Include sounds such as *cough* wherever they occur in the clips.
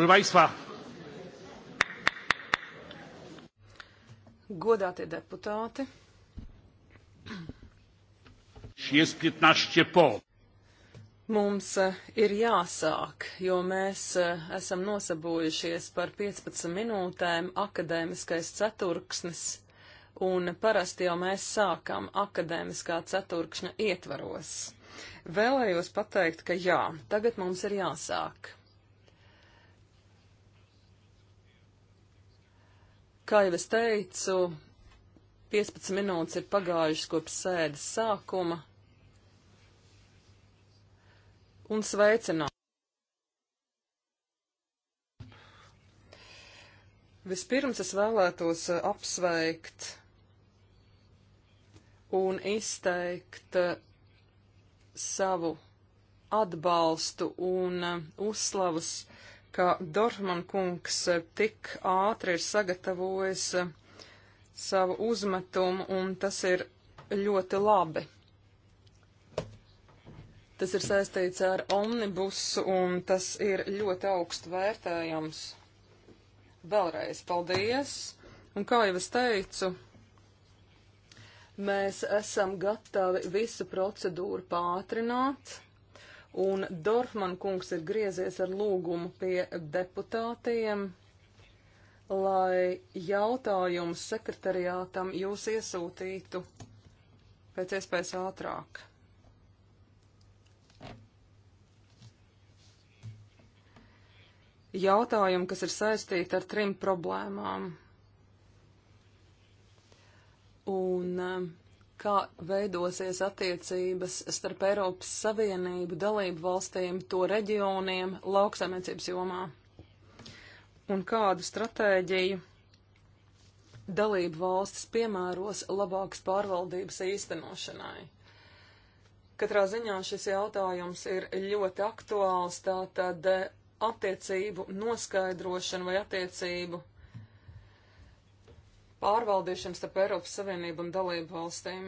Proszę Państwa. Godātie deputāti. Jest 15 po. Mums e, ir jāsāk, jo mēs e, esam nosabojušies par 15 minūtēm akadēmiskais ceturksnis, un parasti jau mēs sākam akadēmiskā ceturkšņa ietvaros. Vēlējos pateikt, ka jā, tagad mums ir jāsāk. Kā jau es teicu, 15 minūtes ir pagājušas kopš sēdes sākuma. Un sveicināt! Vispirms es vēlētos apsveikt un izteikt savu atbalstu un uzslavas ka Dorfman kungs eh, tik ātri ir sagatavojis eh, savu uzmetumu, un tas ir ļoti labi. Tas ir saistīts ar omnibusu, un tas ir ļoti augstu vērtējams. Vēlreiz paldies! Un kā jau es teicu, mēs esam gatavi visu procedūru pātrināt un Dorfman kungs ir griezies ar lūgumu pie deputātiem, lai jautājumu sekretariātam jūs iesūtītu pēc iespējas ātrāk. Jautājumi, kas ir saistīti ar trim problēmām. Un uh, kā veidosies attiecības starp Eiropas Savienību dalību valstīm, to reģioniem, lauksaimniecības jomā. Un kādu stratēģiju dalību valstis piemēros labākas pārvaldības īstenošanai. Katrā ziņā šis jautājums ir ļoti aktuāls, tātad attiecību noskaidrošana vai attiecību pārvaldīšanu starp Eiropas Savienību un dalību valstīm.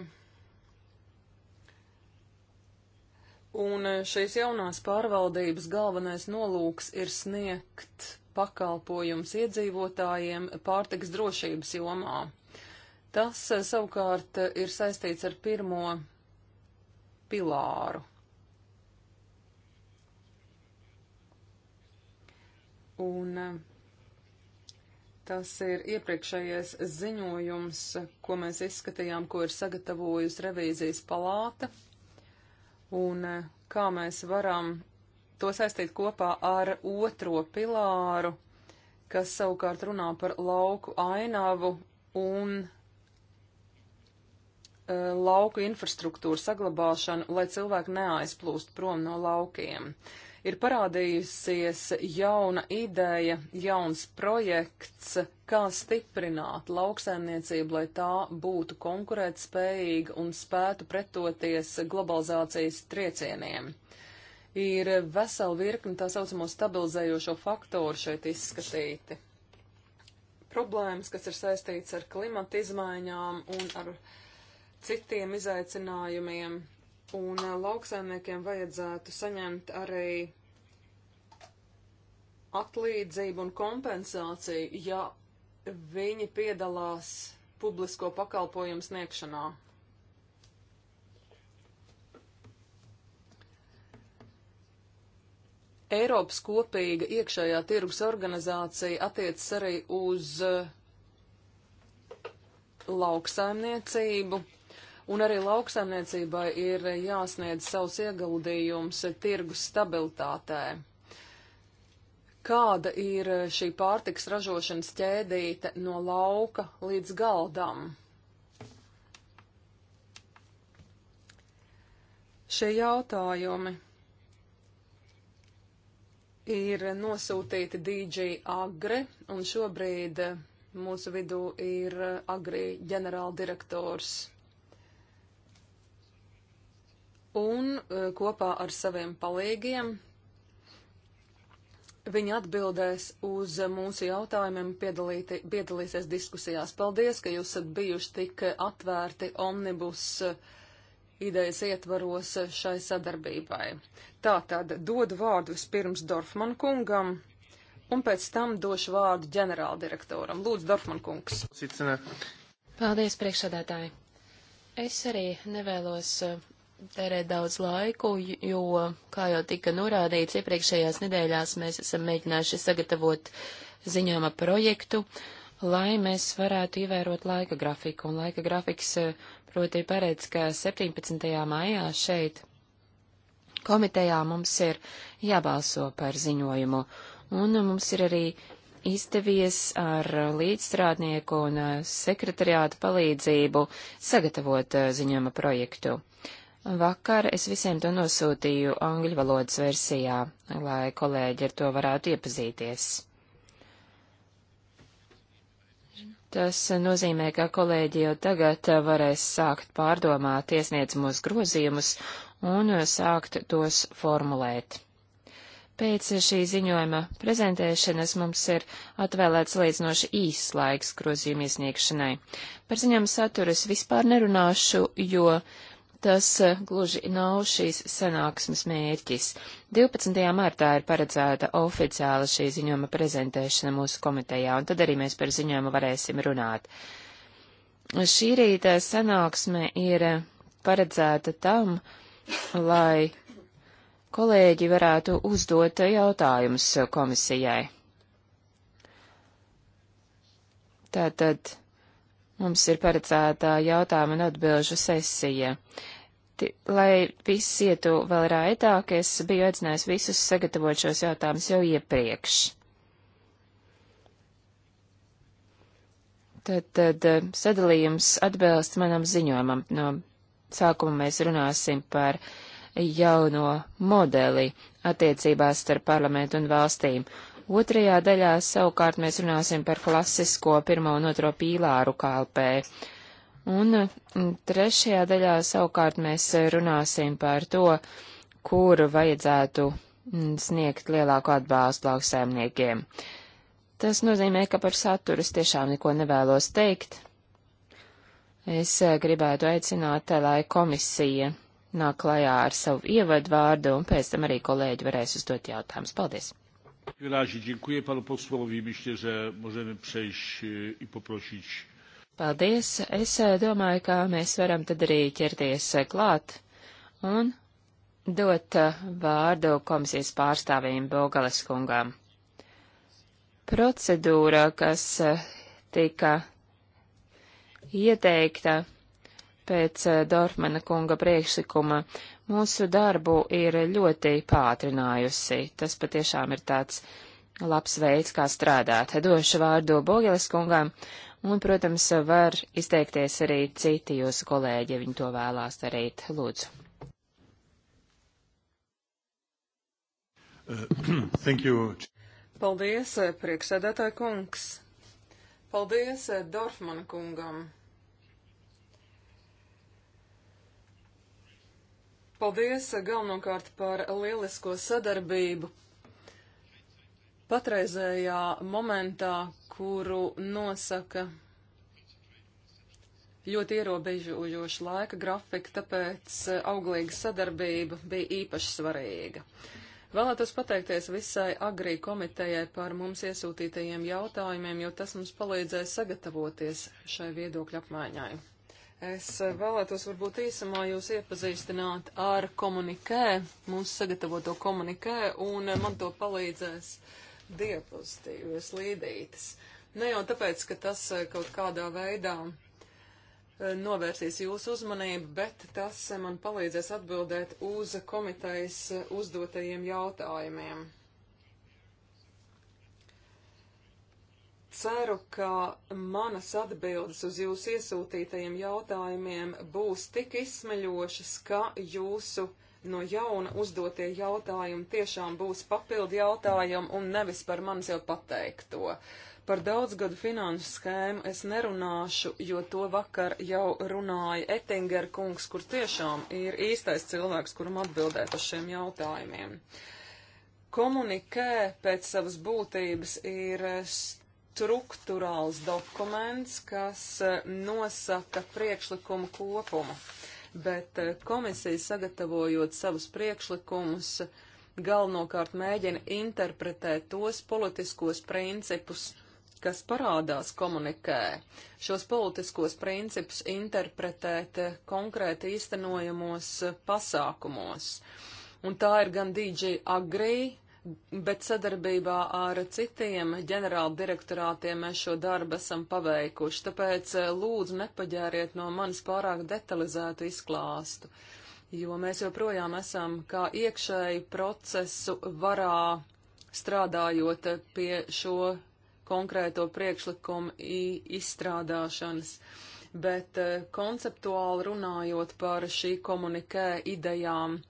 Un eh, šīs jaunās pārvaldības galvenais nolūks ir sniegt pakalpojums iedzīvotājiem pārtiks drošības jomā. Tas eh, savukārt eh, ir saistīts ar pirmo pilāru. Un Tas ir iepriekšējais ziņojums, ko mēs izskatījām, ko ir sagatavojusi revīzijas palāta, un eh, kā mēs varam to saistīt kopā ar otro pilāru, kas savukārt runā par lauku ainavu un e, lauku infrastruktūru saglabāšanu, lai cilvēki neaizplūst prom no laukiem. Uh, ir parādījusies jauna ideja, jauns projekts, kā stiprināt lauksaimniecību, lai tā būtu konkurētspējīga un spētu pretoties globalizācijas triecieniem ir vesela virkni tā saucamo stabilizējošo faktoru šeit izskatīti. Problēmas, kas ir saistīts ar klimata izmaiņām un ar citiem izaicinājumiem un uh, lauksaimniekiem vajadzētu saņemt arī atlīdzību un kompensāciju, ja viņi piedalās publisko pakalpojumu sniegšanā. Eiropas kopīga iekšējā tirgus organizācija attiecas arī uz uh, lauksaimniecību, un arī lauksaimniecībai ir jāsniedz savus ieguldījums tirgus stabilitātē. Kāda ir šī pārtiks ražošanas ķēdīte no lauka līdz galdam? Šie jautājumi ir nosūtīti DJ Agri, un šobrīd mūsu vidū ir Agri ģenerāldirektors un e, kopā ar saviem palīgiem Viņa atbildēs uz mūsu jautājumiem, piedalīsies diskusijās. Paldies, ka jūs esat bijuši tik atvērti omnibus e, idejas ietvaros šai sadarbībai. Tātad dodu vārdu vispirms Dorfman kungam, un pēc tam došu vārdu ģenerāldirektoram. Lūdzu, Dorfman kungs. Paldies, priekšsādātāji. Es arī nevēlos e, tērēt daudz laiku, jo, kā jau tika norādīts, iepriekšējās nedēļās mēs esam mēģinājuši sagatavot ziņojuma projektu, lai mēs varētu ievērot laika grafiku. Un laika grafiks, eh, proti, paredz, ka 17. maijā šeit komitejā mums ir jābalso par ziņojumu. Un mums ir arī izdevies ar līdzstrādnieku un eh, sekretariātu palīdzību sagatavot eh, ziņojuma projektu. Vakar es visiem to nosūtīju angļu valodas versijā, lai kolēģi ar to varētu iepazīties. Tas nozīmē, ka kolēģi jau tagad varēs sākt pārdomāt iesniedzamos grozījumus un sākt tos formulēt. Pēc šī ziņojuma prezentēšanas mums ir atvēlēts līdzinoši īs laiks grozījumu iesniegšanai. Par ziņām saturas vispār nerunāšu, jo Tas e, gluži nav šīs sanāksmes mērķis. 12. martā ir paredzēta oficiāla šī ziņojuma prezentēšana mūsu komitejā, un tad arī mēs par ziņojumu varēsim runāt. Šī rīta sanāksme ir paredzēta tam, lai kolēģi varētu uzdot jautājumus komisijai. Tātad Mums ir paredzēta jautājuma un atbilžu sesija. Ti, lai viss ietu vēl raitāk, es biju aicinājis visus sagatavot šos jautājumus jau iepriekš. Tad, tad eh, sadalījums atbilst manam ziņojumam. No sākuma mēs runāsim par jauno modeli attiecībās starp parlamentu un valstīm, Otrajā daļā savukārt mēs runāsim par klasisko pirmo un otro pīlāru KLP. Un mm, trešajā daļā savukārt mēs runāsim par to, kur vajadzētu mm, sniegt lielāku atbalstu lauksaimniekiem. Tas nozīmē, ka par saturu es tiešām neko nevēlos teikt. Es eh, gribētu aicināt, eh, lai komisija nāk klajā ar savu ievadvārdu, un pēc tam arī kolēģi varēs uzdot jautājumus. Paldies! Paldies! Es e, domāju, ka mēs varam tad arī ķerties e, klāt un dot e, vārdu komisijas pārstāvīm Bogales kungām. Procedūra, kas tika ieteikta pēc Dorfmana kunga priekšlikuma, uh, mūsu darbu ir ļoti pātrinājusi. Tas patiešām ir tāds labs veids, kā strādāt. Došu vārdu Bogeles kungām, un, protams, var izteikties arī citi jūsu kolēģi, ja viņi to vēlās darīt. Lūdzu. Uh, *clears throat* thank you. Paldies, prieksēdētāja kungs. Paldies Dorfmana kungam. Paldies eh, galvenokārt par lielisko sadarbību. Patreizējā momentā, kuru nosaka ļoti ierobežojoša laika grafika, tāpēc eh, auglīga sadarbība bija īpaši svarīga. Vēlētos pateikties visai agrī komitejai par mums iesūtītajiem jautājumiem, jo tas mums palīdzēja sagatavoties šai viedokļu apmaiņai. Es vēlētos varbūt īsumā jūs iepazīstināt ar komunikē, mūsu sagatavoto komunikē, un man to palīdzēs diapozitīvas līdītes. Ne jau tāpēc, ka tas kaut kādā veidā e, novērsīs jūsu uzmanību, bet tas man palīdzēs atbildēt uz komitejas uzdotajiem jautājumiem. Ceru, ka manas atbildes uz jūsu iesūtītajiem jautājumiem būs tik izsmeļošas, ka jūsu no jauna uzdotie jautājumi tiešām būs papildu jautājumi un nevis par manis jau pateikto. Par daudzgadu finanšu skēmu es nerunāšu, jo to vakar jau runāja Ettinger kungs, kur tiešām ir īstais cilvēks, kuram atbildēt uz šiem jautājumiem. Komunikē pēc savas būtības ir struktūrāls dokuments, kas eh, nosaka priekšlikumu kopumu, bet eh, komisija sagatavojot savus priekšlikumus galvenokārt mēģina interpretēt tos politiskos principus, kas parādās komunikē. Šos politiskos principus interpretēt eh, konkrēti īstenojamos pasākumos. Un tā ir gan DJ Agri, bet sadarbībā ar citiem ģenerāla direktorātiem mēs šo darbu esam paveikuši, tāpēc eh, lūdzu nepaģēriet no manis pārāk detalizētu izklāstu, jo mēs joprojām esam kā iekšēju procesu varā strādājot eh, pie šo konkrēto priekšlikumu izstrādāšanas bet eh, konceptuāli runājot par šī komunikē idejām,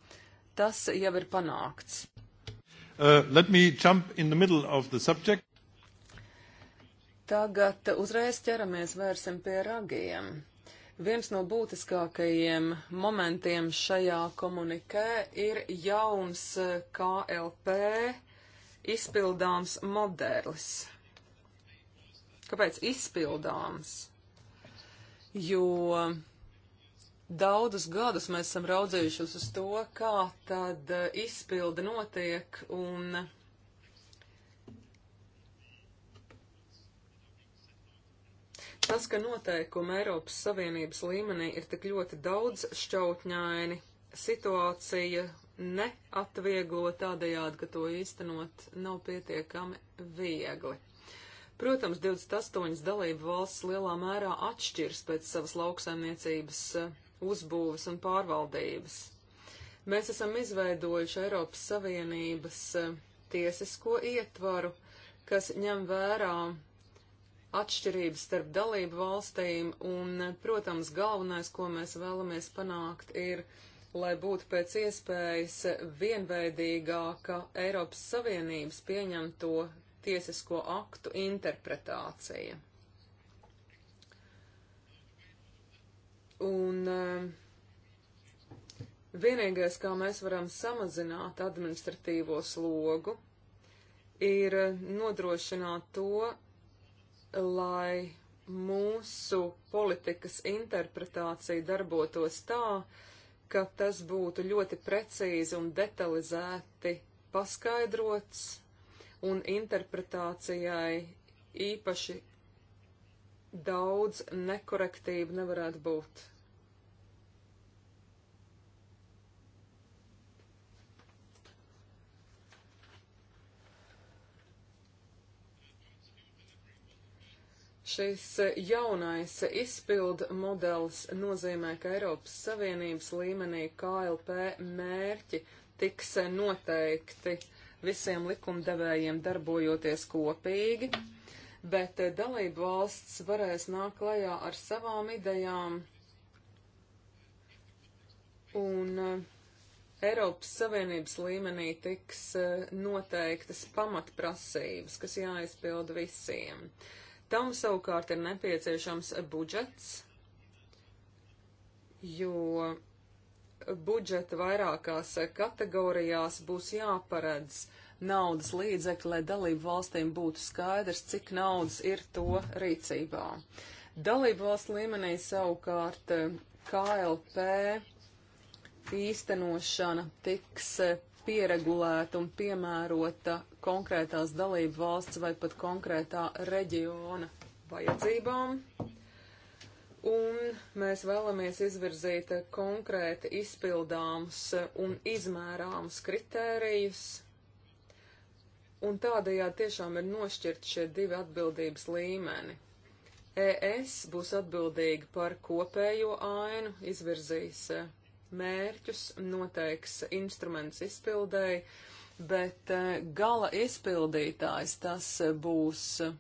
tas jau ir panākts. Uh, let me jump in the middle of the subject. Tagad uzreiz ķeramies vērsim pie ragiem. Viens no būtiskākajiem momentiem šajā komunikē ir jauns uh, KLP izpildāms modelis. Kāpēc izpildāms? Jo Daudzus gadus mēs esam raudzījušies uz to, kā tad eh, izpilde notiek un Tas, ka noteikumi Eiropas Savienības līmenī ir tik ļoti daudz šķautņaini, situācija neatvieglo tādējādi, ka to īstenot nav pietiekami viegli. Protams, 28 dalību valsts lielā mērā atšķirs pēc savas lauksaimniecības uh, uzbūves un pārvaldības. Mēs esam izveidojuši Eiropas Savienības eh, tiesisko ietvaru, kas ņem vērā atšķirības starp dalību valstīm, un, eh, protams, galvenais, ko mēs vēlamies panākt, ir, lai būtu pēc iespējas vienveidīgāka Eiropas Savienības pieņemto tiesisko aktu interpretācija. Un um, vienīgais, kā mēs varam samazināt administratīvo slogu, ir nodrošināt to, lai mūsu politikas interpretācija darbotos tā, ka tas būtu ļoti precīzi un detalizēti paskaidrots un interpretācijai īpaši daudz nekorektību nevarētu būt. Šis jaunais izpildu modelis nozīmē, ka Eiropas Savienības līmenī KLP mērķi tiks noteikti visiem likumdevējiem darbojoties kopīgi, bet dalību valsts varēs nākt klajā ar savām idejām. Un eh, Eiropas Savienības līmenī tiks eh, noteiktas pamatprasības, kas jāizpilda visiem. Uh, Tam savukārt ir nepieciešams budžets, jo budžeta vairākās kategorijās būs jāparedz naudas līdzekļi, lai dalību valstīm būtu skaidrs, cik naudas ir to rīcībā. Dalību valsts līmenī savukārt eh, KLP īstenošana tiks eh, pieregulēta un piemērota uh, konkrētās dalību valsts vai pat konkrētā reģiona vajadzībām. Un mēs vēlamies izvirzīt uh, konkrēti izpildāms uh, un izmērāms kritērijus. Un tādējādi tiešām ir nošķirt šie divi atbildības līmeni. ES būs atbildīga par kopējo ainu, izvirzīs mērķus, noteiks instruments izpildēji, bet eh, gala izpildītājs tas eh, būs eh,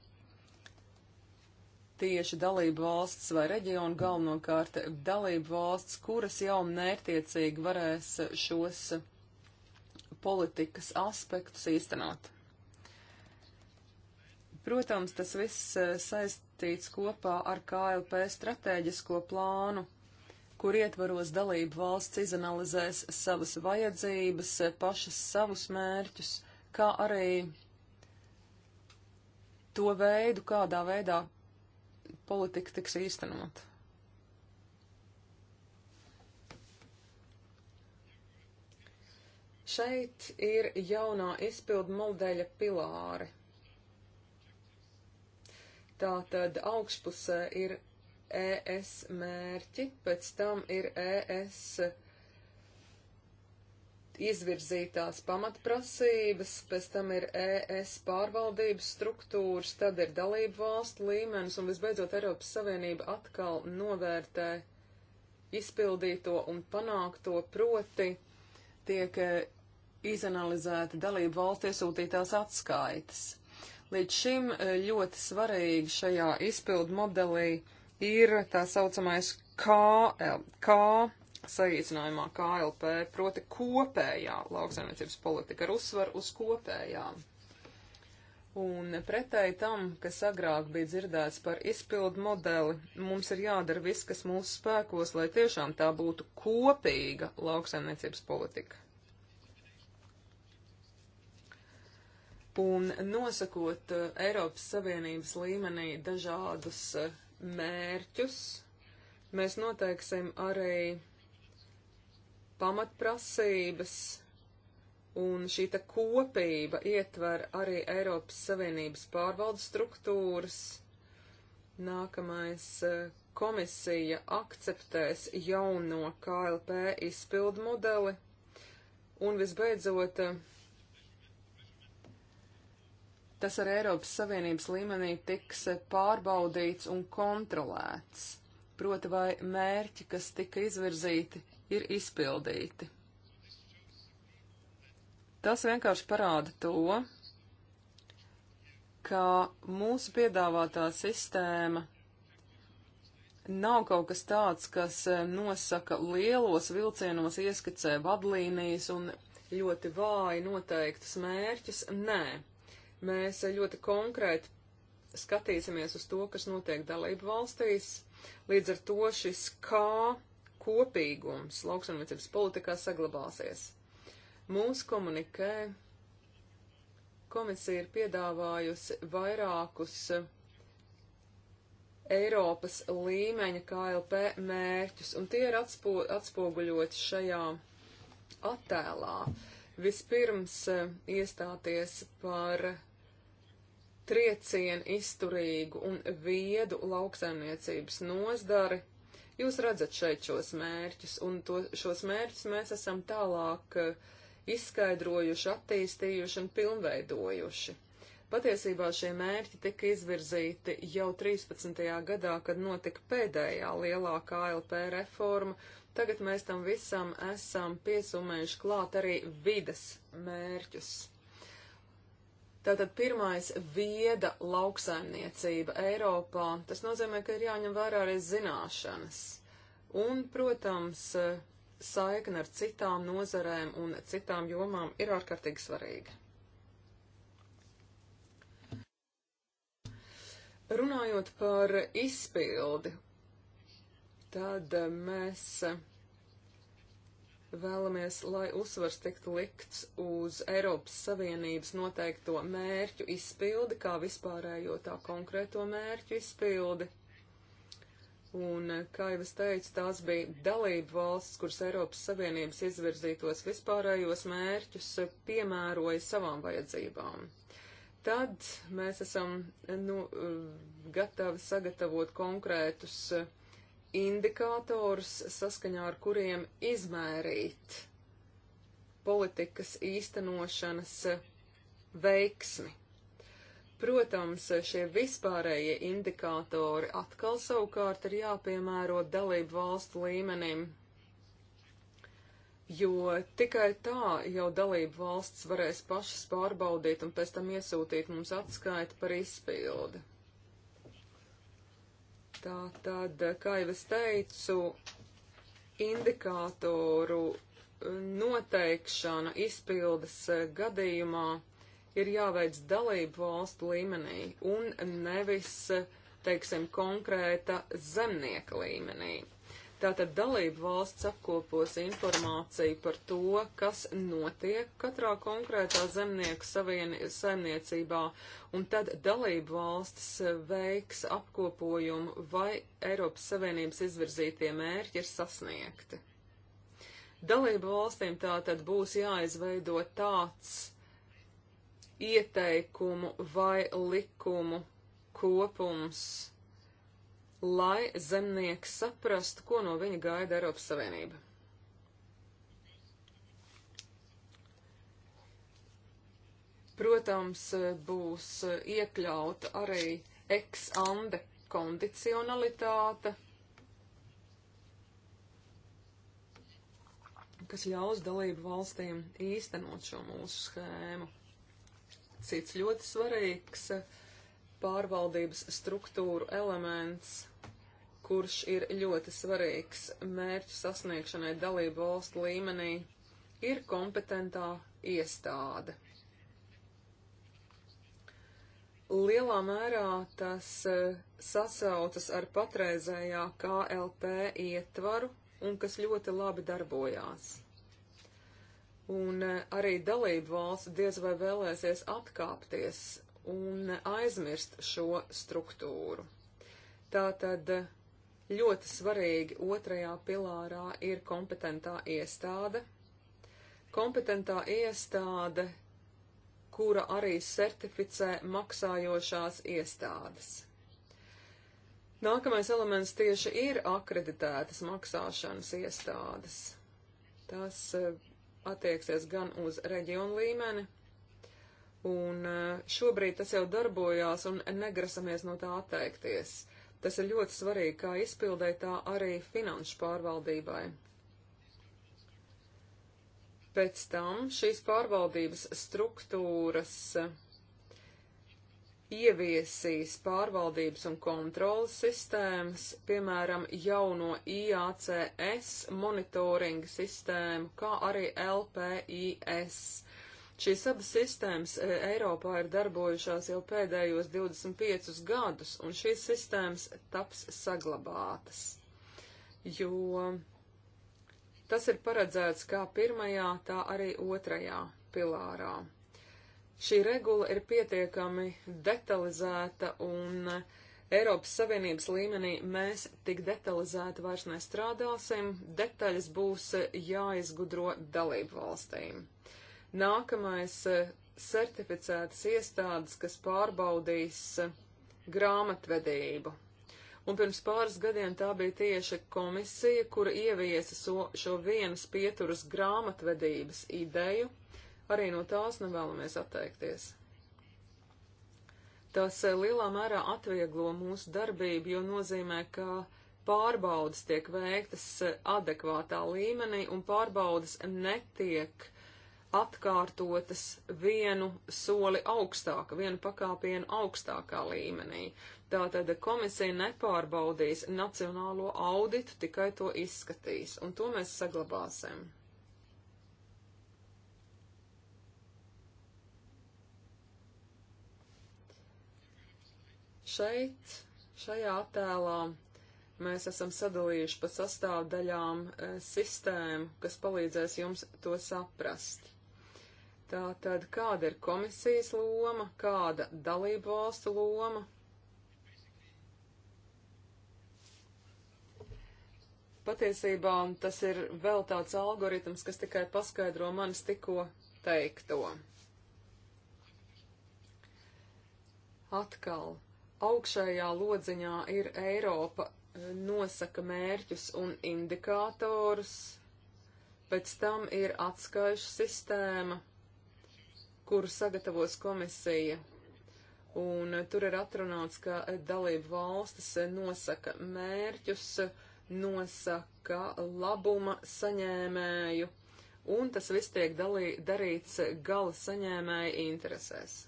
tieši dalību valsts vai reģionu galvenokārt dalību valsts, kuras jau mērtiecīgi varēs šos politikas aspektus īstenot. Protams, tas viss saistīts kopā ar KLP strateģisko plānu kur ietvaros dalību valsts izanalizēs savas vajadzības, pašas savus mērķus, kā arī to veidu, kādā veidā politika tiks īstenot. Šeit ir jaunā izpildu modeļa pilāri. Tātad augšpusē ir ES mērķi, pēc tam ir ES izvirzītās pamatprasības, pēc tam ir ES pārvaldības struktūras, tad ir dalību valstu līmenis un visbeidzot Eiropas Savienība atkal novērtē izpildīto un panākto proti tiek e, izanalizēta dalību valstu iesūtītās atskaitas. Līdz šim e, ļoti svarīgi šajā izpildu modelī ir tā saucamais KL, K saīcinājumā KLP, proti kopējā lauksaimniecības politika ar uzsvaru uz kopējām. Un pretēji tam, kas agrāk bija dzirdēts par izpildu modeli, mums ir jādara viss, kas mūsu spēkos, lai tiešām tā būtu kopīga lauksaimniecības politika. Un nosakot eh, Eiropas Savienības līmenī dažādus eh, mērķus, mēs noteiksim arī pamatprasības, un šī te kopība ietver arī Eiropas Savienības pārvaldes struktūras. Nākamais eh, komisija akceptēs jauno KLP izpildu modeli, un visbeidzot, eh, tas ar Eiropas Savienības līmenī tiks pārbaudīts un kontrolēts. Proti, vai mērķi, kas tika izvirzīti, ir izpildīti. Tas vienkārši parāda to, ka mūsu piedāvātā sistēma nav kaut kas tāds, kas nosaka lielos vilcienos ieskicē vadlīnijas un ļoti vāji noteiktus mērķus. Nē, Mēs ļoti konkrēti skatīsimies uz to, kas notiek dalību valstīs. Līdz ar to šis kā kopīgums lauksaimniecības politikā saglabāsies. Mūsu komunikē komisija ir piedāvājusi vairākus Eiropas līmeņa KLP mērķus, un tie ir atspo, atspoguļoti šajā attēlā. Vispirms eh, iestāties par triecienu izturīgu un viedu lauksaimniecības nozdari. Jūs redzat šeit šos mērķus, un to, šos mērķus mēs esam tālāk eh, izskaidrojuši, attīstījuši un pilnveidojuši. Patiesībā šie mērķi tika izvirzīti jau 13. gadā, kad notika pēdējā lielākā LP reforma. Tagad mēs tam visam esam piesumējuši klāt arī vides mērķus. Tātad pirmais vieda lauksaimniecība Eiropā. Tas nozīmē, ka ir jāņem vērā arī zināšanas. Un, protams, saikne ar citām nozarēm un citām jomām ir ārkārtīgi svarīga. Runājot par izpildi, tad eh, mēs Vēlamies, lai uzsvars tiktu likts uz Eiropas Savienības noteikto mērķu izpildi, kā vispārējo tā konkrēto mērķu izpildi. Un, kā jau es teicu, tās bija dalību valsts, kuras Eiropas Savienības izvirzītos vispārējos mērķus piemēroja savām vajadzībām. Tad mēs esam nu, gatavi sagatavot konkrētus uh, indikātorus, saskaņā ar kuriem izmērīt politikas īstenošanas veiksmi. Protams, šie vispārējie indikātori atkal savukārt ir jāpiemēro dalību valstu līmenim, jo tikai tā jau dalību valsts varēs pašas pārbaudīt un pēc tam iesūtīt mums atskaiti par izpildi. Tā tad, kā jau es teicu, indikātoru noteikšana izpildes gadījumā ir jāveic dalību valstu līmenī un nevis, teiksim, konkrēta zemnieka līmenī. Tātad dalību valsts apkopos informāciju par to, kas notiek katrā konkrētā zemnieku saimniecībā, un tad dalību valsts veiks apkopojumu, vai Eiropas Savienības izvirzītie mērķi ir sasniegti. Dalību valstīm tātad būs jāizveido tāds ieteikumu vai likumu kopums lai zemnieks saprastu, ko no viņa gaida Eiropas Savienība. Protams, būs iekļauta arī ex-ante kondicionalitāte, kas ļaus dalību valstīm īstenot šo mūsu schēmu. Cits ļoti svarīgs pārvaldības struktūru elements kurš ir ļoti svarīgs mērķu sasniegšanai dalību valstu līmenī, ir kompetentā iestāde. Lielā mērā tas e, sasaucas ar patreizējā KLP ietvaru un kas ļoti labi darbojās. Un e, arī dalību valsts diez vai vēlēsies atkāpties un aizmirst šo struktūru. Tātad Ļoti svarīgi otrajā pilārā ir kompetentā iestāde. Kompetentā iestāde, kura arī certificē maksājošās iestādes. Nākamais elements tieši ir akreditētas maksāšanas iestādes. Tas eh, attieksies gan uz reģionu līmeni, un eh, šobrīd tas jau darbojās un negrasamies no tā atteikties. Tas ir ļoti svarīgi kā izpildē, tā arī finanšu pārvaldībai. Pēc tam šīs pārvaldības struktūras ieviesīs pārvaldības un kontrolas sistēmas, piemēram, jauno IACS monitoringa sistēmu, kā arī LPIS. Šīs abas sistēmas e, Eiropā ir darbojušās jau pēdējos 25 gadus, un šīs sistēmas taps saglabātas, jo tas ir paredzēts kā pirmajā, tā arī otrajā pilārā. Šī regula ir pietiekami detalizēta un uh, Eiropas Savienības līmenī mēs tik detalizēti vairs nestrādāsim, detaļas būs jāizgudro dalību valstīm. Nākamais eh, certificētas iestādes, kas pārbaudīs eh, grāmatvedību. Un pirms pāris gadiem tā bija tieši komisija, kura ieviesa so, šo vienas pieturas grāmatvedības ideju. Arī no tās nevēlamies nu atteikties. Tas eh, lielā mērā atvieglo mūsu darbību, jo nozīmē, ka pārbaudas tiek veiktas adekvātā līmenī un pārbaudas netiek uh, atkārtotas vienu soli augstāk, vienu pakāpienu augstākā līmenī. Tātad komisija nepārbaudīs nacionālo auditu, tikai to izskatīs, un to mēs saglabāsim. Šeit, šajā attēlā, mēs esam sadalījuši pa sastāvdaļām e, sistēmu, kas palīdzēs jums to saprast. Tātad, kāda ir komisijas loma, kāda dalību valstu loma? Patiesībā tas ir vēl tāds algoritms, kas tikai paskaidro manis tikko teikto. Atkal, augšējā lodziņā ir Eiropa eh, nosaka mērķus un indikātorus, pēc tam ir atskaišu sistēma, kuru sagatavos komisija. Un eh, tur ir atrunāts, ka eh, dalību valstis eh, nosaka mērķus, nosaka labuma saņēmēju, un tas viss tiek dalī, darīts gala saņēmēja interesēs.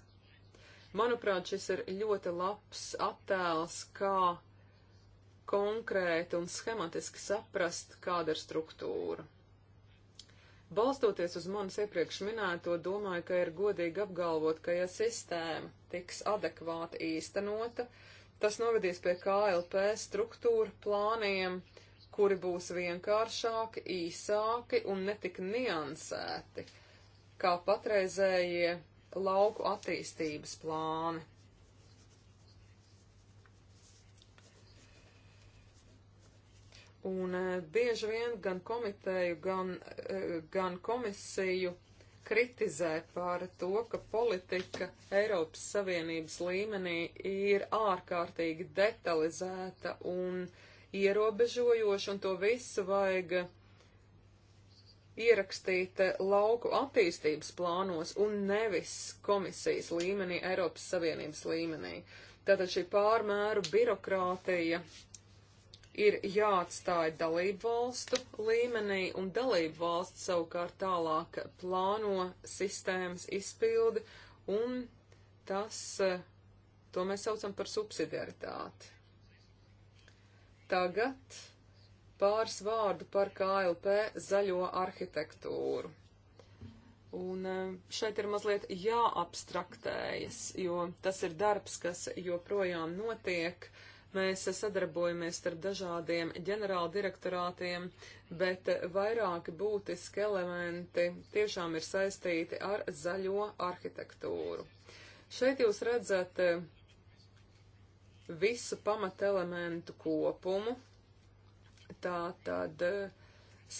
Manuprāt, šis ir ļoti labs attēls, kā konkrēti un schematiski saprast, kāda ir struktūra. Balstoties uz manis iepriekš minēto, domāju, ka ir godīgi apgalvot, ka ja sistēma tiks adekvāti īstenota, tas novedīs pie KLP struktūra plāniem, kuri būs vienkāršāki, īsāki un netik niansēti, kā patreizējie lauku attīstības plāni. Un e, bieži vien gan komiteju, gan, e, gan komisiju kritizē par to, ka politika Eiropas Savienības līmenī ir ārkārtīgi detalizēta un ierobežojoša, un to visu vajag ierakstīt e, lauku attīstības plānos un nevis komisijas līmenī, Eiropas Savienības līmenī. Tātad šī pārmēru birokrātija ir jāatstāj dalību valstu līmenī, un dalību valsts savukārt tālāk plāno sistēmas izpildi, un tas, e, to mēs saucam par subsidiaritāti. Tagad pāris vārdu par KLP zaļo arhitektūru. Un e, šeit ir mazliet jāabstraktējas, jo tas ir darbs, kas joprojām notiek, uh, Mēs sadarbojamies starp dažādiem ģenerāla direktorātiem, bet vairāki būtiski elementi tiešām ir saistīti ar zaļo arhitektūru. Šeit jūs redzat eh, visu pamatelementu kopumu, tā tad eh,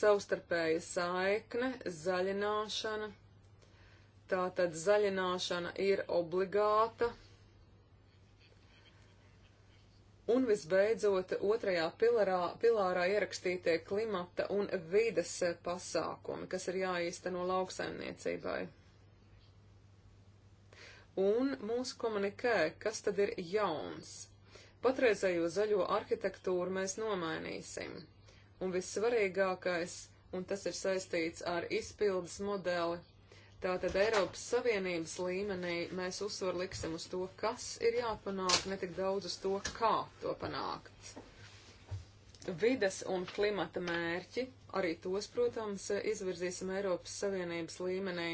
savstarpēja saikne, zaļināšana. Tā tad zaļināšana ir obligāta Un visbeidzot, otrajā pilarā, pilārā ierakstītie klimata un vides pasākumi, kas ir jāīsteno lauksaimniecībai. Un mūsu komunikē, kas tad ir jauns? Patreizējo zaļo arhitektūru mēs nomainīsim. Un vissvarīgākais, un tas ir saistīts ar izpildes modeli, Tātad Eiropas Savienības līmenī mēs uzsvaru liksim uz to, kas ir jāpanāk, ne tik daudz uz to, kā to panākt. Vides un klimata mērķi, arī tos, protams, izvirzīsim Eiropas Savienības līmenī,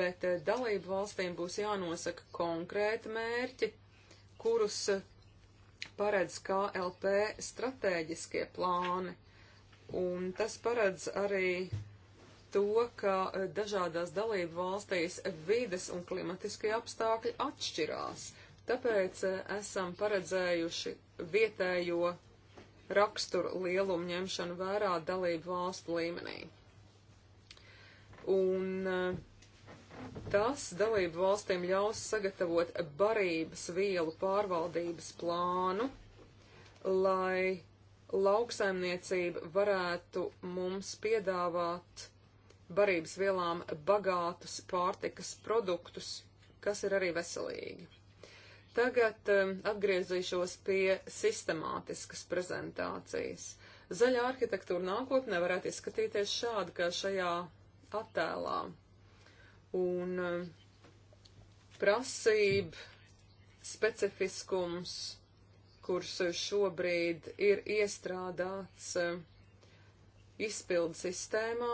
bet eh, dalību valstīm būs jānosaka konkrēti mērķi, kurus eh, paredz KLP stratēģiskie plāni, un tas paredz arī to, ka e, dažādās dalību valstīs vides un klimatiskie apstākļi atšķirās. Tāpēc e, esam paredzējuši vietējo raksturu lielumu ņemšanu vērā dalību valstu līmenī. Un e, tas dalību valstīm ļaus sagatavot barības vielu pārvaldības plānu, lai lauksaimniecība varētu mums piedāvāt barības vielām bagātus pārtikas produktus, kas ir arī veselīgi. Tagad um, atgriezīšos pie sistemātiskas prezentācijas. Zaļā arhitektūra nākotnē varētu izskatīties šādi, kā šajā attēlā. Un um, prasība, specifiskums, kurš šobrīd ir iestrādāts um, izpildu sistēmā,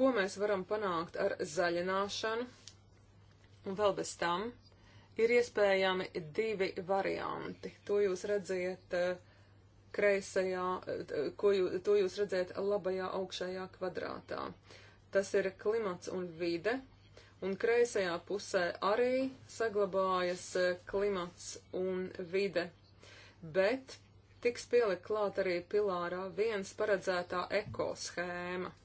ko mēs varam panākt ar zaļināšanu, un vēl bez tam ir iespējami divi varianti. To jūs redziet eh, kreisajā, eh, ko jūs, to jūs redziet labajā augšējā kvadrātā. Tas ir klimats un vide, un kreisajā pusē arī saglabājas eh, klimats un vide, bet tiks pielikt klāt arī pilārā viens paredzētā ekoshēma.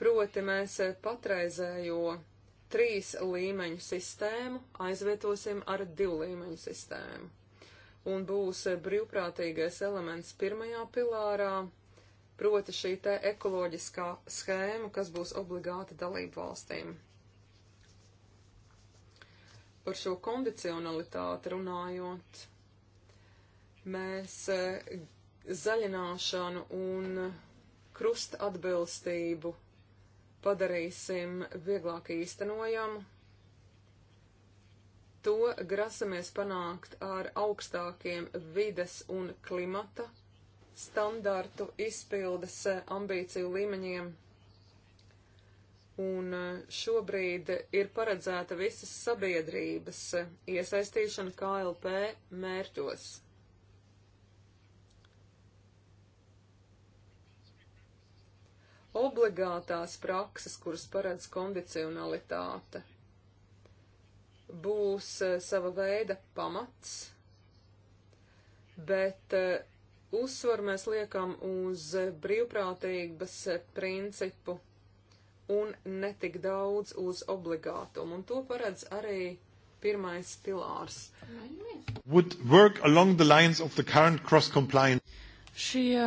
Proti mēs patreizējo trīs līmeņu sistēmu aizvietosim ar divu līmeņu sistēmu. Un būs brīvprātīgais elements pirmajā pilārā, proti šī te ekoloģiskā schēma, kas būs obligāta dalību valstīm. Par šo kondicionalitāti runājot, mēs e, zaļināšanu un krusta atbilstību padarīsim vieglāk īstenojamu. To grasamies panākt ar augstākiem vides un klimata standartu izpildes ambīciju līmeņiem. Un eh, šobrīd ir paredzēta visas sabiedrības iesaistīšana KLP mērķos. obligātās prakses, kuras paredz kondicionalitāte, būs eh, sava veida pamats, bet eh, uzsvaru mēs liekam uz brīvprātības eh, principu un netik daudz uz obligātumu, un to paredz arī pirmais pilārs. Would work along the lines of the current cross-compliance. Šie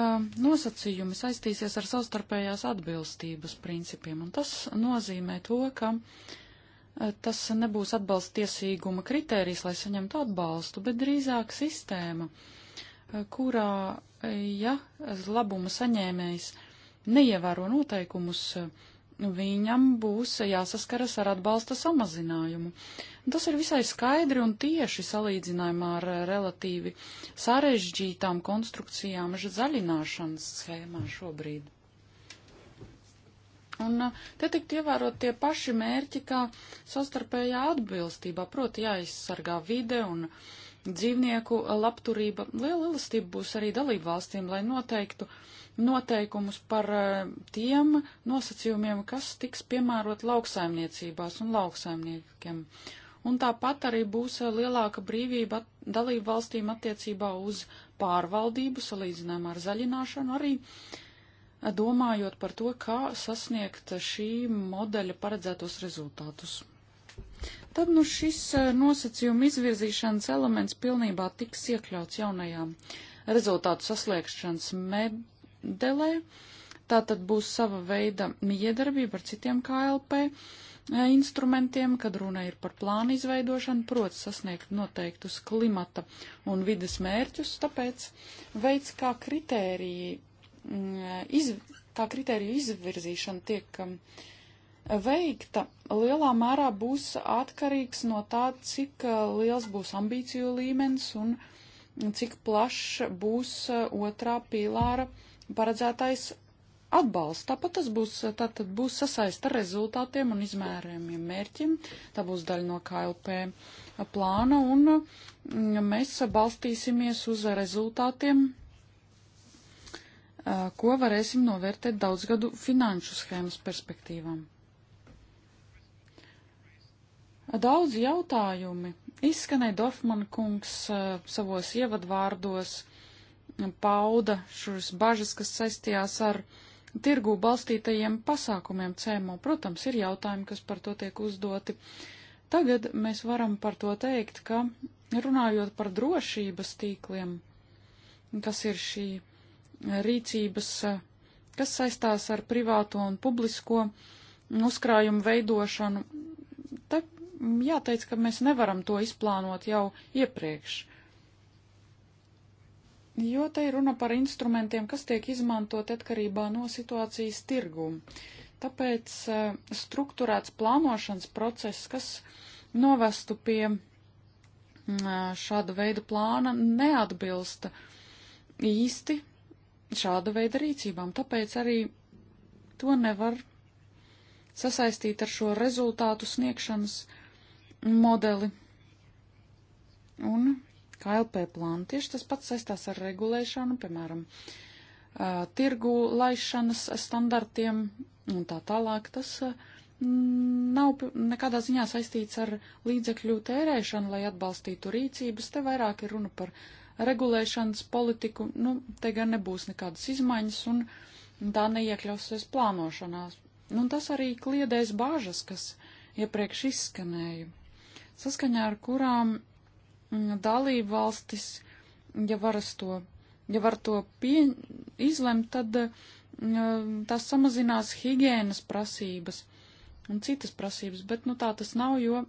nosacījumi saistīsies ar savstarpējās atbilstības principiem, un tas nozīmē to, ka eh, tas nebūs atbalsta tiesīguma kritērijs, lai saņemtu atbalstu, bet drīzāk sistēma, eh, kurā, eh, ja labuma saņēmējs neievēro noteikumus, viņam būs jāsaskaras ar atbalsta samazinājumu. Tas ir visai skaidri un tieši salīdzinājumā ar relatīvi sarežģītām konstrukcijām zaļināšanas schēmā šobrīd. Un te tikt ievērot tie paši mērķi, kā sastarpējā atbilstībā, proti jāizsargā vide un dzīvnieku labturība. Liela elastība būs arī dalību valstīm, lai noteiktu, uh, noteikumus par eh, tiem nosacījumiem, kas tiks piemērot lauksaimniecībās un lauksaimniekiem. Un tāpat arī būs eh, lielāka brīvība dalību valstīm attiecībā uz pārvaldību, salīdzinājumā ar zaļināšanu, arī eh, domājot par to, kā sasniegt šī modeļa paredzētos rezultātus. Tad nu šis nosacījuma izvirzīšanas elements pilnībā tiks iekļauts jaunajā rezultātu sasniegšanas med modelē. Tā tad būs sava veida miedarbība ar citiem KLP e, instrumentiem, kad runa ir par plānu izveidošanu, proti sasniegt noteiktus klimata un vides mērķus, tāpēc veids, kā kritēriji, iz, kā kritēriju izvirzīšana tiek veikta, lielā mērā būs atkarīgs no tā, cik e, liels būs ambīciju līmenis un cik plašs būs e, otrā pīlāra uh, paredzētais atbalsts. Tāpat tas būs, tātad būs sasaist ar rezultātiem un izmērējumiem mērķim. Tā būs daļa no KLP plāna un mm, mēs balstīsimies uz rezultātiem, ko varēsim novērtēt daudzgadu finanšu schēmas perspektīvām. Daudz jautājumi izskanēja Dofman kungs savos ievadvārdos pauda šīs bažas, kas saistījās ar tirgū balstītajiem pasākumiem CMO. Protams, ir jautājumi, kas par to tiek uzdoti. Tagad mēs varam par to teikt, ka runājot par drošības tīkliem, kas ir šī rīcības, kas saistās ar privāto un publisko uzkrājumu veidošanu, te jāteic, ka mēs nevaram to izplānot jau iepriekš jo te ir runa par instrumentiem, kas tiek izmantoti atkarībā no situācijas tirguma. Tāpēc e, struktūrēts plānošanas process, kas novestu pie e, šāda veida plāna, neatbilsta īsti šāda veida rīcībām. Tāpēc arī to nevar sasaistīt ar šo rezultātu sniegšanas modeli. Un KLP plānu. Tieši tas pats saistās ar regulēšanu, piemēram, tirgu laišanas standartiem un tā tālāk. Tas nav nekādā ziņā saistīts ar līdzekļu tērēšanu, lai atbalstītu rīcības. Te vairāk ir runa par regulēšanas politiku. Nu, te gan nebūs nekādas izmaiņas un tā neiekļausies plānošanās. Nu, un tas arī kliedēs bāžas, kas iepriekš izskanēja, saskaņā ar kurām Mm, dalību valstis, ja varas to, ja var to pie, izlemt, tad mm, tas samazinās higienas prasības un citas prasības, bet nu tā tas nav, jo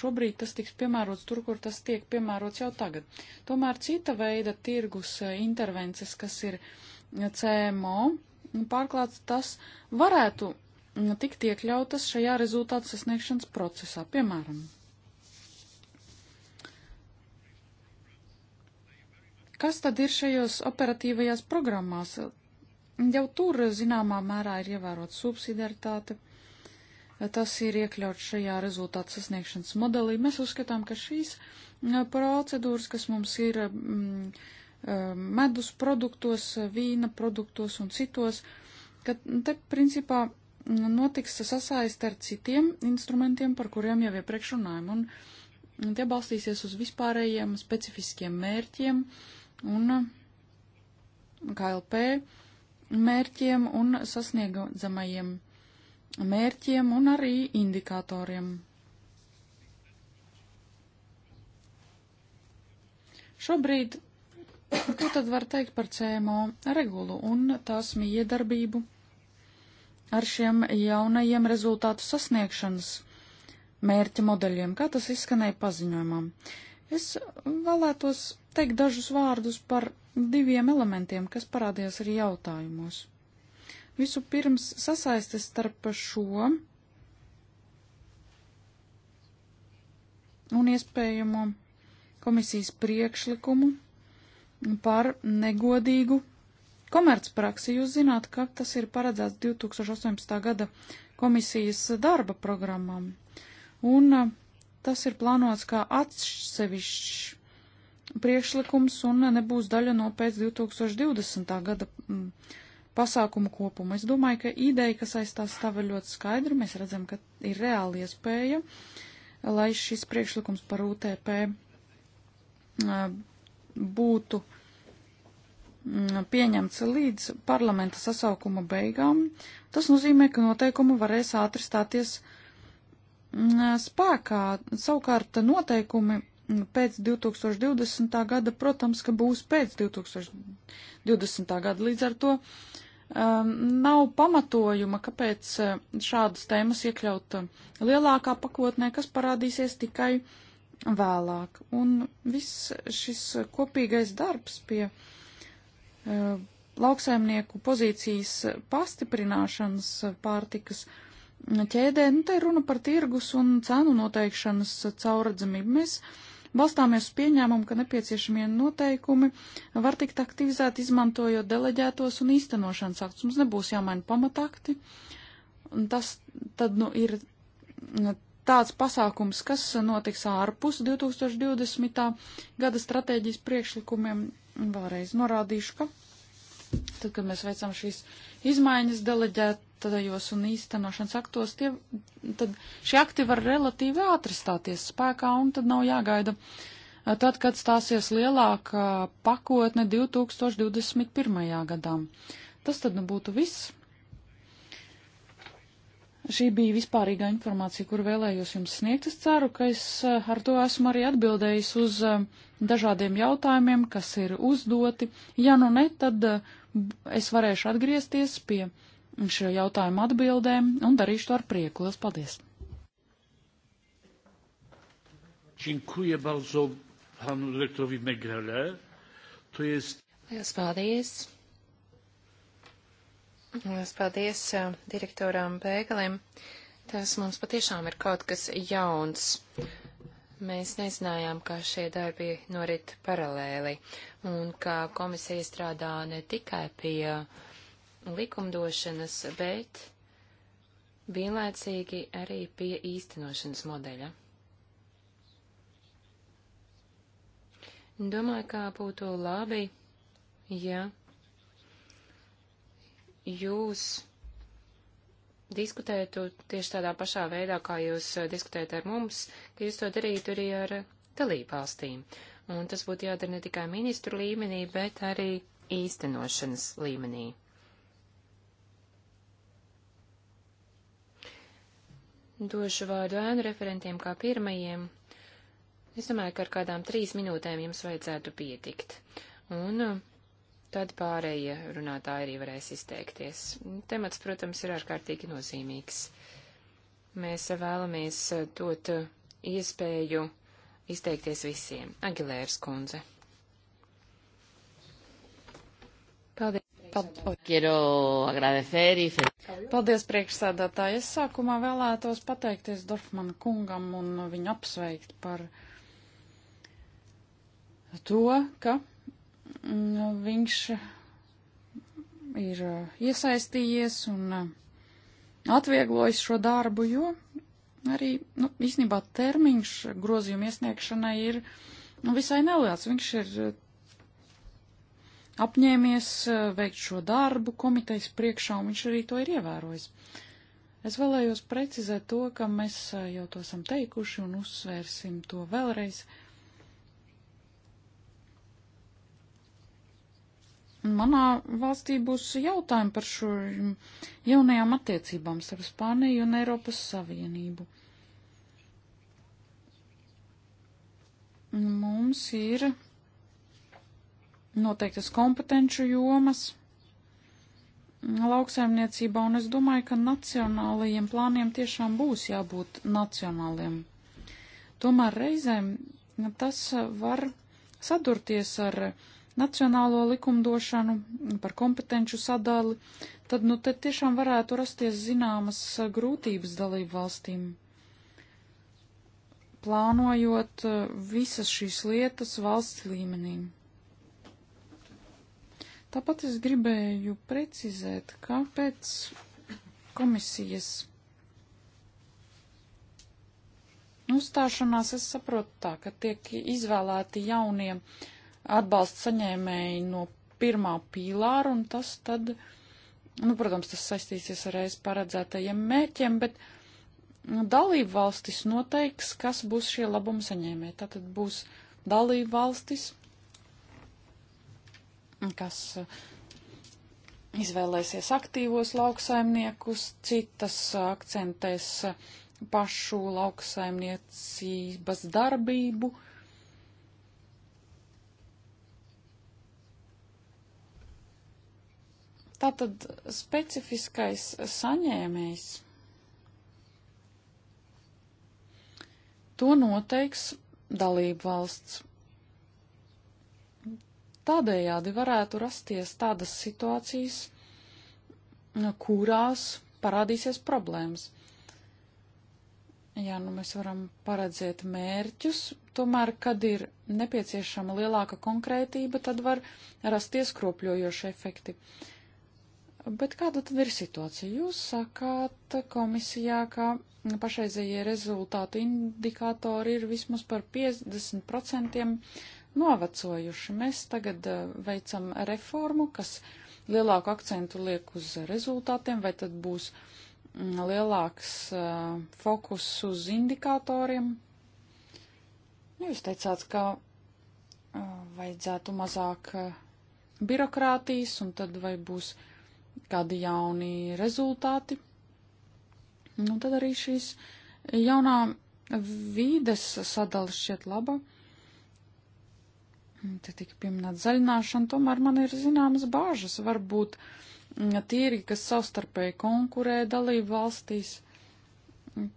šobrīd tas tiks piemērots tur, kur tas tiek piemērots jau tagad. Tomēr cita veida tirgus eh, intervences, kas ir eh, CMO, nu, pārklāts tas varētu mm, tikt iekļautas šajā rezultātu sasniegšanas procesā, piemēram, Kas tad ir šajos operatīvajās programmās? Jau tur zināmā mērā ir ievērot subsidiaritāte. Tas ir iekļauts šajā rezultātu sasniegšanas modelī. Mēs uzskatām, ka šīs procedūras, kas mums ir mm, medus produktos, vīna produktos un citos, ka te principā notiks sasaist ar citiem instrumentiem, par kuriem jau iepriekš runājam, un tie balstīsies uz vispārējiem specifiskiem mērķiem, uh, un KLP mērķiem un sasniegzamajiem mērķiem un arī indikatoriem. Šobrīd, ko tad var teikt par CMO regulu un tās miedarbību ar šiem jaunajiem rezultātu sasniegšanas mērķa modeļiem, kā tas izskanēja paziņojumam? Es vēlētos teikt dažus vārdus par diviem elementiem, kas parādījās arī jautājumos. Visu pirms sasaistes starp šo un iespējamo komisijas priekšlikumu par negodīgu komercpraksi. Jūs zināt, ka tas ir paredzēts 2018. gada komisijas darba programmām. Un uh, tas ir plānots kā atsevišķs priekšlikums un nebūs daļa no pēc 2020. gada mm, pasākumu kopuma. Es domāju, ka ideja, kas aizstās stāv ļoti skaidri, mēs redzam, ka ir reāli iespēja, lai šis priekšlikums par UTP mm, būtu mm, pieņemts līdz parlamenta sasaukuma beigām. Tas nozīmē, ka noteikumi varēs ātri stāties spēkā. Savukārt noteikumi pēc 2020. gada, protams, ka būs pēc 2020. gada. Līdz ar to um, nav pamatojuma, kāpēc uh, šādas tēmas iekļaut uh, lielākā pakotnē, kas parādīsies tikai vēlāk. Un viss šis kopīgais darbs pie uh, lauksaimnieku pozīcijas pastiprināšanas pārtikas ķēdē, nu, te runa par tirgus un cenu noteikšanas cauradzamību. Mēs uh, balstāmies uz pieņēmumu, ka nepieciešamie noteikumi var tikt aktivizēti izmantojot deleģētos un īstenošanas aktus. Mums nebūs jāmaina pamatakti. Tas tad nu, ir nu, tāds pasākums, kas notiks ārpus 2020. gada stratēģijas priekšlikumiem. Vēlreiz norādīšu, ka tad, kad mēs veicam šīs izmaiņas deleģēt tajos un īstenošanas aktos, tie, tad šie akti var relatīvi ātri stāties spēkā un tad nav jāgaida. Tad, kad stāsies lielāka pakotne 2021. gadā. Tas tad nu būtu viss. Šī bija vispārīgā informācija, kur vēlējos jums sniegt. Es ceru, ka es ar to esmu arī atbildējis uz dažādiem jautājumiem, kas ir uzdoti. Ja nu ne, tad es varēšu atgriezties pie šo jautājumu atbildēm un darīšu to ar prieku. Lielas paldies! Dziękuję bardzo panu dyrektorowi Megrele. To jest... Lielas paldies! Lielas paldies eh, direktoram Bēgalim. Tas mums patiešām ir kaut kas jauns. Mēs nezinājām, ka šie darbi norit paralēli un ka komisija strādā ne tikai pie uh, likumdošanas, bet vienlaicīgi arī pie īstenošanas modeļa. Domāju, kā būtu labi, ja jūs diskutētu tieši tādā pašā veidā, kā jūs diskutējat ar mums, ka jūs to darītu arī ar dalībvalstīm. Un tas būtu jādara ne tikai ministru līmenī, bet arī īstenošanas līmenī. Došu vārdu ēnu referentiem kā pirmajiem. Es domāju, ka ar kādām trīs minūtēm jums vajadzētu pietikt. Un uh, tad pārējie runātāji arī varēs izteikties. Temats, protams, ir ārkārtīgi nozīmīgs. Mēs vēlamies uh, dot uh, iespēju izteikties visiem. Agilērs kundze. Paldies, Paldies priekšsēdētāji. Es sākumā vēlētos pateikties Dorfmana kungam un viņu apsveikt par to, ka mm, viņš ir iesaistījies un atvieglojis šo darbu, jo arī, nu, īstenībā termiņš grozījuma iesniegšanai ir nu, visai neliels. Viņš ir apņēmies eh, veikt šo darbu komitejas priekšā, un viņš arī to ir ievērojis. Es vēlējos precizēt to, ka mēs eh, jau to esam teikuši un uzsvērsim to vēlreiz. Manā valstī būs jautājumi par šo jaunajām attiecībām starp Spāniju un Eiropas Savienību. Mums ir noteiktas kompetenču jomas lauksaimniecībā, un es domāju, ka nacionālajiem plāniem tiešām būs jābūt nacionāliem. Tomēr reizēm tas var sadurties ar nacionālo likumdošanu, par kompetenču sadali, tad nu te tiešām varētu rasties zināmas grūtības dalību valstīm. Plānojot visas šīs lietas valsts līmenīm. Tāpat es gribēju precizēt, kāpēc komisijas uzstāšanās es saprotu tā, ka tiek izvēlēti jaunie atbalsta saņēmēji no pirmā pīlāra, un tas tad, nu, protams, tas saistīsies ar reiz paredzētajiem mērķiem, bet nu, dalību valstis noteiks, kas būs šie labumu saņēmēji. Tātad būs dalību valstis, kas eh, izvēlēsies aktīvos lauksaimniekus, citas eh, akcentēs eh, pašu lauksaimniecības darbību. Tātad specifiskais saņēmējs to noteiks dalību valsts. Tādējādi varētu rasties tādas situācijas, kurās parādīsies problēmas. Jā, nu mēs varam paredzēt mērķus, tomēr, kad ir nepieciešama lielāka konkrētība, tad var rasties kropļojoši efekti. Bet kāda tad ir situācija? Jūs sakāt komisijā, ka pašreizējie rezultātu indikātori ir vismaz par 50% novecojuši. Mēs tagad eh, veicam reformu, kas lielāku akcentu liek uz rezultātiem, vai tad būs mm, lielāks eh, fokus uz indikatoriem. Nu, jūs teicāt, ka eh, vajadzētu mazāk birokrātijas, un tad vai būs kādi jauni rezultāti. Nu, tad arī šīs jaunā vīdes sadala šķiet laba. Uh, Mm, te tika pieminēta zaļināšana, tomēr man ir zināmas bāžas. Varbūt mm, tīri, kas savstarpēji konkurē dalību valstīs. Mm,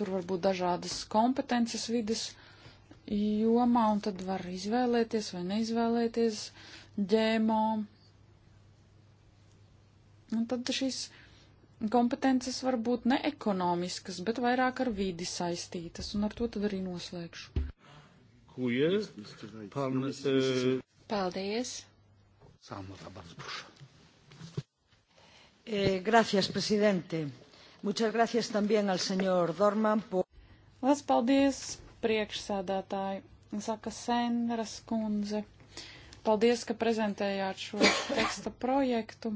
tur var būt dažādas kompetences vidas jomā, un tad var izvēlēties vai neizvēlēties ģēmo. Un tad šīs kompetences var būt neekonomiskas, bet vairāk ar vidi saistītas, un ar to tad arī noslēgšu dziękuję. Pan, e... Paldies. Samura, bardzo proszę. Eh, gracias, presidente. Muchas gracias también al señor Dorman por. Lielas paldies, priekšsēdētāji, saka Senras kundze. Paldies, ka prezentējāt šo teksta projektu.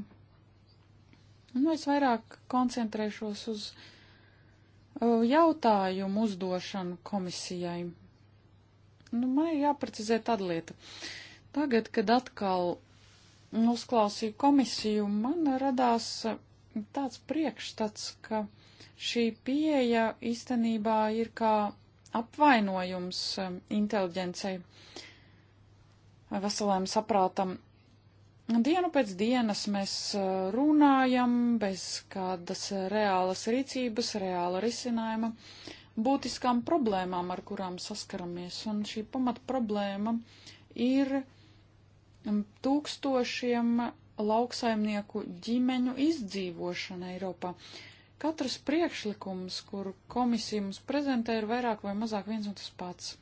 Nu, es vairāk koncentrēšos uz eh, jautājumu uzdošanu komisijai. Nu, man jāprecizē tāda lieta. Tagad, kad atkal uzklausīju komisiju, man radās eh, tāds priekšstats, ka šī pieeja īstenībā ir kā apvainojums eh, inteliģencei vai eh, veselēm saprātam. Dienu pēc dienas mēs runājam bez kādas reālas rīcības, reāla risinājuma. Uh, būtiskām problēmām, ar kurām saskaramies. Un šī pamat problēma ir mm, tūkstošiem lauksaimnieku ģimeņu izdzīvošana Eiropā. Katrs priekšlikums, kur komisija mums prezentē, ir vairāk vai mazāk viens un tas pats.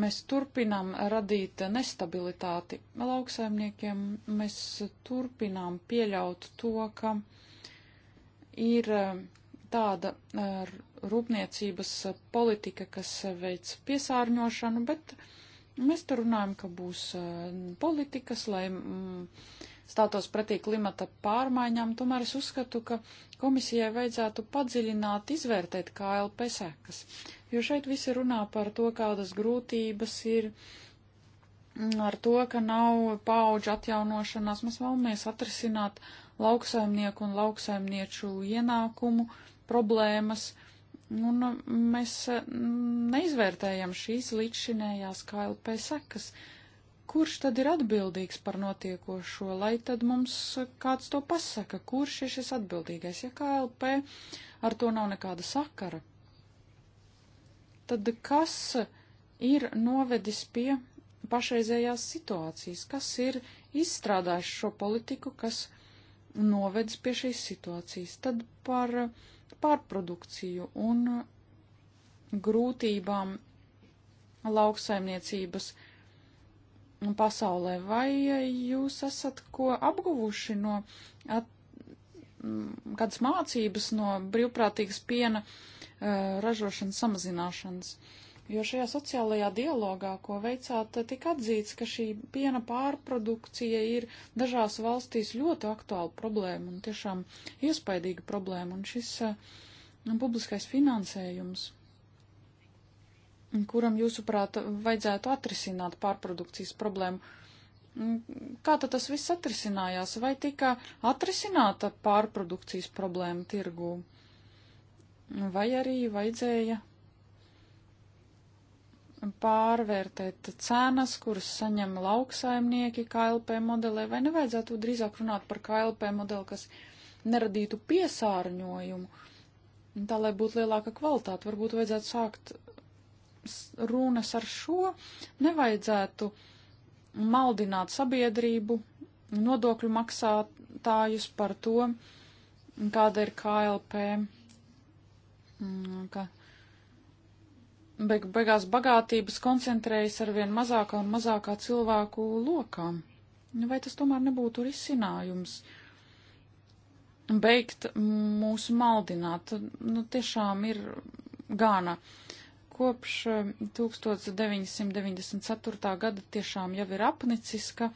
Mēs turpinām radīt nestabilitāti lauksaimniekiem, mēs turpinām pieļaut to, ka ir tāda e, rūpniecības e, politika, kas e, veic piesārņošanu, bet mēs tur runājam, ka būs politikas, lai stātos pretī klimata pārmaiņām. Tomēr es uzskatu, ka komisijai vajadzētu padziļināt, izvērtēt KLP sekas, jo šeit visi runā par to, kādas grūtības ir ar to, ka nav pauģu atjaunošanās, mēs vēlamies atrisināt lauksaimnieku un lauksaimnieču ienākumu problēmas, un nu, nu, mēs mm, neizvērtējam šīs līdzšinējās KLP sekas. Kurš tad ir atbildīgs par notiekošo, lai tad mums kāds to pasaka, kurš ir šis atbildīgais, ja KLP ar to nav nekāda sakara? Tad kas ir novedis pie pašreizējās situācijas, kas ir izstrādājis šo politiku, kas novedis pie šīs situācijas. Tad par pārprodukciju un grūtībām lauksaimniecības pasaulē. Vai jūs esat ko apguvuši no at, kādas mācības no brīvprātīgas piena uh, ražošanas samazināšanas? Uh, Jo šajā sociālajā dialogā, ko veicāt, tika atzīts, ka šī piena pārprodukcija ir dažās valstīs ļoti aktuāla problēma un tiešām iespaidīga problēma. Un šis nu, publiskais finansējums, kuram jūsuprāt vajadzētu atrisināt pārprodukcijas problēmu, mm, kā tad tas viss atrisinājās? Vai tika atrisināta pārprodukcijas problēma tirgū? Vai arī vajadzēja pārvērtēt cenas, kuras saņem lauksaimnieki KLP modelē, vai nevajadzētu drīzāk runāt par KLP modeli, kas neradītu piesārņojumu, tā lai būtu lielāka kvalitāte. Varbūt vajadzētu sākt runas ar šo, nevajadzētu maldināt sabiedrību, nodokļu maksātājus par to, kāda ir KLP, mm, ka beig beigās bagātības koncentrējas ar vien mazākā un mazākā cilvēku lokām. Nu, vai tas tomēr nebūtu risinājums? Beigt mūsu maldināt, nu tiešām ir gāna. Kopš 1994. Eh, gada tiešām jau ir apnicis, ka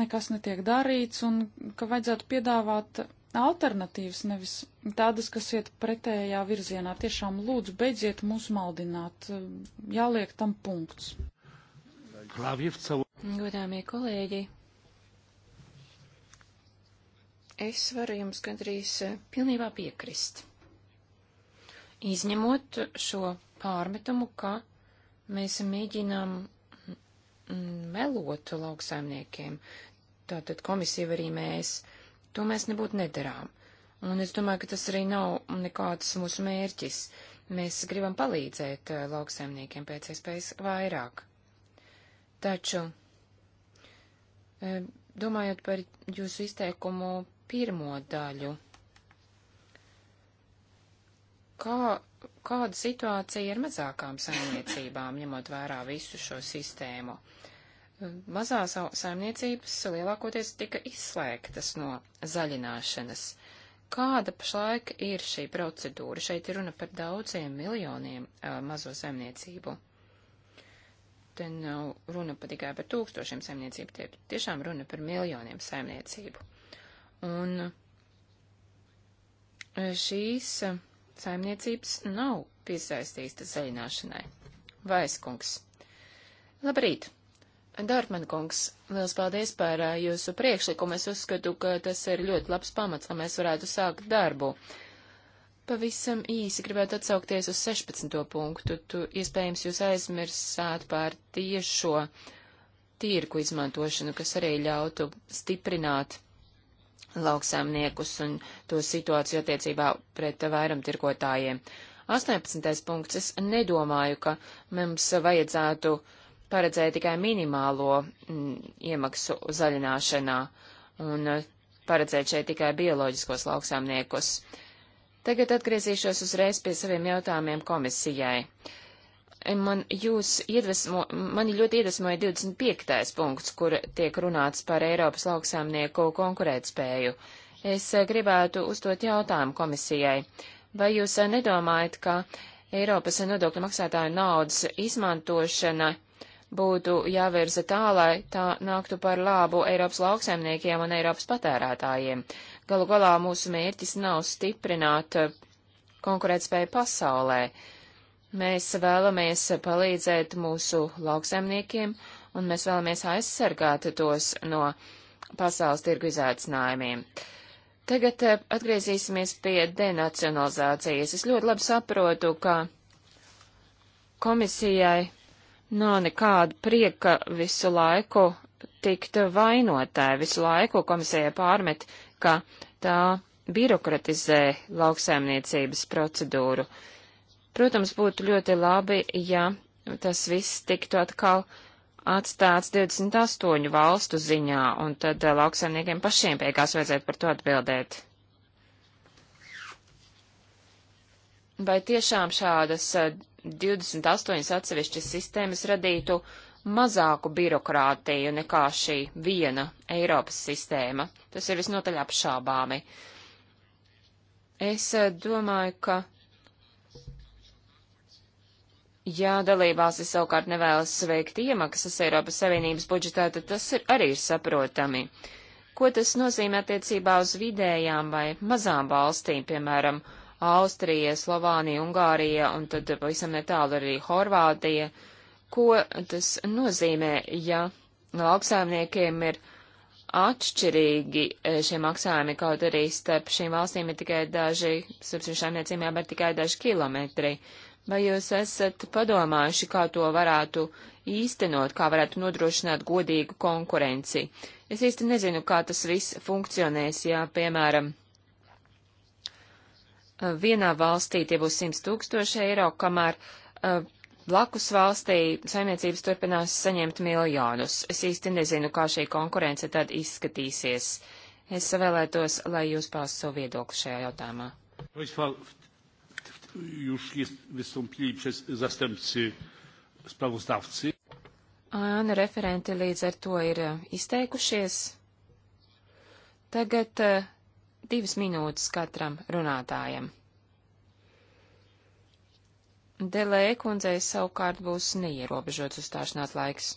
nekas netiek darīts un ka vajadzētu piedāvāt alternatīvas, nevis tādas, kas iet pretējā virzienā. Tiešām lūdzu, beidziet mūs maldināt. Jāliek tam punkts. Godāmie kolēģi, es varu jums gandrīz eh, pilnībā piekrist. Izņemot šo pārmetumu, ka mēs mēģinām melot lauksaimniekiem. Tātad komisija arī mēs. Uh, To mēs nebūtu nedarām. Un es domāju, ka tas arī nav nekāds mūsu mērķis. Mēs gribam palīdzēt eh, lauksaimniekiem pēc iespējas vairāk. Taču, eh, domājot par jūsu izteikumu pirmo daļu, kā, kāda situācija ir mazākām saimniecībām, ņemot vērā visu šo sistēmu? Uh, mazās saimniecības lielākoties tika izslēgtas no zaļināšanas. Kāda pašlaik ir šī procedūra? Šeit ir runa par daudziem miljoniem uh, mazo saimniecību. Te nav runa pat tikai par tūkstošiem saimniecību, te ir tiešām runa par miljoniem saimniecību. Un šīs saimniecības nav piesaistītas zaļināšanai. Vaiskungs. Labrīt! Dārtman kungs, liels paldies par jūsu priekšlikumu. Es uzskatu, ka tas ir ļoti labs pamats, lai mēs varētu sākt darbu. Pavisam īsi gribētu atsaukties uz 16. punktu. Tu, iespējams, jūs aizmirsāt par tiešo tirku izmantošanu, kas arī ļautu stiprināt lauksēmniekus un to situāciju attiecībā pret vairumtirkotājiem. 18. punkts. Es nedomāju, ka mums vajadzētu uh, paredzēja tikai minimālo m, mm, iemaksu zaļināšanā un eh, paredzēt šeit tikai bioloģiskos lauksāmniekus. Tagad atgriezīšos uzreiz pie saviem jautājumiem komisijai. E, man, jūs iedvesmo, mani ļoti iedvesmoja 25. punkts, kur tiek runāts par Eiropas lauksāmnieku konkurētspēju. Es eh, gribētu uzdot jautājumu komisijai. Vai jūs eh, nedomājat, ka Eiropas nodokļu maksātāju naudas izmantošana uh, būtu jāvirza tā, lai tā nāktu par labu Eiropas lauksaimniekiem un Eiropas patērētājiem. Galu galā mūsu mērķis nav stiprināt eh, konkurētspēju pasaulē. Mēs vēlamies palīdzēt mūsu lauksaimniekiem, un mēs vēlamies aizsargāt tos no pasaules tirgu izaicinājumiem. Tagad eh, atgriezīsimies pie denacionalizācijas. Es ļoti labi saprotu, ka komisijai Nav nekāda prieka visu laiku tikt vainotāji, visu laiku komisijai pārmet, ka tā birokratizē lauksaimniecības procedūru. Protams, būtu ļoti labi, ja tas viss tiktu atkal atstāts 28 valstu ziņā, un tad eh, lauksaimniekiem pašiem beigās vajadzētu par to atbildēt. Vai tiešām šādas eh, 28 atsevišķas sistēmas radītu mazāku birokrātiju nekā šī viena Eiropas sistēma. Tas ir visnotaļ apšābāmi. Es eh, domāju, ka Ja dalībvalstis savukārt nevēlas veikt iemaksas Eiropas Savienības budžetā, tad tas ir arī ir saprotami. Ko tas nozīmē attiecībā uz vidējām vai mazām valstīm, piemēram, Austrija, Slovānija, Ungārija un tad pavisam netālu arī Horvātija. Ko tas nozīmē, ja lauksaimniekiem ir atšķirīgi eh, šie maksājumi, kaut arī starp šīm valstīm ir tikai daži, starp šīm saimniecībām ir tikai daži kilometri. Vai jūs esat padomājuši, kā to varētu īstenot, kā varētu nodrošināt godīgu konkurenci? Es īsti nezinu, kā tas viss funkcionēs, ja, piemēram, vienā valstī tie būs 100 tūkstoši eiro, kamēr uh, blakus valstī saimniecības turpinās saņemt miljonus. Es īsti nezinu, kā šī konkurence tad izskatīsies. Es vēlētos, lai jūs paust savu viedokli šajā jautājumā. Ānu referenti līdz ar to ir eh, izteikušies. Tagad uh, divas minūtes katram runātājam. Delē kundzei savukārt būs neierobežots uzstāšanās laiks.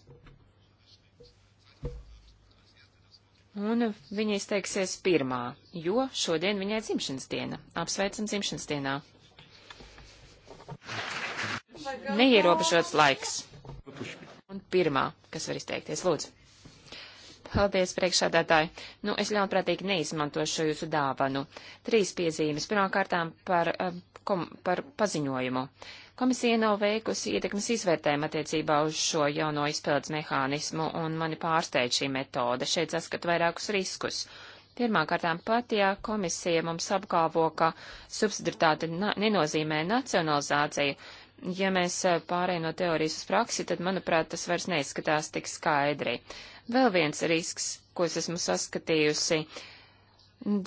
Un viņa izteiksies pirmā, jo šodien viņai dzimšanas diena. Apsveicam dzimšanas dienā. Neierobežots laiks. Un pirmā, kas var izteikties, lūdzu. Paldies, priekšādātāji. Nu, es ļaunprātīgi neizmantošu jūsu dāvanu. Trīs piezīmes. Pirmkārtām par, eh, kom, par paziņojumu. Komisija nav veikusi ietekmes izvērtējumu attiecībā uz šo jauno izpildes mehānismu, un mani pārsteidz šī metode. Šeit saskat vairākus riskus. Pirmkārtām pat, ja komisija mums apgalvo, ka subsidiritāte na nenozīmē nacionalizāciju, ja mēs eh, pārējām no teorijas uz praksi, tad, manuprāt, tas vairs neizskatās tik skaidri. Uh, Vēl viens risks, ko es esmu saskatījusi.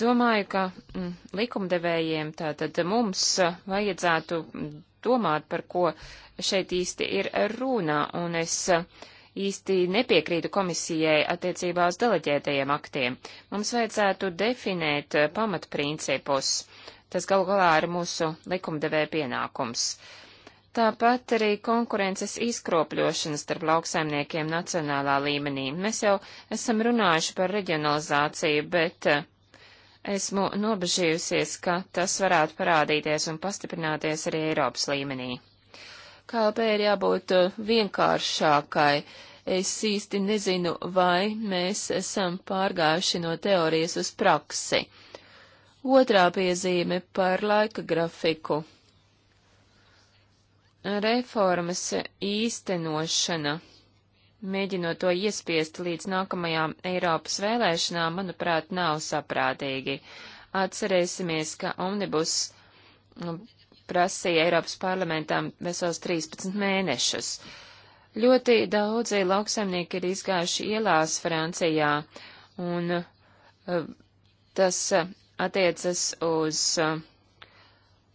Domāju, ka mm, likumdevējiem, tātad mums eh, vajadzētu mm, domāt, par ko šeit īsti ir runa, un es eh, īsti nepiekrītu komisijai attiecībā uz deleģētajiem aktiem. Mums vajadzētu definēt eh, pamatprincipus. Tas galu galā ir mūsu likumdevēja pienākums. Uh, Tāpat arī konkurences izkropļošana starp lauksaimniekiem nacionālā līmenī. Mēs jau esam runājuši par reģionalizāciju, bet eh, esmu nobežījusies, ka tas varētu parādīties un pastiprināties arī Eiropas līmenī. KLP ir jābūt eh, vienkāršākai. Es īsti nezinu, vai mēs esam pārgājuši no teorijas uz praksi. Otrā piezīme par laika grafiku reformas īstenošana, mēģinot to iespiest līdz nākamajām Eiropas vēlēšanām, manuprāt, nav saprātīgi. Atcerēsimies, ka omnibus mm, prasīja Eiropas parlamentam vesels 13 mēnešus. Ļoti daudzi lauksaimnieki ir izgājuši ielās Francijā, un mm, tas uh, attiecas uz uh,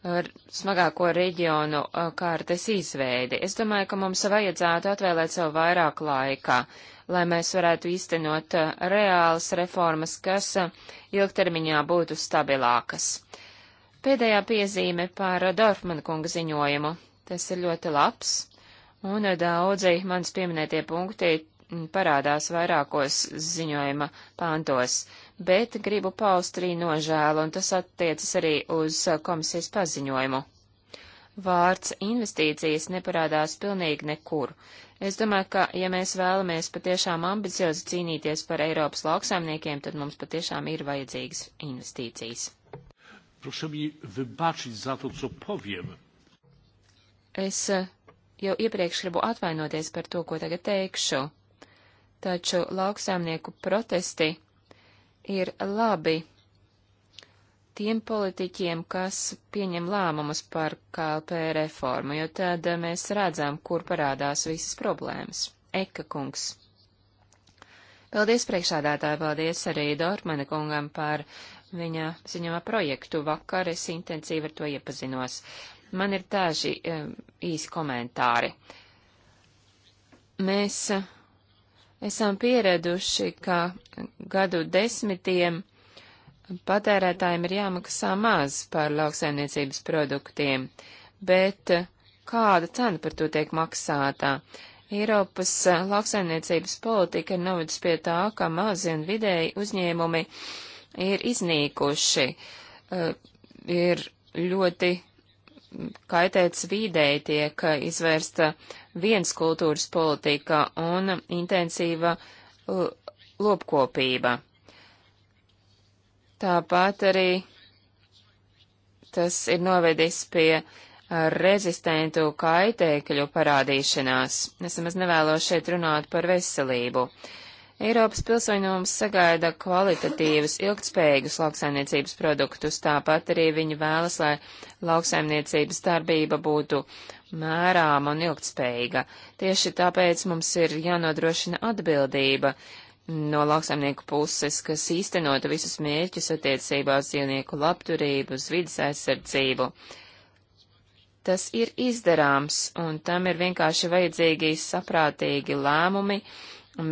smagāko reģionu uh, kārtas izveidi. Es domāju, ka mums vajadzētu atvēlēt sev vairāk laika, lai mēs varētu īstenot uh, reālas reformas, kas uh, ilgtermiņā būtu stabilākas. Pēdējā piezīme par Dorfmana kunga ziņojumu. Tas ir ļoti labs, un daudzi mans pieminētie punkti mm, parādās vairākos ziņojuma pantos bet gribu paust arī nožēlu, un tas attiecas arī uz uh, komisijas paziņojumu. Vārds investīcijas neparādās pilnīgi nekur. Es domāju, ka, ja mēs vēlamies patiešām ambiciozi cīnīties par Eiropas lauksaimniekiem, tad mums patiešām ir vajadzīgas investīcijas. Es uh, jau iepriekš gribu atvainoties par to, ko tagad teikšu, taču lauksaimnieku protesti ir labi tiem politiķiem, kas pieņem lēmumus par KLP reformu, jo tad eh, mēs redzam, kur parādās visas problēmas. Eka kungs. Paldies priekšādātāji, paldies arī Dortmana kungam par viņa ziņojumā projektu. Vakar es intensīvi ar to iepazinos. Man ir daži um, īsi komentāri. Mēs uh, Esam pieraduši, ka gadu desmitiem patērētājiem ir jāmaksā maz par lauksaimniecības produktiem, bet kāda cena par to tiek maksātā? Eiropas lauksaimniecības politika ir novedis pie tā, ka mazi un vidēji uzņēmumi ir iznīkuši, eh, ir ļoti kaitēts vīdei, tiek izvērsta viens kultūras politika un intensīva lopkopība. Tāpat arī tas ir novedis pie rezistentu kaitēkļu parādīšanās. Es nemaz nevēlos šeit runāt par veselību. Uh, Eiropas pilsoņi no mums sagaida kvalitatīvus, ilgtspējīgus lauksaimniecības produktus, tāpat arī viņi vēlas, lai lauksaimniecības darbība būtu mērām un ilgtspējīga. Tieši tāpēc mums ir jānodrošina atbildība no lauksaimnieku puses, kas īstenotu visus mērķus attiecībā uz dzīvnieku labturību, uz vidas aizsardzību. Tas ir izdarāms, un tam ir vienkārši vajadzīgi saprātīgi lēmumi,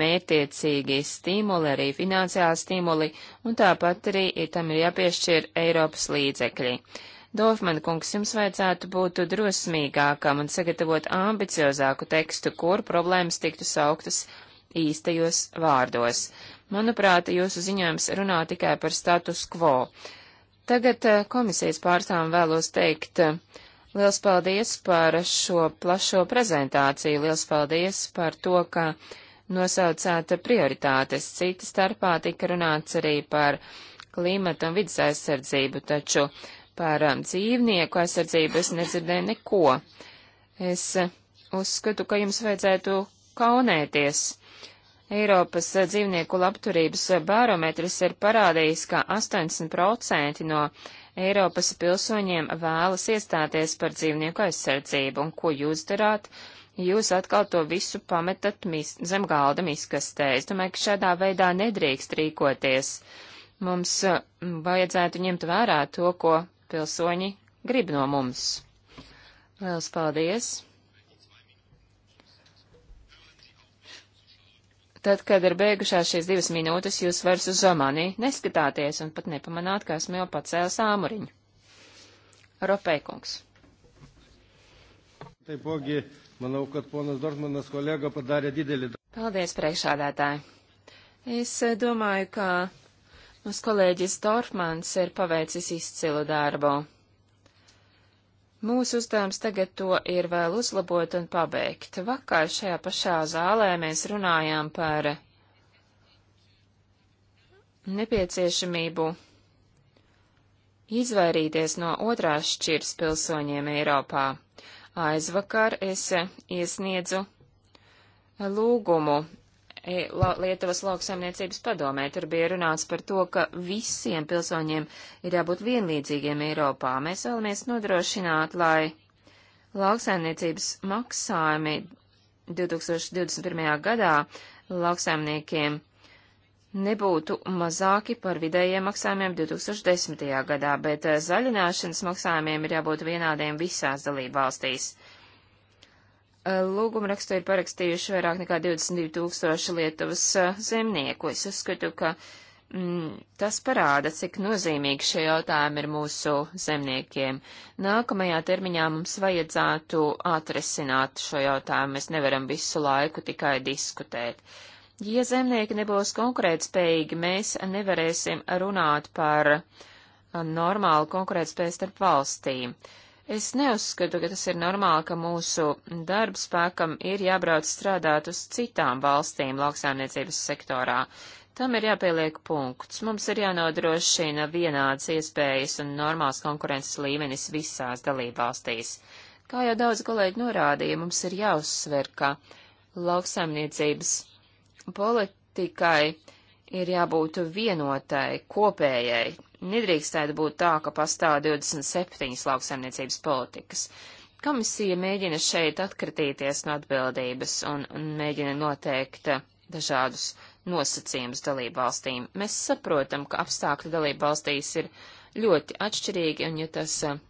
mērtiecīgi stimuli, arī finansiāli stimuli, un tāpat arī tam ir jāpiešķir Eiropas līdzekļi. Dolfman kungs, jums vajadzētu būt drosmīgākam un sagatavot ambiciozāku tekstu, kur problēmas tiktu sauktas īstajos vārdos. Manuprāt, jūsu ziņojums runā tikai par status quo. Tagad eh, komisijas pārstāvam vēlos teikt, eh, Liels paldies par šo plašo prezentāciju, liels paldies par to, ka nosaucāt prioritātes. Cita starpā tika runāts arī par klimatu un vidas aizsardzību, taču par um, dzīvnieku aizsardzību es nedzirdēju neko. Es uzskatu, ka jums vajadzētu kaunēties. Eiropas dzīvnieku labturības barometrs ir parādījis, ka 80% no Eiropas pilsoņiem vēlas iestāties par dzīvnieku aizsardzību, un ko jūs darāt? Uh, jūs atkal to visu pametat mis, zem galda miskastē. Es domāju, ka šādā veidā nedrīkst rīkoties. Mums uh, vajadzētu ņemt vērā to, ko pilsoņi grib no mums. Liels paldies! Tad, kad ir beigušās šīs divas minūtes, jūs vairs uz mani neskatāties un pat nepamanāt, ka esmu jau pacēlis āmuriņu. Ropēkungs. Manau, kad ponas Dortmanas kolega padarė didelį darbą. Paldies, priekšādātāji. Es eh, domāju, ka mūsu kolēģis Dortmans ir paveicis izcilu darbu. Mūsu uzdevums tagad to ir vēl uzlabot un pabeigt. Vakar šajā pašā zālē mēs runājām par nepieciešamību izvairīties no otrās šķirs pilsoņiem Eiropā. Aizvakar es eh, iesniedzu eh, lūgumu eh, Lietuvas lauksaimniecības padomē. Tur bija runāts par to, ka visiem pilsoņiem ir jābūt vienlīdzīgiem Eiropā. Mēs vēlamies nodrošināt, lai lauksaimniecības maksājumi 2021. gadā lauksaimniekiem nebūtu mazāki par vidējiem maksājumiem 2010. gadā, bet eh, zaļināšanas maksājumiem ir jābūt vienādiem visās dalību valstīs. Eh, Lūgumu rakstu ir parakstījuši vairāk nekā 22 tūkstoši Lietuvas eh, zemnieku. Es uzskatu, ka mm, tas parāda, cik nozīmīgi šie jautājumi ir mūsu zemniekiem. Nākamajā termiņā mums vajadzētu atrisināt šo jautājumu. Mēs nevaram visu laiku tikai diskutēt. Uh, Ja zemnieki nebūs konkurētspējīgi, mēs nevarēsim runāt par normālu konkurētspēju starp valstīm. Es neuzskatu, ka tas ir normāli, ka mūsu darba spēkam ir jābrauc strādāt uz citām valstīm lauksāniecības sektorā. Tam ir jāpieliek punkts. Mums ir jānodrošina vienādas iespējas un normāls konkurences līmenis visās dalībvalstīs. Kā jau daudz kolēģi norādīja, mums ir jāuzsver, ka lauksaimniecības Politikai ir jābūt vienotai, kopējai. Nedrīkstētu būt tā, ka pastāv 27 lauksaimniecības politikas. Komisija mēģina šeit atkritīties no atbildības un, un mēģina noteikt dažādus nosacījumus dalību valstīm. Mēs saprotam, ka apstākļi dalību valstīs ir ļoti atšķirīgi, un ja tas uh,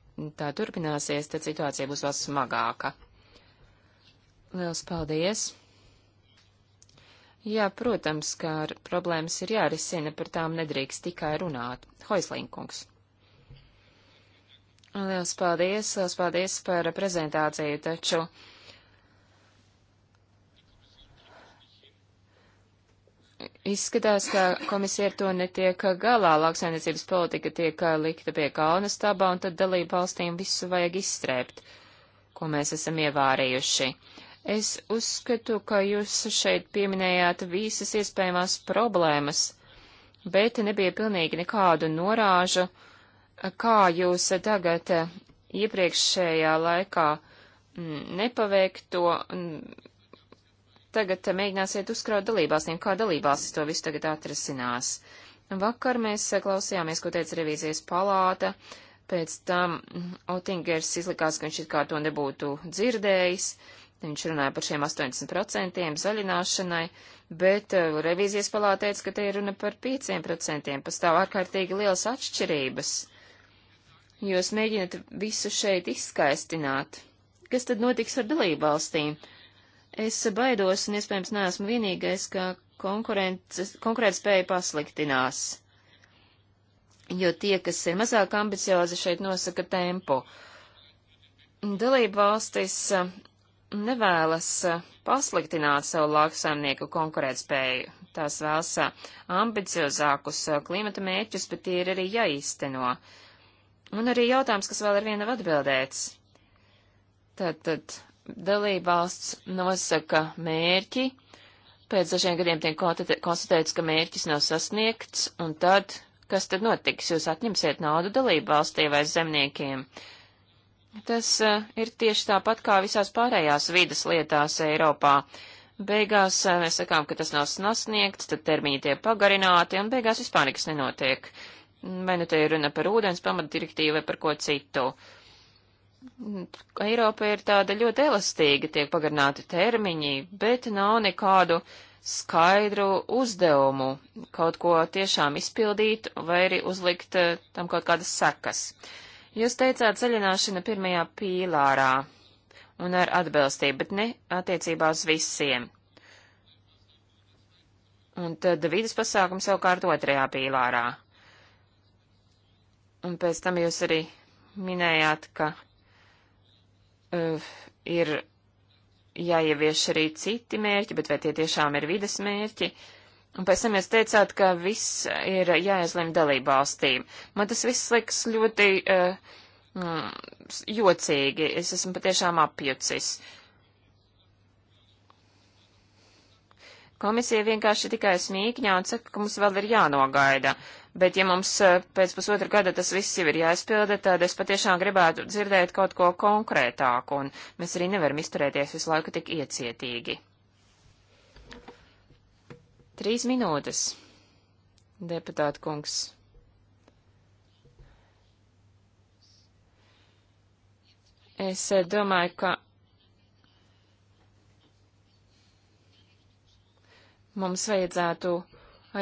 tā turpināsies, tad situācija būs vēl smagāka. Liels paldies! Jā, protams, ka problēmas ir jārisina, par tām nedrīkst tikai runāt. Hoislinkungs. Liels paldies, liels paldies par prezentāciju, taču. Izskatās, ka komisija ar to netiek galā, lauksainiecības politika tiek likta pie kauna stabā, un tad dalību valstīm visu vajag izstrēpt, ko mēs esam ievārījuši. Es uzskatu, ka jūs šeit pieminējāt visas iespējamās problēmas, bet nebija pilnīgi nekādu norāžu, kā jūs tagad iepriekšējā laikā mm, nepaveikto mm, tagad mēģināsiet uzkraut dalībvalstīm, kā dalībvalstis to visu tagad atrasinās. Vakar mēs klausījāmies, ko teica revīzijas palāta, pēc tam Otingers izlikās, ka viņš it kā to nebūtu dzirdējis, Viņš runāja par šiem 80% zaļināšanai, bet eh, revīzijas palāta teica, ka te ir runa par 5%. Pastāv ārkārtīgi liels atšķirības. Jūs mēģināt visu šeit izskaistināt. Kas tad notiks ar dalību valstīm? Es baidos, un iespējams neesmu vienīgais, ka konkurētspēja pasliktinās jo tie, kas ir mazāk ambiciozi, šeit nosaka tempu. Dalība valstis nevēlas eh, pasliktināt savu lauksaimnieku konkurētspēju. Tās vēlas eh, ambiciozākus eh, klimata mēķus, bet tie ir arī jāīsteno. Un arī jautājums, kas vēl ir viena atbildēts. Tad, tad dalībvalsts nosaka mērķi, pēc dažiem gadiem tiek konstatēts, ka mērķis nav sasniegts, un tad, kas tad notiks? Jūs atņemsiet naudu dalībvalstī vai zemniekiem? Uh, Tas e, ir tieši tāpat kā visās pārējās vidas lietās Eiropā. Beigās e, mēs sakām, ka tas nav sasniegts, tad termiņi tiek pagarināti, un beigās vispār nekas nenotiek. Vai nu te ir runa par ūdens pamatdirektīvu vai par ko citu. Eiropa ir tāda ļoti elastīga, tiek pagarināti termiņi, bet nav nekādu skaidru uzdevumu kaut ko tiešām izpildīt vai arī uzlikt e, tam kaut kādas sekas. Jūs teicāt zaļināšana pirmajā pīlārā un ar atbilstību, bet ne attiecībā uz visiem. Un tad vidas pasākums savukārt otrajā pīlārā. Un pēc tam jūs arī minējāt, ka uh, ir jāievieš arī citi mērķi, bet vai tie tiešām ir vidas mērķi? Uh, Un pēc tam jūs teicāt, ka viss ir jāizlem dalībvalstīm. Man tas viss liekas ļoti uh, jocīgi. Es esmu patiešām apjucis. Komisija vienkārši tikai smīkņā un saka, ka mums vēl ir jānogaida. Bet ja mums eh, pēc pusotra gada tas viss jau ir jāizpilda, tad es patiešām gribētu dzirdēt kaut ko konkrētāku, un mēs arī nevaram izturēties visu laiku tik iecietīgi. Trīs minūtes, deputāta kungs. Es eh, domāju, ka mums vajadzētu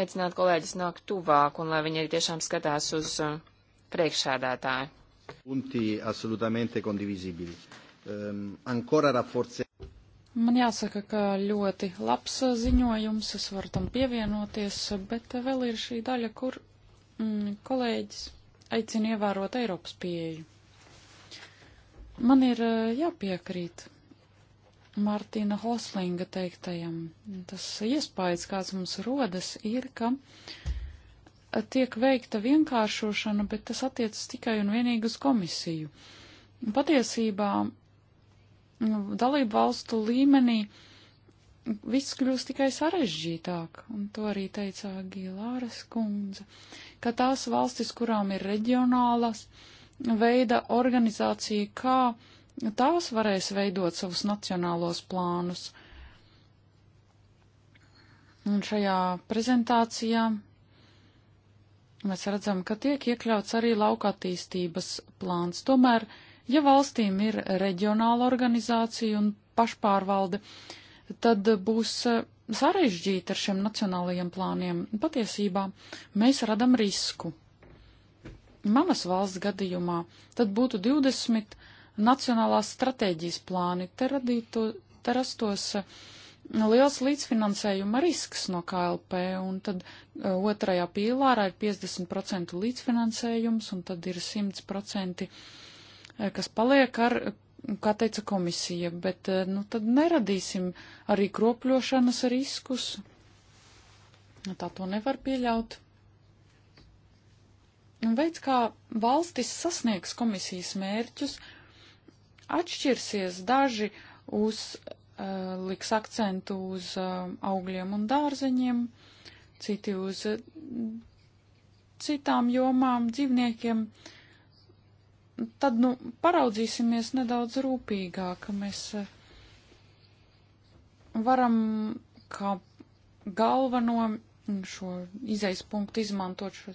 aicināt kolēģis nākt tuvāk un lai viņi arī tiešām skatās uz eh, priekšsēdētāju. Punti assolutamente condivisibili. Um, ancora rafforzare. Man jāsaka, ka ļoti labs ziņojums, es varu tam pievienoties, bet vēl ir šī daļa, kur mm, kolēģis aicina ievērot Eiropas pieeju. Man ir eh, jāpiekrīt Martina Hoslinga teiktajam. Tas iespējas, kāds mums rodas, ir, ka tiek veikta vienkāršošana, bet tas attiecas tikai un vienīgi uz komisiju. Patiesībā dalību valstu līmenī viss kļūst tikai sarežģītāk, un to arī teica Gīlāras kundze, ka tās valstis, kurām ir reģionālas veida organizācija, kā tās varēs veidot savus nacionālos plānus. Un šajā prezentācijā mēs redzam, ka tiek iekļauts arī lauka attīstības plāns. Tomēr uh, Ja valstīm ir reģionāla organizācija un pašpārvalde, tad būs e, sarežģīti ar šiem nacionālajiem plāniem. Patiesībā mēs radam risku. Manas valsts gadījumā tad būtu 20 nacionālās stratēģijas plāni, te radītu, te rastos e, liels līdzfinansējuma risks no KLP, un tad e, otrajā pīlārā ir 50% līdzfinansējums, un tad ir 100% Eh, kas paliek ar, kā teica komisija, bet eh, nu, tad neradīsim arī kropļošanas riskus. Nu, tā to nevar pieļaut. Un veids, kā valstis sasniegs komisijas mērķus, atšķirsies daži uz, uh, liks akcentu uz uh, augļiem un dārzeņiem, citi uz uh, citām jomām, dzīvniekiem. Uh, tad nu, paraudzīsimies nedaudz rūpīgāk. Mēs eh, varam kā galveno šo izejas punktu izmantot šo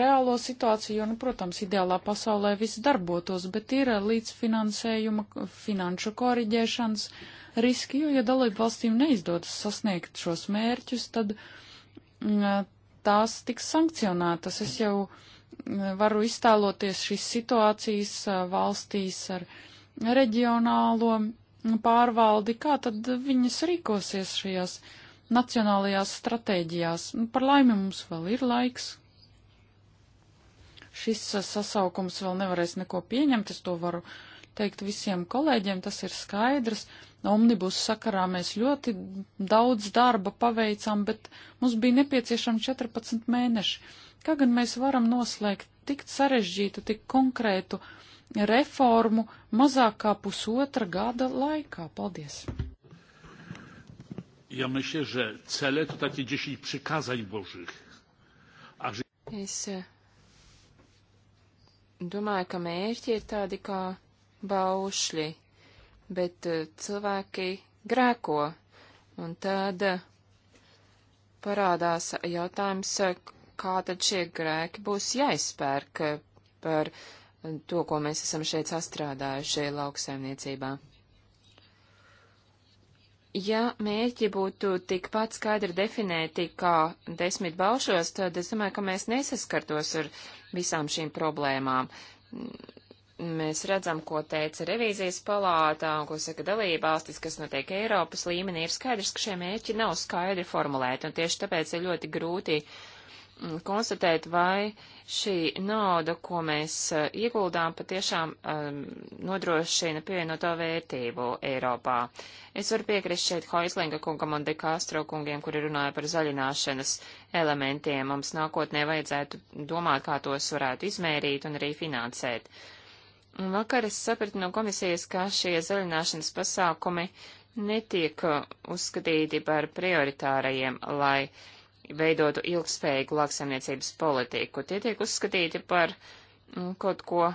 reālo situāciju, jo, nu, protams, ideālā pasaulē viss darbotos, bet ir eh, līdz finansējuma, finanšu koriģēšanas riski, jo, ja dalību valstīm neizdodas sasniegt šos mērķus, tad mm, eh, tās tiks sankcionētas. Es jau uh, varu iztēloties šīs situācijas valstīs ar reģionālo pārvaldi, kā tad viņas rīkosies šajās nacionālajās stratēģijās. Nu, par laimi mums vēl ir laiks. Šis sasaukums vēl nevarēs neko pieņemt, es to varu teikt visiem kolēģiem, tas ir skaidrs. Omnibus sakarā mēs ļoti daudz darba paveicām, bet mums bija nepieciešami 14 mēneši Kā gan mēs varam noslēgt tik sarežģītu, tik konkrētu reformu mazākā pusotra gada laikā? Paldies! Ja myślę, że cele to takie 10 przykazań Bożych. A ży... Es e, domāju, ka mērķi ir tādi kā baušļi, bet e, cilvēki grēko. Un tad e, parādās jautājums, kā tad šie grēki būs jāizspērk par to, ko mēs esam šeit sastrādājuši lauksaimniecībā. Ja mērķi būtu tikpat skaidri definēti kā desmit balšos, tad es domāju, ka mēs nesaskartos ar visām šīm problēmām. Mēs redzam, ko teica revīzijas palātā un ko saka dalībvalstis, kas notiek Eiropas līmenī. Ir skaidrs, ka šie mērķi nav skaidri formulēti, un tieši tāpēc ir ļoti grūti uh, konstatēt, vai šī nauda, ko mēs uh, ieguldām, patiešām um, nodrošina pievienoto vērtību Eiropā. Es varu piekrist šeit Hoislinga kungam un De Castro kungiem, kuri runāja par zaļināšanas elementiem. Mums nākotnē vajadzētu domāt, kā tos varētu izmērīt un arī finansēt. Un vakar es sapratu no komisijas, ka šie zaļināšanas pasākumi netiek eh, uzskatīti par prioritārajiem, lai uh, veidotu ilgspējīgu lauksaimniecības politiku. Tie tiek uzskatīti par mm, kaut ko,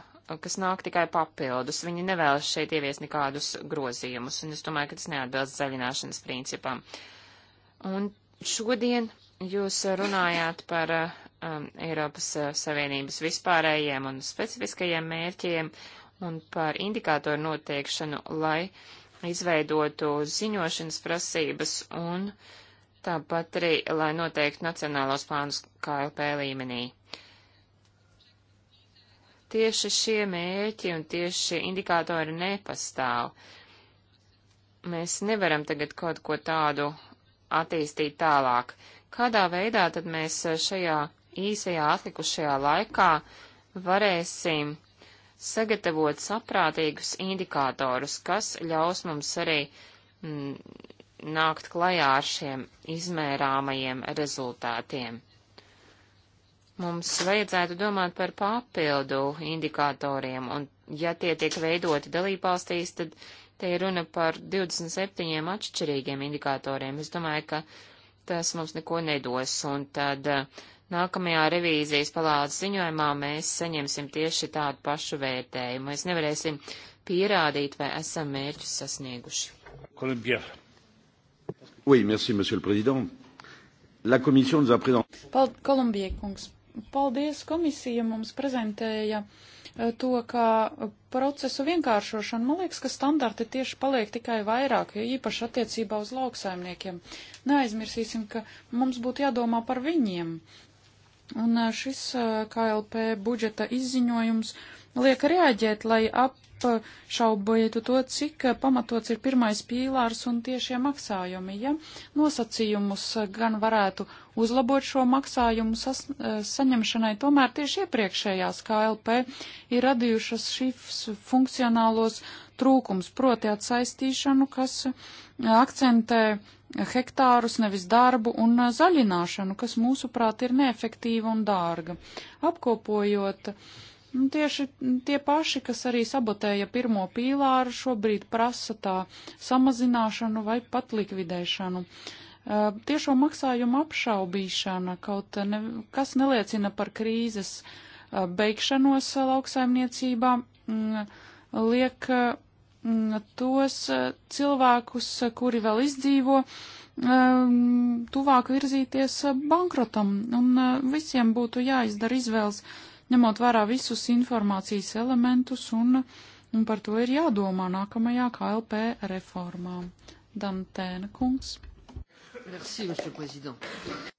kas nāk tikai papildus. Viņi nevēlas šeit ievies nekādus grozījumus, un es domāju, ka tas neatbilst zaļināšanas principam. Un šodien jūs runājāt par um, Eiropas uh, Savienības vispārējiem un specifiskajiem mērķiem un par indikātoru noteikšanu, lai izveidotu ziņošanas prasības un uh, tāpat arī, lai noteiktu nacionālos plānus KLP līmenī. Tieši šie mērķi un tieši indikātori nepastāv. Mēs nevaram tagad kaut ko tādu attīstīt tālāk. Kādā veidā tad mēs šajā īsajā atlikušajā laikā varēsim sagatavot saprātīgus indikātorus, kas ļaus mums arī mm, nākt klajā ar šiem izmērāmajiem rezultātiem. Mums vajadzētu domāt par papildu indikatoriem, un ja tie tiek veidoti dalībvalstīs, tad te ir runa par 27 atšķirīgiem indikatoriem. Es domāju, ka tas mums neko nedos, un tad uh, nākamajā revīzijas palādes ziņojumā mēs saņemsim tieši tādu pašu vērtējumu. Mēs nevarēsim pierādīt, vai esam mērķus sasnieguši. Kolumbija. Oui, merci, monsieur le président. La komisija nous a présenté. Pal Kolumbija kungs, paldies komisija mums prezentēja eh, to, kā eh, procesu vienkāršošanu. Man liekas, ka standarti tieši paliek tikai vairāk, jo īpaši attiecībā uz lauksaimniekiem. Neaizmirsīsim, ka mums būtu jādomā par viņiem. Un eh, šis KLP budžeta izziņojums liek rēģēt, lai ap apšaubojat to, cik pamatots ir pirmais pīlārs un tiešie maksājumi. Ja nosacījumus gan varētu uzlabot šo maksājumu sas, saņemšanai, tomēr tieši iepriekšējās KLP ir radījušas šīs funkcionālos trūkums, proti atsaistīšanu, kas akcentē hektārus, nevis darbu un zaļināšanu, kas mūsuprāt ir neefektīva un dārga. Apkopojot uh, Un nu, tieši tie paši, kas arī sabotēja pirmo pīlāru, šobrīd prasa tā samazināšanu vai pat likvidēšanu. Uh, tiešo maksājumu apšaubīšana kaut uh, ne, kas neliecina par krīzes uh, beigšanos lauksaimniecībā, mm, liek mm, tos cilvēkus, kuri vēl izdzīvo, um, tuvāk virzīties bankrotam, un visiem būtu jāizdara izvēles ņemot vērā visus informācijas elementus, un, un par to ir jādomā nākamajā KLP reformā. Dantēna kungs. Merci,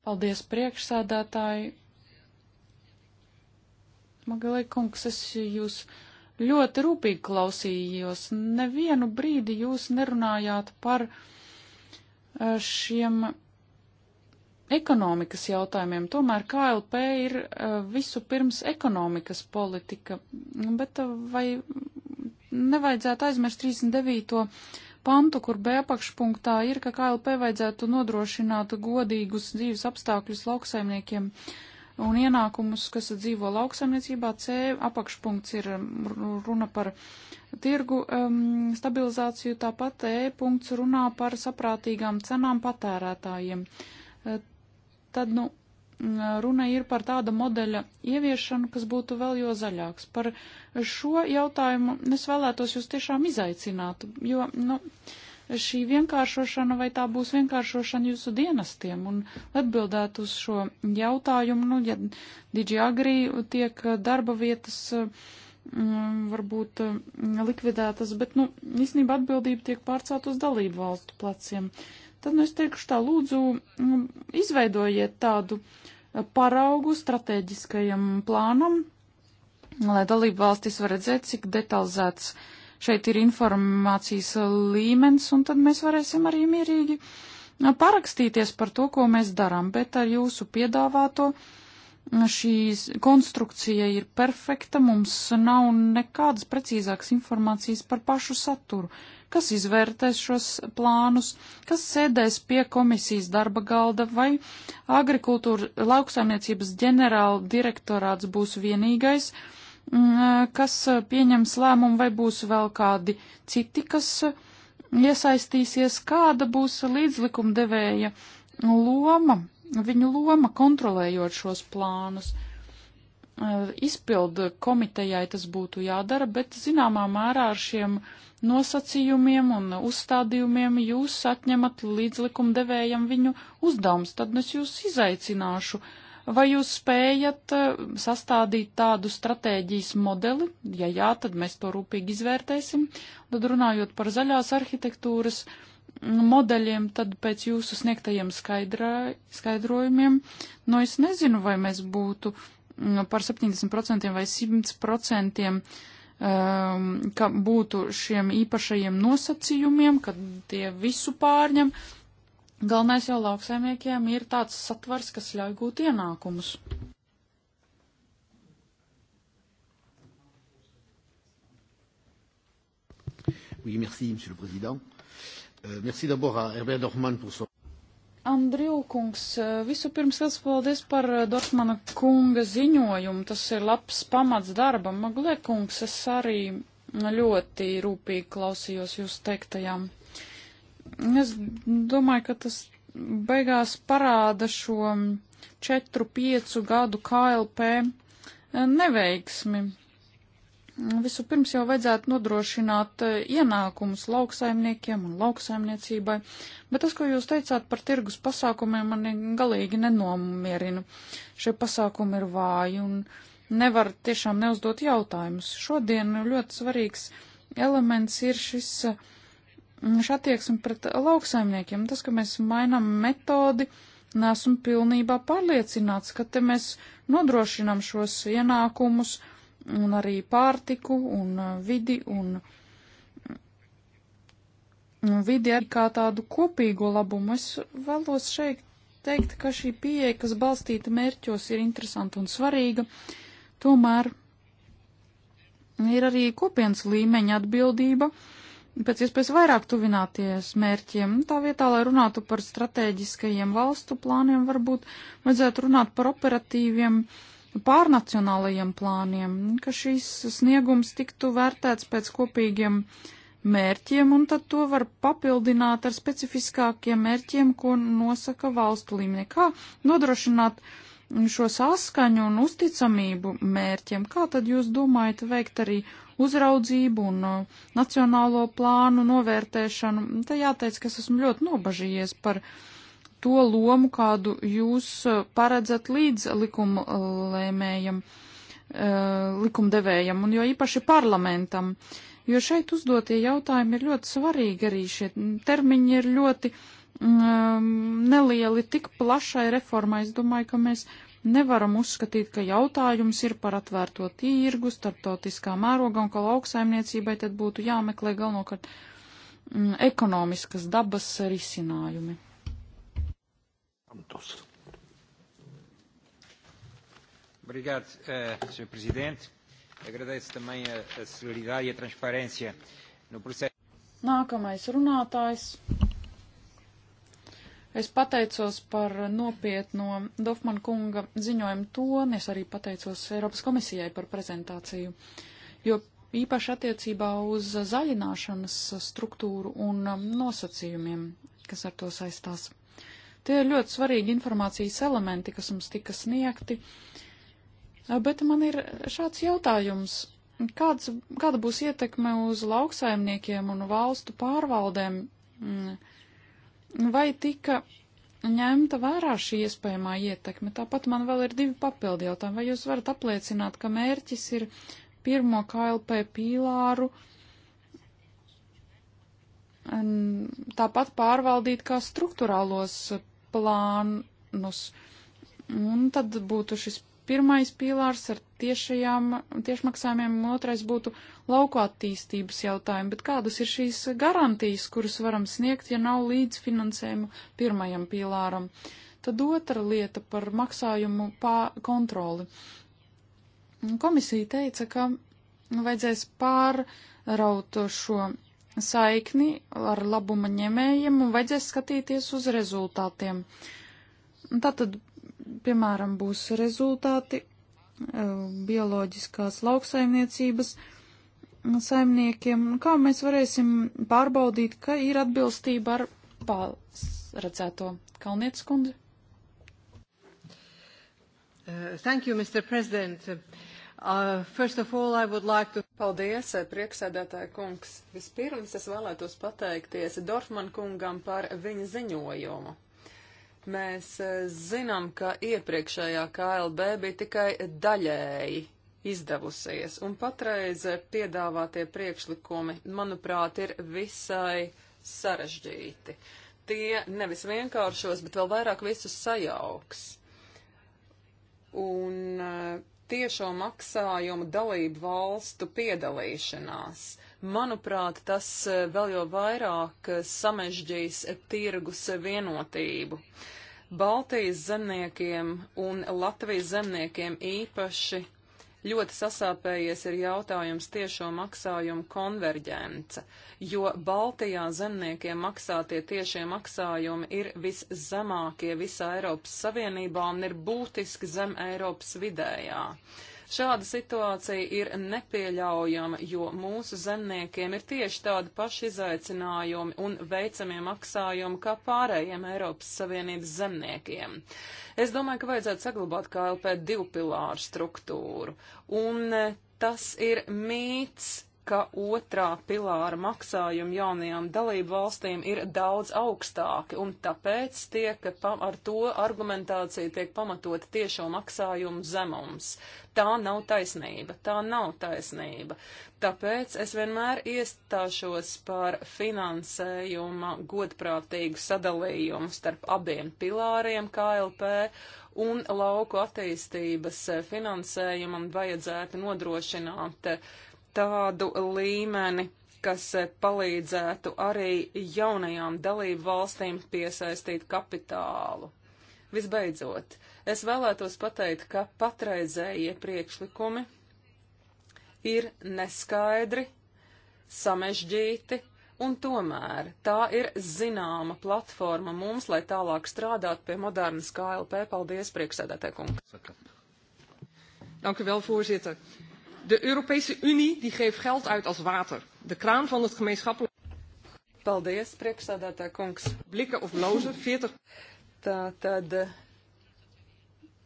Paldies, priekšsēdētāji. Magalī kungs, es jūs ļoti rūpīgi klausījos. Nevienu brīdi jūs nerunājāt par eh, šiem ekonomikas jautājumiem. Tomēr KLP ir eh, visu pirms ekonomikas politika, bet eh, vai nevajadzētu aizmirst 39 pantu, kur B apakšpunktā ir, ka KLP vajadzētu nodrošināt godīgus dzīves apstākļus lauksaimniekiem un ienākumus, kas dzīvo lauksaimniecībā. C apakšpunkts ir mm, runa par tirgu um, stabilizāciju, tāpat E punkts runā par saprātīgām cenām patērētājiem. Eh, tad, nu, runa ir par tāda modeļa ieviešanu, kas būtu vēl jo zaļāks. Par šo jautājumu es vēlētos jūs tiešām izaicināt, jo, nu, šī vienkāršošana vai tā būs vienkāršošana jūsu dienestiem un atbildēt uz šo jautājumu, nu, ja Digiagri tiek darba vietas mm, varbūt likvidētas, bet, nu, īstenībā atbildība tiek pārcelt uz dalību valstu pleciem. Uh, tad nu, es teikšu tā, lūdzu, mm, izveidojiet tādu eh, paraugu strateģiskajam plānam, lai dalību valstis var redzēt, cik detalizēts šeit ir informācijas līmenis, un tad mēs varēsim arī mierīgi eh, parakstīties par to, ko mēs darām, bet ar jūsu piedāvāto mm, šī konstrukcija ir perfekta, mums nav nekādas precīzākas informācijas par pašu saturu. Uh, kas izvērtēs šos plānus, kas sēdēs pie komisijas darba galda vai agrikultūra lauksaimniecības ģenerāla direktorāts būs vienīgais, mm, kas uh, pieņems lēmumu vai būs vēl kādi citi, kas uh, iesaistīsies, kāda būs līdzlikumdevēja loma, viņu loma kontrolējot šos plānus. Eh, izpildu komitejai tas būtu jādara, bet zināmā mērā ar šiem nosacījumiem un uzstādījumiem jūs atņemat līdzlikumdevējam viņu uzdevums, tad es jūs izaicināšu. Vai jūs spējat eh, sastādīt tādu stratēģijas modeli? Ja jā, tad mēs to rūpīgi izvērtēsim. Tad runājot par zaļās arhitektūras mm, modeļiem, tad pēc jūsu sniegtajiem skaidrā, skaidrojumiem, no nu, es nezinu, vai mēs būtu Nu, par 70% vai 100% um, ka būtu šiem īpašajiem nosacījumiem, kad tie visu pārņem. Galvenais jau lauksaimniekiem ir tāds satvars, kas ļauj gūt ienākumus. Oui, merci, Monsieur le Président. Euh, merci d'abord à Herbert Dorfman pour son. Andriju kungs, eh, visu pirms liels paldies par eh, Dortmana kunga ziņojumu. Tas ir labs pamats darbam. Maglē kungs, es arī ļoti rūpīgi klausījos jūs teiktajām. Es domāju, ka tas beigās parāda šo 4-5 gadu KLP neveiksmi. Vispirms jau vajadzētu nodrošināt eh, ienākumus lauksaimniekiem un lauksaimniecībai, bet tas, ko jūs teicāt par tirgus pasākumiem, mani galīgi nenomierina. Šie pasākumi ir vāji un nevar tiešām neuzdot jautājumus. Šodien ļoti svarīgs elements ir šis eh, attieksme pret lauksaimniekiem. Tas, ka mēs mainām metodi, nesmu pilnībā pārliecināts, ka te mēs nodrošinām šos ienākumus. Ja un arī pārtiku un uh, vidi un, un vidi arī kā tādu kopīgo labumu. Es vēlos šeit teikt, ka šī pieeja, kas balstīta mērķos, ir interesanta un svarīga. Tomēr ir arī kopienas līmeņa atbildība pēc iespējas vairāk tuvināties mērķiem. Tā vietā, lai runātu par strateģiskajiem valstu plāniem, varbūt vajadzētu runāt par operatīviem uh, pārnacionālajiem plāniem, ka šīs sniegums tiktu vērtēts pēc kopīgiem mērķiem, un tad to var papildināt ar specifiskākiem mērķiem, ko nosaka valstu līmenī. Kā nodrošināt šo saskaņu un uzticamību mērķiem? Kā tad jūs domājat veikt arī uzraudzību un uh, nacionālo plānu novērtēšanu? Te jāteic, ka es esmu ļoti nobažījies par uh, to lomu, kādu jūs eh, paredzat līdz likuma eh, lēmējam, eh, likumdevējam un jo īpaši parlamentam. Jo šeit uzdotie jautājumi ir ļoti svarīgi arī šie termiņi ir ļoti um, nelieli tik plašai reformai. Es domāju, ka mēs nevaram uzskatīt, ka jautājums ir par atvērto tirgu, starptautiskā mēroga un ka lauksaimniecībai tad būtu jāmeklē galvenokārt mm, ekonomiskas dabas risinājumi. Santos. Obrigado, uh, eh, Sr. Presidente. Agradeço também a, a celeridade e a transparência no processo. Nākamais runātājs. Es pateicos par nopietno Dofman kunga ziņojumu toni, es arī pateicos Eiropas komisijai par prezentāciju, jo īpaši attiecībā uz zaļināšanas struktūru un nosacījumiem, kas ar to saistās. Tie ir ļoti svarīgi informācijas elementi, kas mums tika sniegti. Bet man ir šāds jautājums. Kāds, kāda būs ietekme uz lauksaimniekiem un valstu pārvaldēm? Mm. Vai tika ņemta vērā šī iespējamā ietekme? Tāpat man vēl ir divi papildi jautājumi. Vai jūs varat apliecināt, ka mērķis ir pirmo KLP pīlāru tāpat pārvaldīt kā struktūrālos plānus. Un tad būtu šis pirmais pīlārs ar tiešajām, tiešmaksājumiem, un otrais būtu lauku attīstības jautājumi. Bet kādas ir šīs garantijas, kuras varam sniegt, ja nav līdzfinansējumu pirmajam pīlāram? Tad otra lieta par maksājumu pā kontroli. Komisija teica, ka vajadzēs pārraut šo saikni ar labuma ņemējiem un vajadzēs skatīties uz rezultātiem. Tātad, piemēram, būs rezultāti eh, bioloģiskās lauksaimniecības saimniekiem, kā mēs varēsim pārbaudīt, ka ir atbilstība ar pārredzēto Kalnietes kundzi. Uh, thank you, Mr. President. Uh, Uh, first of all, I would like to... Paldies, eh, prieksēdētāja kungs. Vispirms es vēlētos pateikties Dorfman kungam par viņa ziņojumu. Mēs eh, zinām, ka iepriekšējā KLB bija tikai daļēji izdevusies, un patreiz eh, piedāvātie priekšlikumi, manuprāt, ir visai sarežģīti. Tie nevis vienkāršos, bet vēl vairāk visus sajauks. Un uh, tiešo maksājumu dalību valstu piedalīšanās. Manuprāt, tas e, vēl jau vairāk e, samežģīs e, tirgus vienotību. Baltijas zemniekiem un Latvijas zemniekiem īpaši Ļoti sasāpējies ir jautājums tiešo maksājumu konverģence, jo Baltijā zemniekiem maksātie tiešie maksājumi ir viszemākie visā Eiropas Savienībā un ir būtiski zem Eiropas vidējā. Uh, Šāda situācija ir nepieļaujama, jo mūsu zemniekiem ir tieši tādi paši izaicinājumi un veicamie maksājumi kā pārējiem Eiropas Savienības zemniekiem. Es domāju, ka vajadzētu saglabāt KLP divpilāru struktūru. Un tas ir mīts ka otrā pilāra maksājumi jaunajām dalību valstīm ir daudz augstāki, un tāpēc tiek ar to argumentācija tiek pamatota tiešo maksājumu zemums. Tā nav taisnība, tā nav taisnība. Tāpēc es vienmēr iestāšos par finansējuma godprātīgu sadalījumu starp abiem pilāriem KLP un lauku attīstības finansējumam vajadzētu nodrošināt tādu līmeni, kas palīdzētu arī jaunajām dalību valstīm piesaistīt kapitālu. Visbeidzot, es vēlētos pateikt, ka patreizējie priekšlikumi ir neskaidri, samežģīti, un tomēr tā ir zināma platforma mums, lai tālāk strādāt pie modernas KLP. Paldies, priekšsēdētāji kungi! Dank u wel, voorzitter. De Europese Unie die geeft geld uit als water. De kraan van het gemeenschappelijk. Paldies, priekšsādātā kungs. Blikken of lozen, 40. Tā tad eh,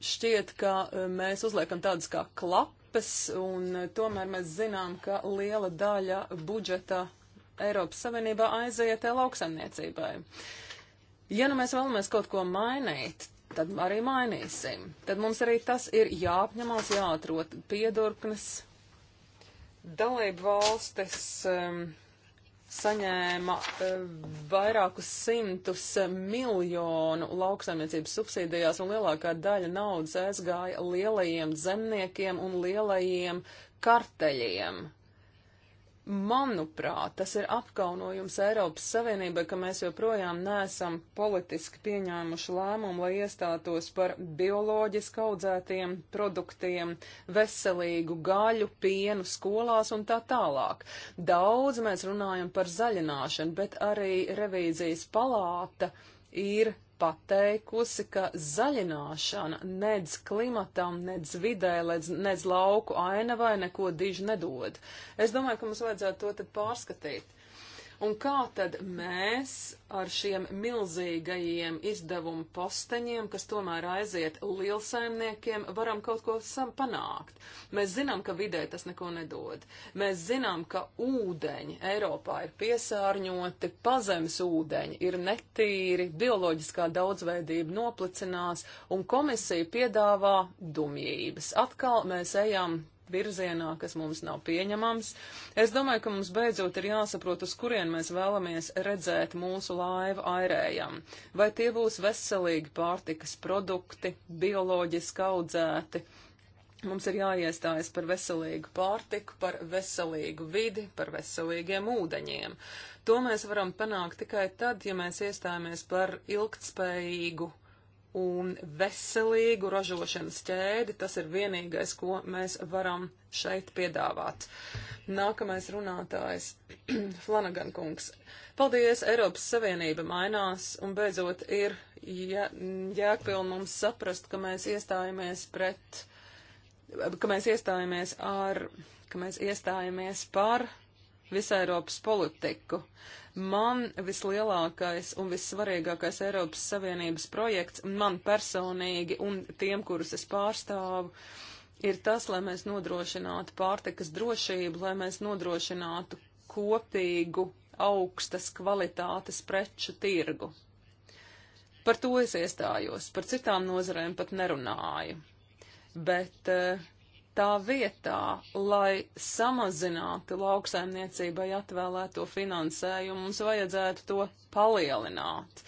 šķiet, ka eh, mēs uzliekam tādas kā klapes, un eh, tomēr mēs zinām, ka liela daļa budžeta Eiropas Savienībā aiziet lauksaimniecībai. Ja nu mēs vēlamies kaut ko mainīt, tad arī mainīsim. Tad mums arī tas ir jāapņemās, jāatrot piedurknes. Dalību valstis um, saņēma um, vairākus simtus miljonu lauksaimniecības subsīdijās, un lielākā daļa naudas aizgāja lielajiem zemniekiem un lielajiem karteļiem. Manuprāt, tas ir apkaunojums Eiropas Savienībai, ka mēs joprojām neesam politiski pieņēmuši lēmumu, lai iestātos par bioloģiski audzētiem produktiem, veselīgu gaļu, pienu skolās un tā tālāk. Daudz mēs runājam par zaļināšanu, bet arī revīzijas palāta ir pateikusi, ka zaļināšana nedz klimatam, nedz vidē, nedz lauku ainavai neko diži nedod. Es domāju, ka mums vajadzētu to tad pārskatīt. Un kā tad mēs ar šiem milzīgajiem izdevumu posteņiem, kas tomēr aiziet lielsaimniekiem, varam kaut ko panākt? Mēs zinām, ka vidē tas neko nedod. Mēs zinām, ka ūdeņi Eiropā ir piesārņoti, pazemes ūdeņi ir netīri, bioloģiskā daudzveidība noplicinās, un komisija piedāvā dumjības. Atkal mēs ejam virzienā, kas mums nav pieņemams. Es domāju, ka mums beidzot ir jāsaprot, uz kurien mēs vēlamies redzēt mūsu laivu airējam. Vai tie būs veselīgi pārtikas produkti, bioloģiski audzēti. Mums ir jāiestājas par veselīgu pārtiku, par veselīgu vidi, par veselīgiem ūdeņiem. To mēs varam panākt tikai tad, ja mēs iestājamies par ilgtspējīgu uh, un veselīgu ražošanas ķēdi, tas ir vienīgais, ko mēs varam šeit piedāvāt. Nākamais runātājs *clears throat* - Flanagan kungs. Paldies, Eiropas Savienība mainās un beidzot ir jā, jēgpilni mums saprast, ka mēs iestājamies pret, ka mēs iestājamies ar, ka mēs iestājamies par visu Eiropas politiku. Man vislielākais un vissvarīgākais Eiropas Savienības projekts, man personīgi un tiem, kurus es pārstāvu, ir tas, lai mēs nodrošinātu pārtikas drošību, lai mēs nodrošinātu kopīgu augstas kvalitātes preču tirgu. Par to es iestājos, par citām nozarēm pat nerunāju. Bet uh, tā vietā, lai samazinātu lauksaimniecībai atvēlēto finansējumu, mums vajadzētu to palielināt.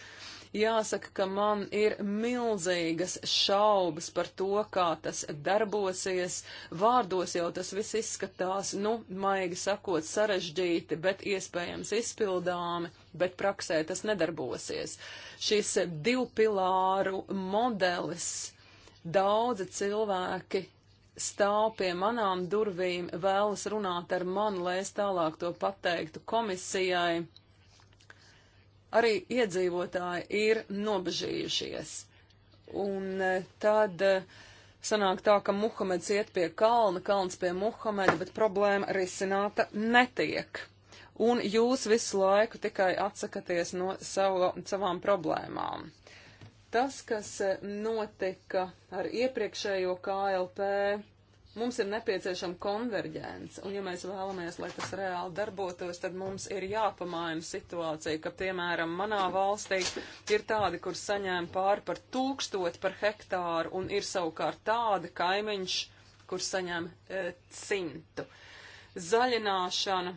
Jāsaka, ka man ir milzīgas šaubas par to, kā tas darbosies. Vārdos jau tas viss izskatās, nu, maigi sakot, sarežģīti, bet iespējams izpildāmi, bet praksē tas nedarbosies. Šis divpilāru modelis daudzi cilvēki stāv pie manām durvīm, vēlas runāt ar mani, lai es tālāk to pateiktu komisijai. Arī iedzīvotāji ir nobežījušies. Un e, tad e, sanāk tā, ka Muhameds iet pie kalna, kalns pie Muhameda, bet problēma risināta netiek. Un jūs visu laiku tikai atsakaties no savu, savām problēmām. Uh, Tas, kas eh, notika ar iepriekšējo KLP, mums ir nepieciešama konverģence, un ja mēs vēlamies, lai tas reāli darbotos, tad mums ir jāpamaina situācija, ka, piemēram, manā valstī ir tādi, kur saņēma pāri par tūkstoti par hektāru, un ir savukārt tādi kaimiņš, kur saņem e, eh, cintu. Zaļināšana,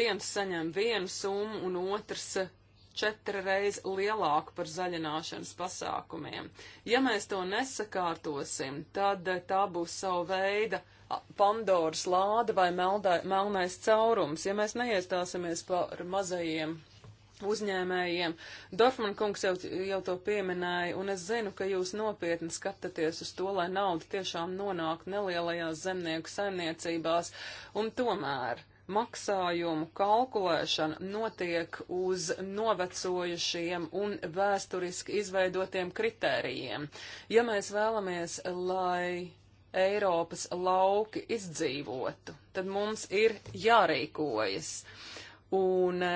viens saņem vienu summu, un otrs eh, četri reizi lielāka par zaļināšanas pasākumiem. Ja mēs to nesakārtosim, tad tā būs savu veidu Pandoras lāde vai meldai, melnais caurums, ja mēs neiestāsimies par mazajiem uzņēmējiem. Dorfman kungs jau, jau to pieminēja, un es zinu, ka jūs nopietni skatāties uz to, lai nauda tiešām nonāk nelielajās zemnieku saimniecībās, un tomēr maksājumu kalkulēšana notiek uz novecojušiem un vēsturiski izveidotiem kritērijiem. Ja mēs vēlamies, lai Eiropas lauki izdzīvotu, tad mums ir jārīkojas. Un, e,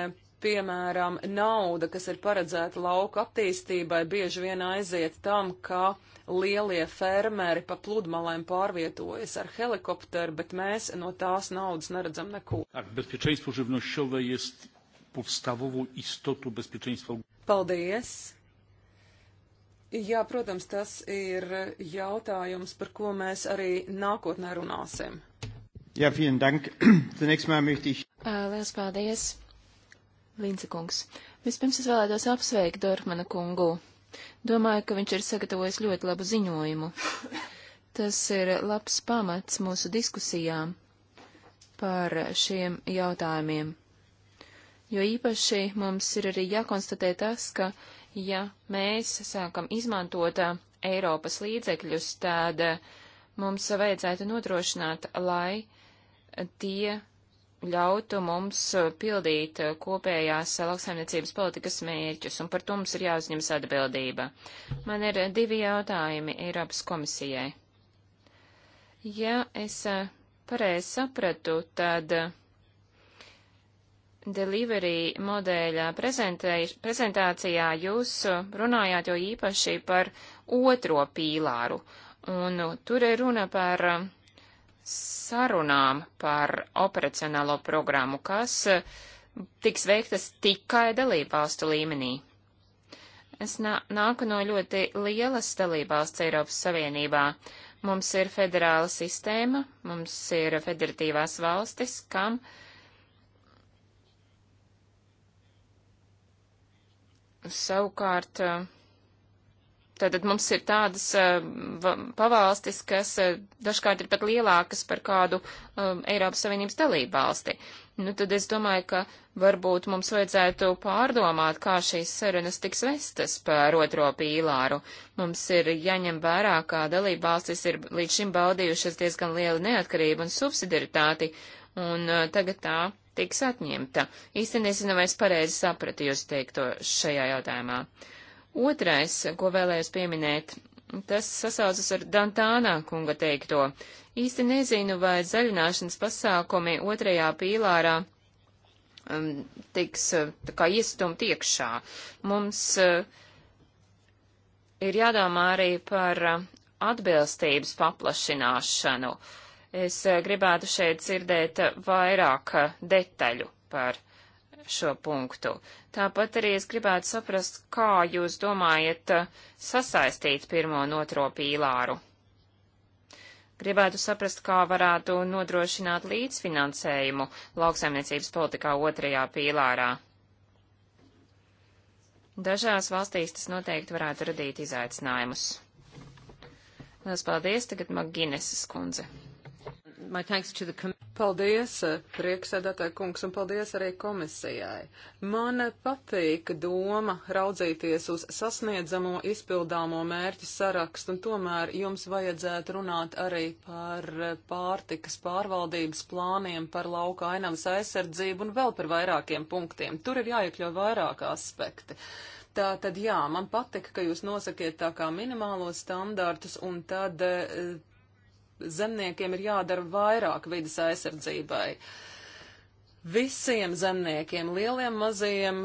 piemēram, nauda, kas ir paredzēta lauka attīstībai, bieži vien aiziet tam, ka uh, lielie fermeri pa pludmalēm pārvietojas ar helikopteru, bet mēs no tās naudas neredzam neko. Paldies! Jā, protams, tas ir jautājums, par ko mēs arī nākotnē runāsim. Jā, vielen dank. *clears throat* Zunächst mal möchte ich. Lielas paldies, Līnce kungs. Vispirms es vēlētos apsveikt Dorfmana kungu Domāju, ka viņš ir sagatavojis ļoti labu ziņojumu. Tas ir labs pamats mūsu diskusijām par šiem jautājumiem. Jo īpaši mums ir arī jākonstatē tas, ka ja mēs sākam izmantot Eiropas līdzekļus, tad mums vajadzētu nodrošināt, lai tie ļautu mums uh, pildīt uh, kopējās uh, lauksaimniecības politikas mērķus, un par to mums ir jāuzņemas atbildība. Man ir divi jautājumi Eiropas komisijai. Ja es pareizi sapratu, tad delivery modeļa prezentācijā jūs runājāt jau īpaši par otro pīlāru, un tur ir runa par sarunām par operacionālo programmu, kas eh, tiks veiktas tikai dalībvalstu līmenī. Es nā, nāku no ļoti lielas dalībvalsts Eiropas Savienībā. Mums ir federāla sistēma, mums ir federatīvās valstis, kam savukārt uh, Tātad mums ir tādas uh, pavalstis, kas uh, dažkārt ir pat lielākas par kādu um, Eiropas Savienības dalību valsti. Nu, tad es domāju, ka varbūt mums vajadzētu pārdomāt, kā šīs sarunas tiks vestas par otro pīlāru. Mums ir jāņem vērā, kā dalību valstis ir līdz šim baudījušas diezgan lielu neatkarību un subsidiaritāti, un uh, tagad tā tiks atņemta. Īsti nezinu, vai es pareizi sapratu jūs teikto šajā jautājumā. Uh, Otrais, ko vēlējos pieminēt, tas sasaucas ar Dantānā kunga teikto. Īsti nezinu, vai zaļināšanas pasākumi otrajā pīlārā um, tiks uh, tā kā iestumt iekšā. Mums uh, ir jādomā arī par uh, atbilstības paplašināšanu. Es uh, gribētu šeit dzirdēt uh, vairāk uh, detaļu par šo punktu. Tāpat arī es gribētu saprast, kā jūs domājat uh, sasaistīt pirmo un otro pīlāru. Gribētu saprast, kā varētu nodrošināt līdzfinansējumu lauksaimniecības politikā otrajā pīlārā. Dažās valstīs tas noteikti varētu radīt izaicinājumus. Lielas paldies, tagad Magineses kundze. Paldies, eh, prieksēdētāji kungs, un paldies arī komisijai. Man patīk doma raudzīties uz sasniedzamo izpildāmo mērķu sarakstu, un tomēr jums vajadzētu runāt arī par eh, pārtikas pārvaldības plāniem, par lauka ainavas aizsardzību un vēl par vairākiem punktiem. Tur ir jāiekļauj vairāk aspekti. Tā tad jā, man patika, ka jūs nosakiet tā kā minimālos standartus un tad eh, zemniekiem ir jādara vairāk vidas aizsardzībai. Visiem zemniekiem, lieliem, maziem,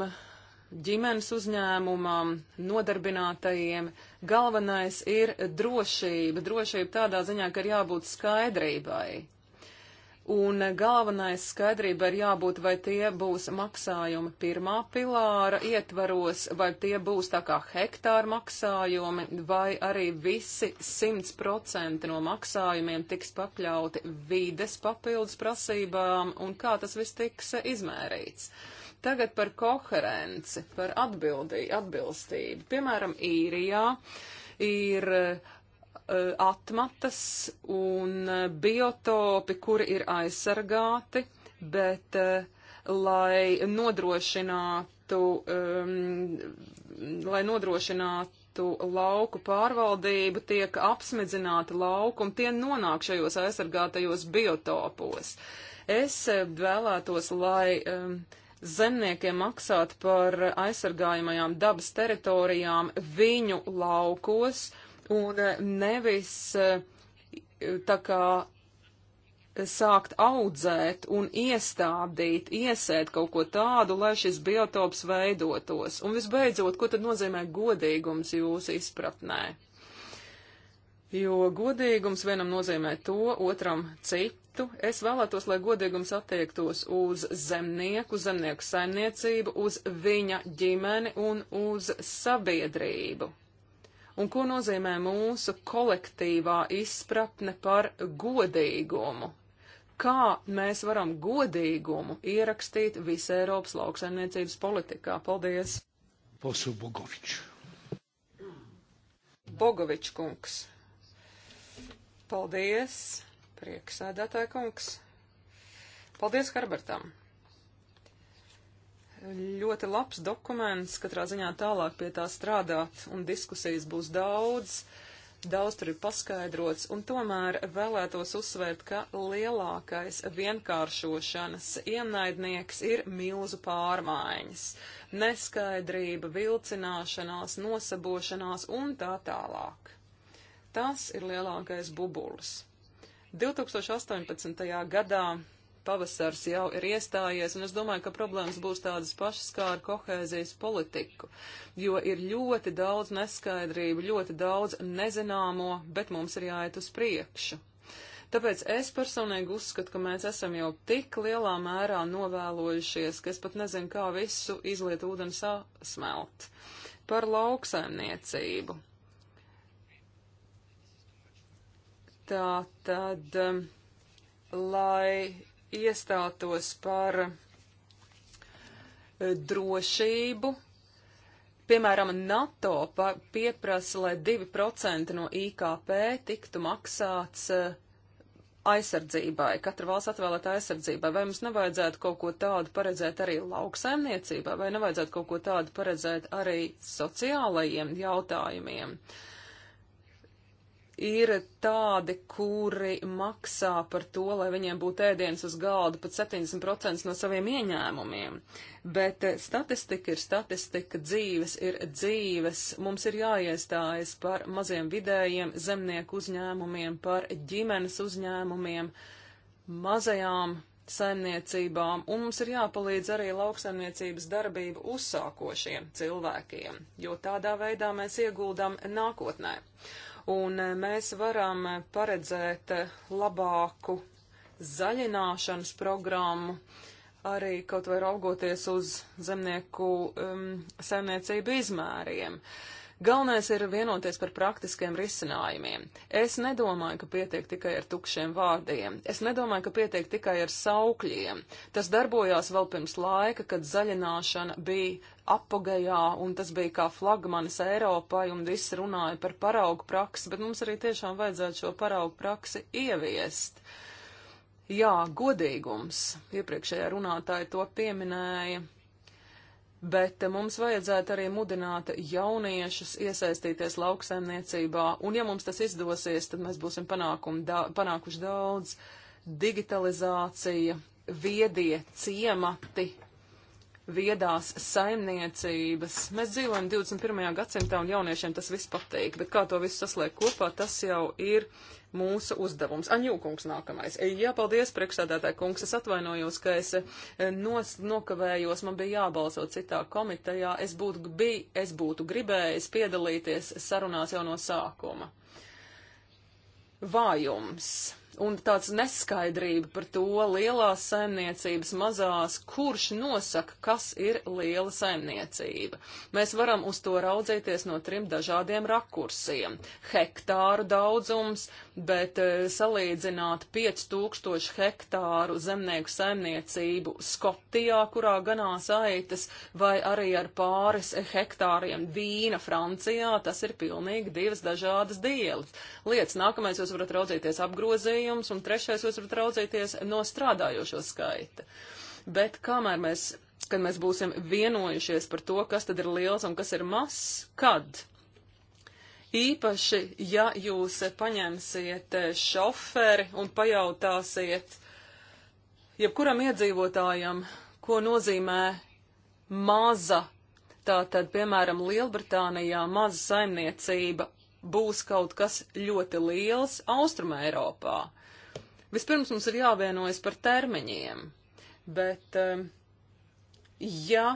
ģimenes uzņēmumam, nodarbinātajiem, galvenais ir drošība. Drošība tādā ziņā, ka ir jābūt skaidrībai. Un galvenais skaidrība ir jābūt, vai tie būs maksājumi pirmā pilāra ietvaros, vai tie būs tā kā hektāra maksājumi, vai arī visi 100% no maksājumiem tiks pakļauti vides papildus prasībām un kā tas viss tiks izmērīts. Tagad par koherenci, par atbildī, atbilstību. Piemēram, īrijā ir E, atmatas un e, biotopi, kuri ir aizsargāti, bet e, lai nodrošinātu, um, lai nodrošinātu lauku pārvaldību, tiek apsmedzināti laukumi, tie nonāk šajos aizsargātajos biotopos. Es vēlētos, lai um, zemniekiem maksātu par aizsargājumajām dabas teritorijām viņu laukos, uh, un eh, nevis eh, tā kā sākt audzēt un iestādīt, iesēt kaut ko tādu, lai šis biotops veidotos. Un visbeidzot, ko tad nozīmē godīgums jūsu izpratnē? Jo godīgums vienam nozīmē to, otram citu. Es vēlētos, lai godīgums attiektos uz zemnieku, zemnieku saimniecību, uz viņa ģimeni un uz sabiedrību un ko nozīmē mūsu kolektīvā izpratne par godīgumu. Kā mēs varam godīgumu ierakstīt visai Eiropas lauksaimniecības politikā? Paldies! Posu Bogovičs. Bogovičs kungs. Paldies, prieksēdētāja kungs. Paldies Herbertam ļoti labs dokuments, katrā ziņā tālāk pie tā strādāt, un diskusijas būs daudz, daudz tur ir paskaidrots, un tomēr vēlētos uzsvērt, ka lielākais vienkāršošanas ienaidnieks ir milzu pārmaiņas, neskaidrība, vilcināšanās, nosabošanās un tā tālāk. Tas ir lielākais bubulis. 2018. gadā pavasars jau ir iestājies, un es domāju, ka problēmas būs tādas pašas kā ar kohēzijas politiku, jo ir ļoti daudz neskaidrību, ļoti daudz nezināmo, bet mums ir jāiet uz priekšu. Tāpēc es personīgi uzskatu, ka mēs esam jau tik lielā mērā novēlojušies, ka es pat nezinu, kā visu izliet ūdeni sasmelt. Par lauksaimniecību. Tā tad, um, lai iestātos par eh, drošību. Piemēram, NATO pieprasa, lai 2% no IKP tiktu maksāts eh, aizsardzībai, katra valsts atvēlēta aizsardzībai, vai mums nevajadzētu kaut ko tādu paredzēt arī lauksaimniecībā, vai nevajadzētu kaut ko tādu paredzēt arī sociālajiem jautājumiem. Uh, ir tādi, kuri maksā par to, lai viņiem būtu ēdiens uz galda pat 70% no saviem ieņēmumiem. Bet eh, statistika ir statistika, dzīves ir dzīves. Mums ir jāiestājas par maziem vidējiem zemnieku uzņēmumiem, par ģimenes uzņēmumiem, mazajām saimniecībām, un mums ir jāpalīdz arī lauksaimniecības darbību uzsākošiem cilvēkiem, jo tādā veidā mēs ieguldam nākotnē un eh, mēs varam eh, paredzēt eh, labāku zaļināšanas programmu, arī kaut vai raugoties uz zemnieku um, saimniecību izmēriem. Uh, Galvenais ir vienoties par praktiskiem risinājumiem. Es nedomāju, ka pietiek tikai ar tukšiem vārdiem. Es nedomāju, ka pietiek tikai ar saukļiem. Tas darbojās vēl pirms laika, kad zaļināšana bija apagajā, un tas bija kā flagmanis Eiropai, un viss runāja par paraugu praksi, bet mums arī tiešām vajadzētu šo paraugu praksi ieviest. Jā, godīgums. Iepriekšējā runātāja to pieminēja bet eh, mums vajadzētu arī mudināt jauniešus iesaistīties lauksaimniecībā, un ja mums tas izdosies, tad mēs būsim da panākuši daudz digitalizācija, viedie ciemati, viedās saimniecības. Mēs dzīvojam 21. gadsimtā un jauniešiem tas viss patīk, bet kā to visu saslēgt kopā, tas jau ir mūsu uzdevums. Aņūkungs nākamais. Jā, paldies, priekšsēdētāji kungs. Es atvainojos, ka es eh, nos, nokavējos, man bija jābalso citā komitejā. Es būtu, bij, es būtu gribējis piedalīties sarunās jau no sākuma. Vājums un tāds neskaidrība par to lielās saimniecības mazās, kurš nosaka, kas ir liela saimniecība. Mēs varam uz to raudzēties no trim dažādiem rakursiem - hektāru daudzums, bet eh, salīdzināt 5000 hektāru zemnieku saimniecību Skotijā, kurā ganās aitas, vai arī ar pāris hektāriem vīna Francijā, tas ir pilnīgi divas dažādas dielas. Lietas nākamais jūs varat raudzīties apgrozījums, un trešais jūs varat raudzīties no strādājošo skaita. Bet kamēr mēs kad mēs būsim vienojušies par to, kas tad ir liels un kas ir mazs, kad Īpaši, ja jūs paņemsiet eh, šoferi un pajautāsiet jebkuram iedzīvotājam, ko nozīmē maza, tātad, piemēram, Lielbritānijā maza saimniecība būs kaut kas ļoti liels Austruma Eiropā. Vispirms mums ir jāvienojas par termiņiem, bet eh, ja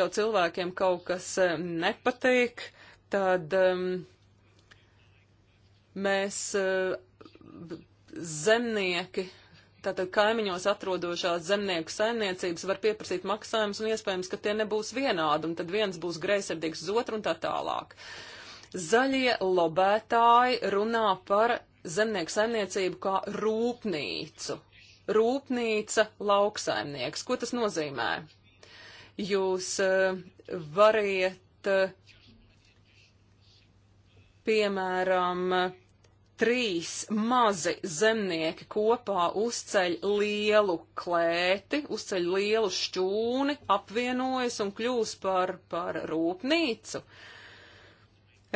jau cilvēkiem kaut kas eh, nepatīk, tad um, mēs uh, zemnieki tātad kaimiņos atrodošās zemnieku saimniecības var pieprasīt maksājumus, un iespējams, ka tie nebūs vienādi, un tad viens būs greisardīgs uz otru un tā tālāk. Zaļie lobētāji runā par zemnieku saimniecību kā rūpnīcu. Rūpnīca lauksaimnieks. Ko tas nozīmē? Jūs uh, variet uh, piemēram, trīs mazi zemnieki kopā uzceļ lielu klēti, uzceļ lielu šķūni, apvienojas un kļūs par, par rūpnīcu.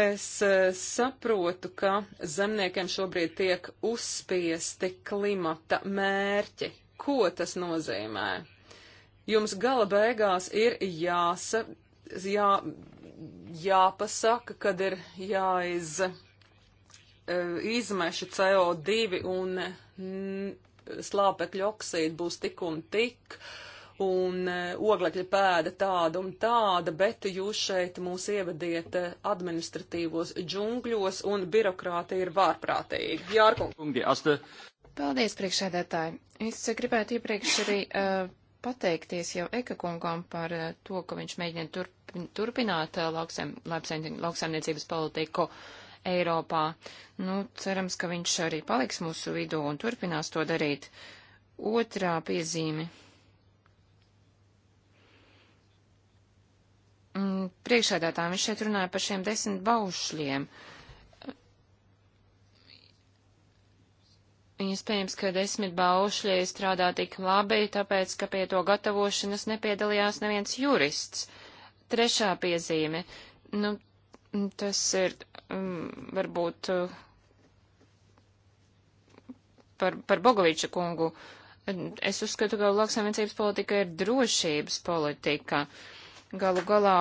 Es e, saprotu, ka zemniekiem šobrīd tiek uzspiesti klimata mērķi. Ko tas nozīmē? Jums gala beigās ir jāsa, jā, jāpasaka, kad ir jāiz e, izmeša CO2 un slāpekļa oksīdi būs tik un tik, un e, oglekļa pēda tāda un tāda, bet jūs šeit mūs ievadiet e, administratīvos džungļos, un birokrātija ir vārprātīga. Jārkungi. Paldies, priekšsēdētāji. Es gribētu iepriekš arī uh, pateikties jau Ekakungam par eh, to, ka viņš mēģina turpin, turpināt eh, lauksēm, lauksaimniecības politiku Eiropā. Nu, cerams, ka viņš arī paliks mūsu vidū un turpinās to darīt. Otrā piezīme. Mm, Priekšēdētājiem viņš šeit runāja par šiem desmit baušļiem. Uh, Iespējams, ka desmit baušļi strādā tik labi, tāpēc, ka pie to gatavošanas nepiedalījās neviens jurists. Trešā piezīme. Nu, tas ir um, varbūt uh, par, par Bogoviča kungu. Es uzskatu, ka lauksaimniecības politika ir drošības politika. Galu galā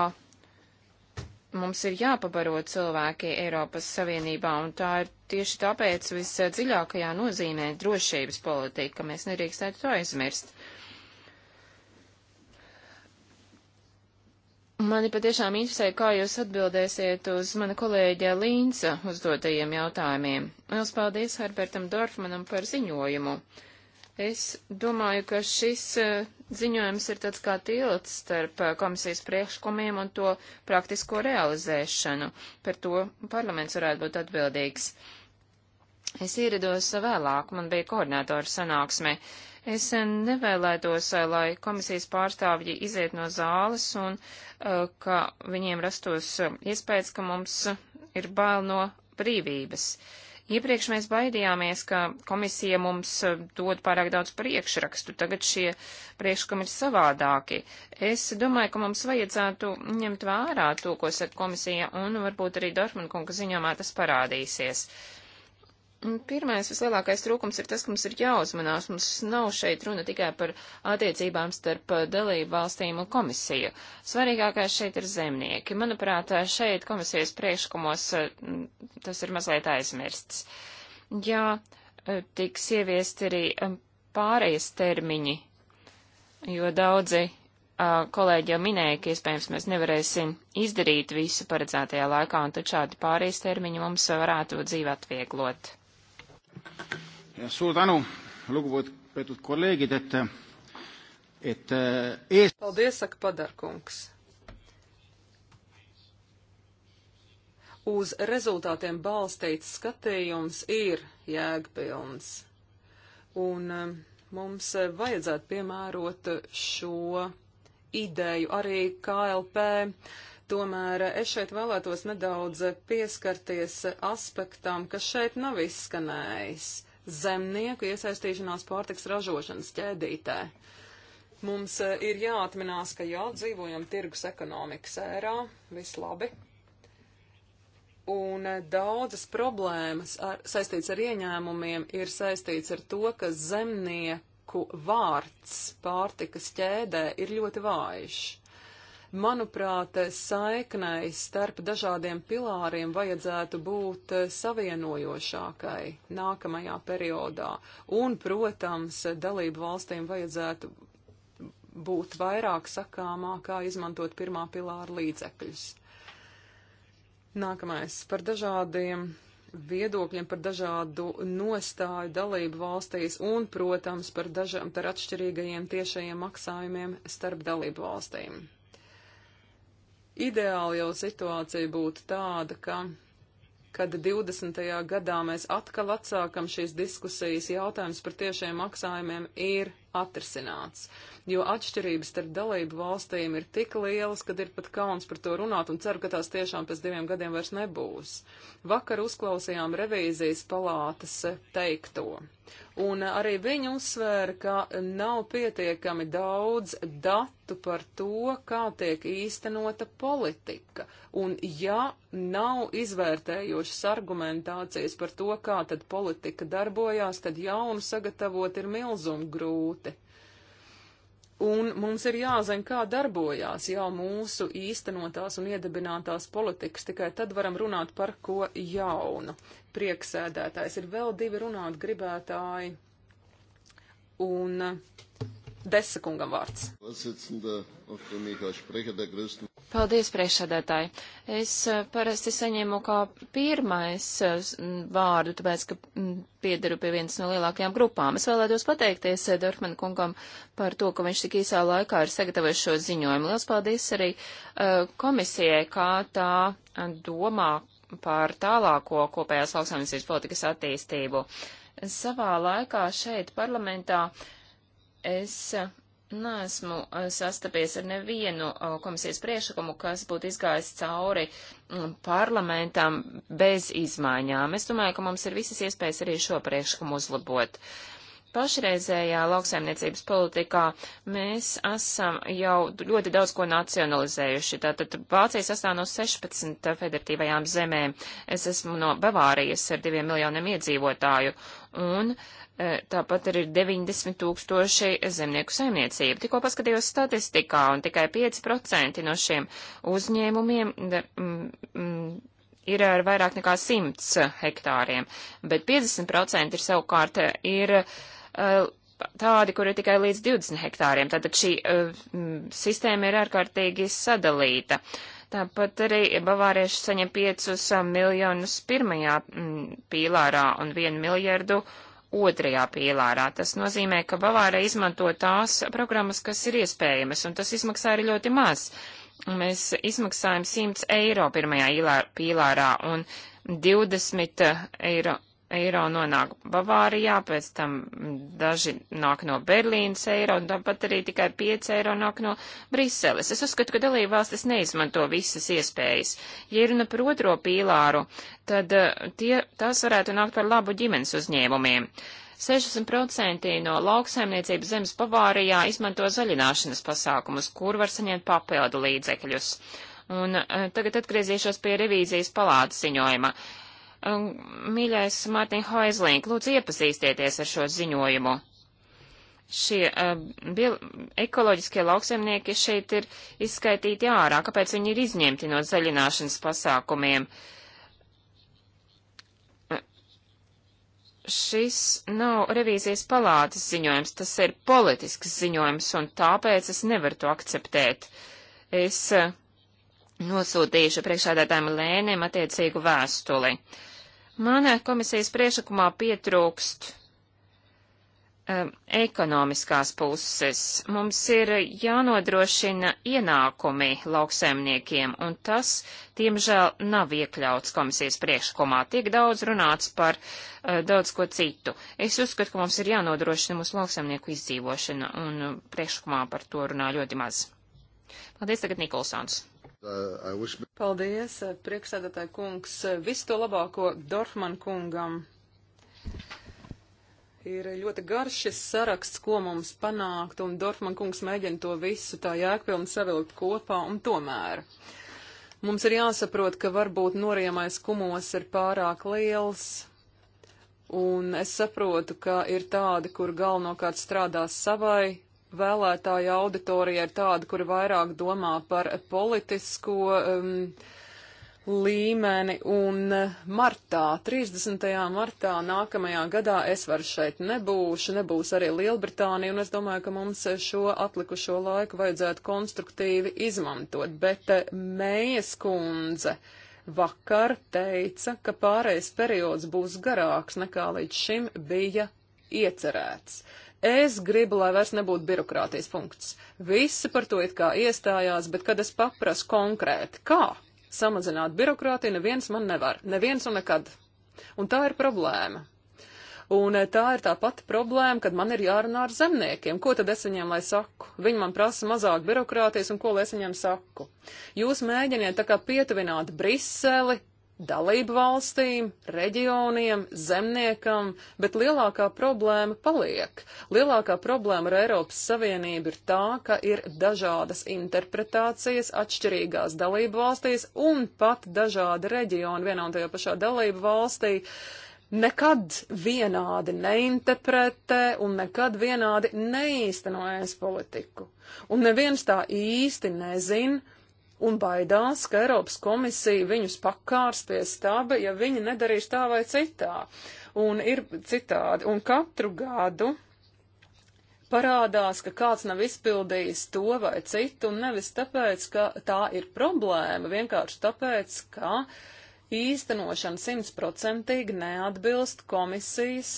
mums ir jāpabaro cilvēki Eiropas Savienībā, un tā ir tieši tāpēc visdziļākajā nozīmē drošības politika. Mēs nedrīkstētu to aizmirst. Mani patiešām interesē, kā jūs atbildēsiet uz mana kolēģa Līnca uzdotajiem jautājumiem. Lielas paldies Herbertam Dorfmanam par ziņojumu. Es domāju, ka šis uh, ziņojums ir tāds kā tilts starp uh, komisijas priekšlikumiem un to praktisko realizēšanu. Par to parlaments varētu būt atbildīgs. Es ierados vēlāk, man bija koordinātora sanāksme. Es uh, nevēlētos, uh, lai komisijas pārstāvji iziet no zāles un ka viņiem rastos iespējas, ka mums ir bail no brīvības. Uh, Iepriekš mēs baidījāmies, ka komisija mums eh, dod pārāk daudz priekšrakstu, tagad šie priekšlikumi ir savādāki. Es domāju, ka mums vajadzētu ņemt vērā to, ko saka komisija, un varbūt arī Dorfmankunga ziņomā tas parādīsies. Uh, Pirmais vislielākais trūkums ir tas, ka mums ir jāuzmanās. Mums nav šeit runa tikai par attiecībām starp eh, dalību valstīm un komisiju. Svarīgākais šeit ir zemnieki. Manuprāt, šeit komisijas priekšlikumos eh, tas ir mazliet aizmirsts. Jā, eh, tiks ieviest arī pārējais termiņi, jo daudzi kolēģi jau minēja, ka iespējams mēs nevarēsim izdarīt visu paredzētajā laikā, un tad šādi pārējais termiņi mums varētu dzīvi atvieglot suur tänu, lugupeetud kolleegid, et, et ees-. paldies, saka Padarkungs. Uz rezultātiem balstīts skatījums ir jēgpilns. Un um, mums vajadzētu piemērot šo ideju arī KLP Tomēr es šeit vēlētos nedaudz pieskarties aspektam, kas šeit nav izskanējis - zemnieku iesaistīšanās pārtiks ražošanas ķēdītē. Mums eh, ir jāatminās, ka jā, dzīvojam tirgus ekonomikas ērā, viss labi. Un eh, daudzas problēmas ar, saistīts ar ieņēmumiem ir saistīts ar to, ka zemnieku vārds pārtikas ķēdē ir ļoti vājš. Manuprāt, saiknei starp dažādiem pilāriem vajadzētu būt savienojošākai nākamajā periodā. Un, protams, dalību valstīm vajadzētu būt vairāk sakāmākā izmantot pirmā pilāra līdzekļus. Nākamais par dažādiem viedokļiem par dažādu nostāju dalību valstīs un, protams, par, daža, par atšķirīgajiem tiešajiem maksājumiem starp dalību valstīm. Ideāli jau situācija būtu tāda, ka, kad 20. gadā mēs atkal atsākam šīs diskusijas, jautājums par tiešiem maksājumiem ir atrisināts. Jo atšķirības starp dalību valstīm ir tik lielas, ka ir pat kauns par to runāt un ceru, ka tās tiešām pēc diviem gadiem vairs nebūs. Vakar uzklausījām revīzijas palātas eh, teikto. Un eh, arī viņi uzsvēra, ka nav pietiekami daudz datu par to, kā tiek īstenota politika. Un ja nav izvērtējošas argumentācijas par to, kā tad politika darbojās, tad jaunu sagatavot ir milzum grūti Un mums ir jāzina, kā darbojās jau mūsu īstenotās un iedibinātās politikas, tikai tad varam runāt par ko jaunu. Prieksēdētājs ir vēl divi runāt gribētāji. Un Desekungam vārds. Paldies, priekšsēdētāji. Es eh, parasti saņēmu kā pirmais eh, vārdu, tāpēc, ka piederu pie vienas no lielākajām grupām. Es vēlētos pateikties eh, Dorfman kungam par to, ka viņš tik īsā laikā ir sagatavojis šo ziņojumu. Lielas paldies arī komisijai, kā tā domā par tālāko kopējās lauksaimniecības politikas attīstību savā laikā šeit parlamentā Es eh, neesmu eh, sastapies ar nevienu eh, komisijas priešakumu, kas būtu izgājis cauri mm, parlamentam bez izmaiņām. Es domāju, ka mums ir visas iespējas arī šo priešakumu uzlabot. Pašreizējā lauksaimniecības politikā mēs esam jau ļoti daudz ko nacionalizējuši. Tātad Vācija sastāv no 16 federatīvajām zemēm. Es esmu no Bavārijas ar diviem miljoniem iedzīvotāju. Un uh, E, tāpat arī ir 90 tūkstoši zemnieku saimniecību. Tikko paskatījos statistikā, un tikai 5% no šiem uzņēmumiem ir ar vairāk nekā 100 hektāriem, bet 50% ir savukārt ir e, tādi, kur ir tikai līdz 20 hektāriem. Tātad šī uh, sistēma ir ārkārtīgi sadalīta. Tāpat arī bavārieši saņem 5 miljonus pirmajā mm, pīlārā un 1 miljardu otrajā pīlārā. Tas nozīmē, ka Bavāra izmanto tās programmas, kas ir iespējamas, un tas izmaksā arī ļoti maz. Mēs izmaksājam 100 eiro pirmajā pīlārā un 20 eiro eiro nonāk Bavārijā, pēc tam daži nāk no Berlīnas eiro, un tāpat arī tikai 5 eiro nāk no Briseles. Es uzskatu, ka dalībvalstis neizmanto visas iespējas. Ja runa par otro pīlāru, tad eh, tie, tās varētu nākt par labu ģimenes uzņēmumiem. 60% no lauksaimniecības zemes Bavārijā izmanto zaļināšanas pasākumus, kur var saņemt papildu līdzekļus. Un eh, tagad atgriezīšos pie revīzijas palātas ziņojuma. Uh, Um, mīļais Mārtiņ Hoizlīnk, lūdzu iepazīstieties ar šo ziņojumu. Šie uh, ekoloģiskie lauksaimnieki šeit ir izskaitīti ārā, kāpēc viņi ir izņemti no zaļināšanas pasākumiem. Uh, šis nav revīzijas palātas ziņojums, tas ir politisks ziņojums, un tāpēc es nevaru to akceptēt. Es uh, nosūtīšu priekšādātājiem lēniem attiecīgu vēstuli. Uh, Manā komisijas priešakumā pietrūkst um, ekonomiskās puses. Mums ir jānodrošina ienākumi lauksaimniekiem, un tas, diemžēl, nav iekļauts komisijas priekšlikumā. Tiek daudz runāts par uh, daudz ko citu. Es uzskatu, ka mums ir jānodrošina mūsu lauksaimnieku izdzīvošana, un uh, priekšlikumā par to runā ļoti maz. Paldies tagad Nikolsons. Uh, Paldies, uh, priekšsēdētāji kungs. Uh, visu to labāko Dorfman kungam. Ir ļoti garš šis saraksts, ko mums panākt, un Dorfman kungs mēģina to visu tā jēgpilni savilkt kopā, un tomēr. Mums ir jāsaprot, ka varbūt noriemais kumos ir pārāk liels, un es saprotu, ka ir tādi, kur galvenokārt strādās savai vēlētāja auditorija ir tāda, kura vairāk domā par politisko um, līmeni, un martā, 30. martā nākamajā gadā es varu šeit nebūšu, nebūs arī Lielbritānija, un es domāju, ka mums šo atlikušo laiku vajadzētu konstruktīvi izmantot, bet eh, Mējas kundze vakar teica, ka pārējais periods būs garāks nekā līdz šim bija iecerēts. Uh, Es gribu, lai vairs nebūtu birokrātijas punkts. Visi par to it kā iestājās, bet kad es paprasu konkrēti, kā samazināt birokrātiju, neviens man nevar. Neviens un nekad. Un tā ir problēma. Un eh, tā ir tā pati problēma, kad man ir jārunā ar zemniekiem. Ko tad es viņiem lai saku? Viņi man prasa mazāk birokrātijas, un ko lai es viņiem saku? Jūs mēģiniet tā kā pietuvināt Briseli dalību valstīm, reģioniem, zemniekam, bet lielākā problēma paliek. Lielākā problēma ar Eiropas Savienību ir tā, ka ir dažādas interpretācijas atšķirīgās dalību valstīs un pat dažādi reģioni vienā un tajā pašā dalību valstī. Nekad vienādi neinterpretē un nekad vienādi neīstenojas politiku. Un neviens tā īsti nezina, un baidās, ka Eiropas komisija viņus pakārs pie staba, ja viņi nedarīs tā vai citā. Un ir citādi. Un katru gadu parādās, ka kāds nav izpildījis to vai citu, un nevis tāpēc, ka tā ir problēma, vienkārši tāpēc, ka īstenošana simtprocentīgi neatbilst komisijas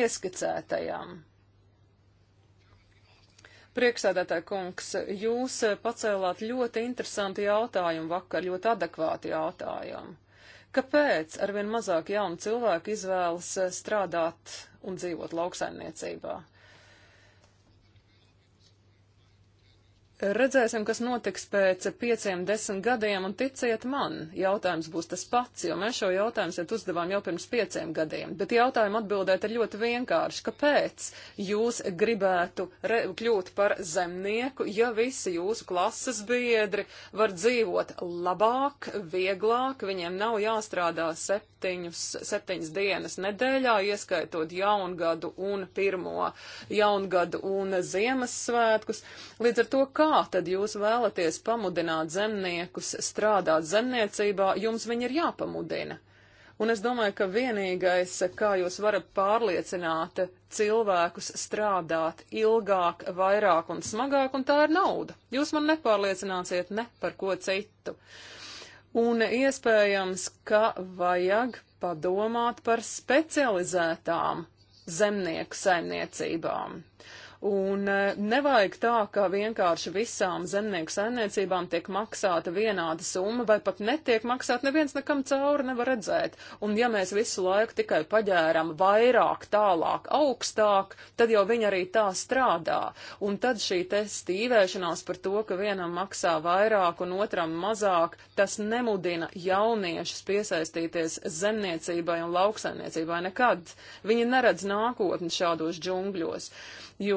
ieskicētajām. Priekšsēdētāja kungs, jūs eh, pacēlāt ļoti interesantu jautājumu vakar, ļoti adekvātu jautājumu. Kāpēc arvien mazāk jaunu cilvēku izvēlas eh, strādāt un dzīvot lauksaimniecībā? Redzēsim, kas notiks pēc pieciem, desmit gadiem, un ticiet man, jautājums būs tas pats, jo mēs šo jautājumu šeit uzdevām jau pirms pieciem gadiem. Bet jautājumu atbildēt ir ļoti vienkārši. Kāpēc jūs gribētu re, kļūt par zemnieku, ja visi jūsu klases biedri var dzīvot labāk, vieglāk, viņiem nav jāstrādā septiņus, septiņas dienas nedēļā, ieskaitot jaungadu un pirmo jaungadu un Ziemassvētkus? Līdz ar to, kā kā tad jūs vēlaties pamudināt zemniekus strādāt zemniecībā, jums viņi ir jāpamudina. Un es domāju, ka vienīgais, kā jūs varat pārliecināt cilvēkus strādāt ilgāk, vairāk un smagāk, un tā ir nauda. Jūs man nepārliecināsiet ne par ko citu. Un iespējams, ka vajag padomāt par specializētām zemnieku saimniecībām. Uh, Un e, nevajag tā, ka vienkārši visām zemnieku saimniecībām tiek maksāta vienāda summa, vai pat netiek maksāta, neviens nekam cauri nevar redzēt. Un ja mēs visu laiku tikai paģēram vairāk, tālāk, augstāk, tad jau viņi arī tā strādā. Un tad šī te stīvēšanās par to, ka vienam maksā vairāk un otram mazāk, tas nemudina jauniešus piesaistīties zemniecībai un lauksaimniecībai nekad. Viņi neredz nākotni šādos džungļos. Uh, jo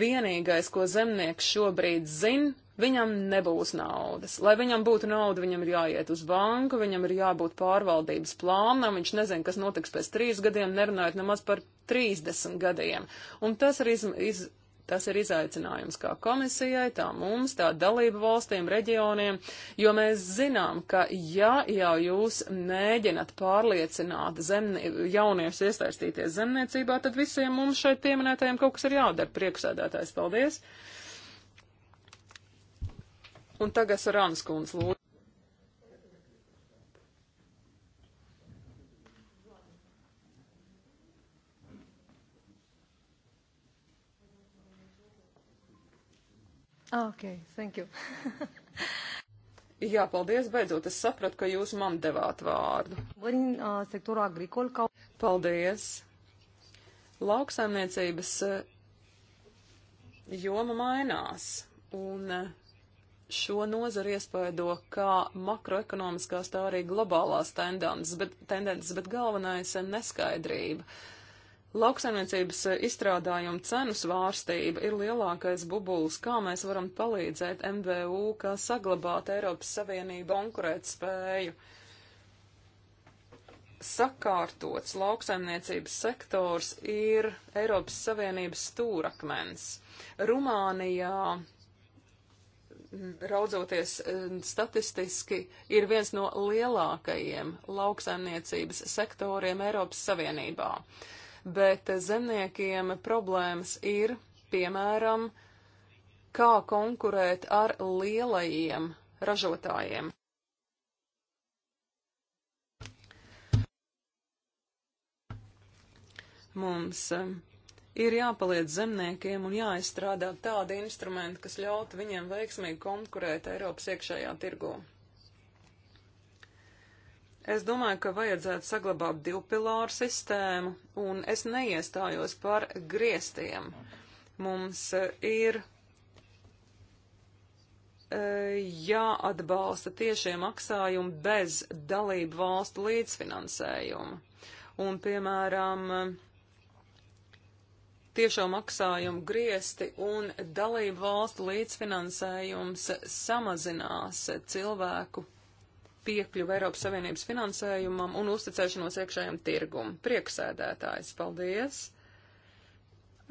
vienīgais, ko zemnieks šobrīd zina, viņam nebūs naudas. Lai viņam būtu nauda, viņam ir jāiet uz banku, viņam ir jābūt pārvaldības plānam, viņš nezina, kas notiks pēc trīs gadiem, nerunājot nemaz par 30 gadiem. Un tas ir iz, iz, Tas ir izaicinājums kā komisijai, tā mums, tā dalību valstīm, reģioniem, jo mēs zinām, ka ja jau jūs mēģinat pārliecināt zemnie, jauniešus iesaistīties zemniecībā, tad visiem mums šeit pieminētajiem kaut kas ir jādara. Priekšsēdētājs, paldies! Un tagad Rāmas kundze lūdzu. Okay, thank you. *laughs* Jā, paldies, beidzot es sapratu, ka jūs man devāt vārdu. Uh, paldies. Lauksaimniecības uh, joma mainās, un uh, šo nozari iespaido kā makroekonomiskās, tā arī globālās tendences, bet, tendences, bet galvenais ir neskaidrība. Lauksaimniecības eh, izstrādājuma cenu svārstība ir lielākais bubulis, kā mēs varam palīdzēt MVU, kā saglabāt Eiropas Savienību konkurētspēju. Sakārtots lauksaimniecības sektors ir Eiropas Savienības stūrakmens. Rumānijā mm, raudzoties mm, statistiski, ir viens no lielākajiem lauksaimniecības sektoriem Eiropas Savienībā bet zemniekiem problēmas ir, piemēram, kā konkurēt ar lielajiem ražotājiem. Mums um, ir jāpaliec zemniekiem un jāizstrādā tādi instrumenti, kas ļautu viņiem veiksmīgi konkurēt Eiropas iekšējā tirgū. Es domāju, ka vajadzētu saglabāt divpilāru sistēmu, un es neiestājos par griestiem. Mums eh, ir eh, jāatbalsta tiešie maksājumi bez dalību valstu līdzfinansējuma. Un, piemēram, tiešo maksājumu griesti un dalību valstu līdzfinansējums samazinās cilvēku piekļuvu Eiropas Savienības finansējumam un uzticēšanos iekšējam tirgum. Prieksēdētājs, paldies!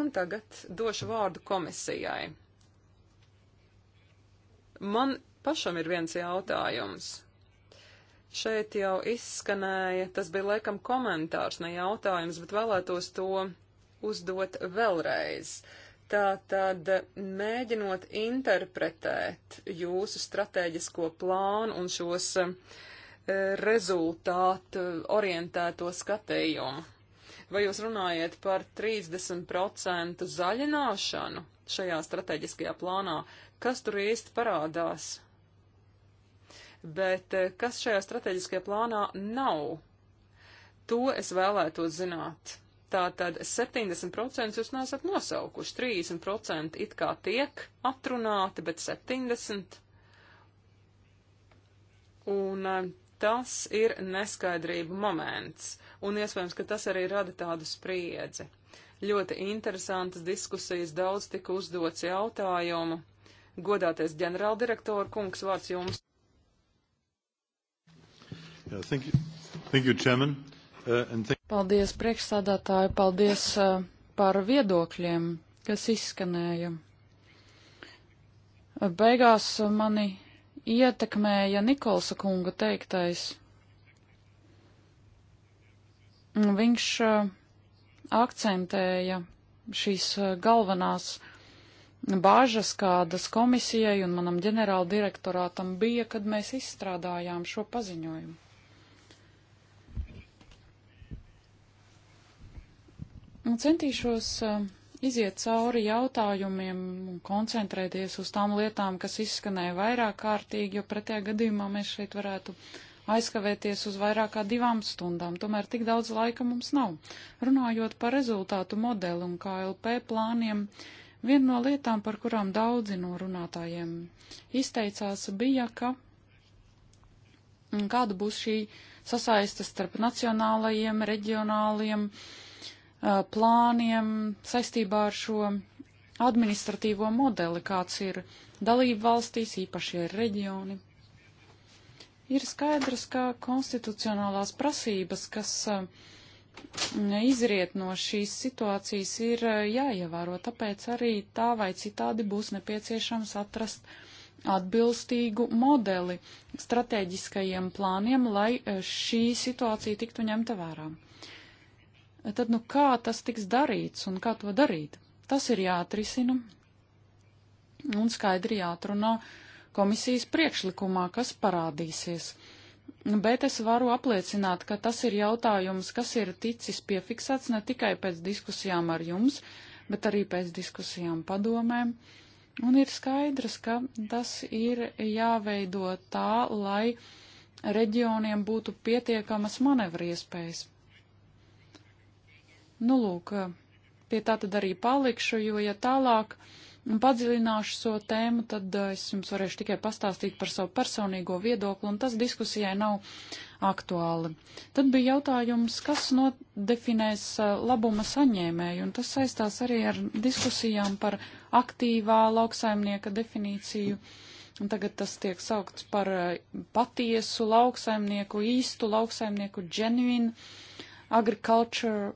Un tagad došu vārdu komisijai. Man pašam ir viens jautājums. Šeit jau izskanēja, tas bija laikam komentārs, ne jautājums, bet vēlētos to uzdot vēlreiz. Uh, Tātad, mēģinot interpretēt jūsu strateģisko plānu un šos eh, rezultātu orientēto skatījumu, vai jūs runājat par 30% zaļināšanu šajā strateģiskajā plānā? Kas tur īsti parādās? Bet eh, kas šajā strateģiskajā plānā nav? To es vēlētos zināt. Tātad 70% jūs nesat nosaukuši, 30% it kā tiek atrunāti, bet 70%. Un eh, tas ir neskaidrība moments, un iespējams, ka tas arī rada tādu spriedzi. Ļoti interesantas diskusijas, daudz tika uzdots jautājumu. Godāties ģenerāldirektoru kungs, vārds jums. Yeah, thank you. Thank you, Chairman. Uh, paldies priekšsādātāju, paldies uh, par viedokļiem, kas izskanēja. Beigās mani ietekmēja Nikolsa kunga teiktais. Viņš uh, akcentēja šīs galvenās bāžas, kādas komisijai un manam ģenerāldirektorātam bija, kad mēs izstrādājām šo paziņojumu. Nu, centīšos eh, iziet cauri jautājumiem un koncentrēties uz tām lietām, kas izskanēja vairāk kārtīgi, jo pretējā gadījumā mēs šeit varētu aizkavēties uz vairāk kā divām stundām, tomēr tik daudz laika mums nav. Runājot par rezultātu modeli un KLP plāniem, viena no lietām, par kurām daudzi no runātājiem izteicās, bija, ka mm, kāda būs šī sasaiste starp nacionālajiem, reģionāliem, uh, Uh, plāniem saistībā ar šo administratīvo modeli, kāds ir dalību valstīs, īpašie reģioni. Ir skaidrs, ka konstitucionālās prasības, kas uh, izriet no šīs situācijas, ir uh, jāievēro, tāpēc arī tā vai citādi būs nepieciešams atrast atbilstīgu modeli strateģiskajiem plāniem, lai šī situācija tiktu ņemta vērā tad nu kā tas tiks darīts un kā to darīt? Tas ir jāatrisina un skaidri jāatrunā komisijas priekšlikumā, kas parādīsies. Bet es varu apliecināt, ka tas ir jautājums, kas ir ticis piefiksēts ne tikai pēc diskusijām ar jums, bet arī pēc diskusijām padomēm. Un ir skaidrs, ka tas ir jāveido tā, lai reģioniem būtu pietiekamas manevriespējas. Nu, lūk, pie tā tad arī palikšu, jo, ja tālāk padziļināšu šo so tēmu, tad eh, es jums varēšu tikai pastāstīt par savu personīgo viedokli, un tas diskusijai nav aktuāli. Tad bija jautājums, kas nodefinēs eh, labuma saņēmēju, un tas saistās arī ar diskusijām par aktīvā lauksaimnieka definīciju. Un tagad tas tiek saukts par eh, patiesu lauksaimnieku, īstu lauksaimnieku, genuine agriculture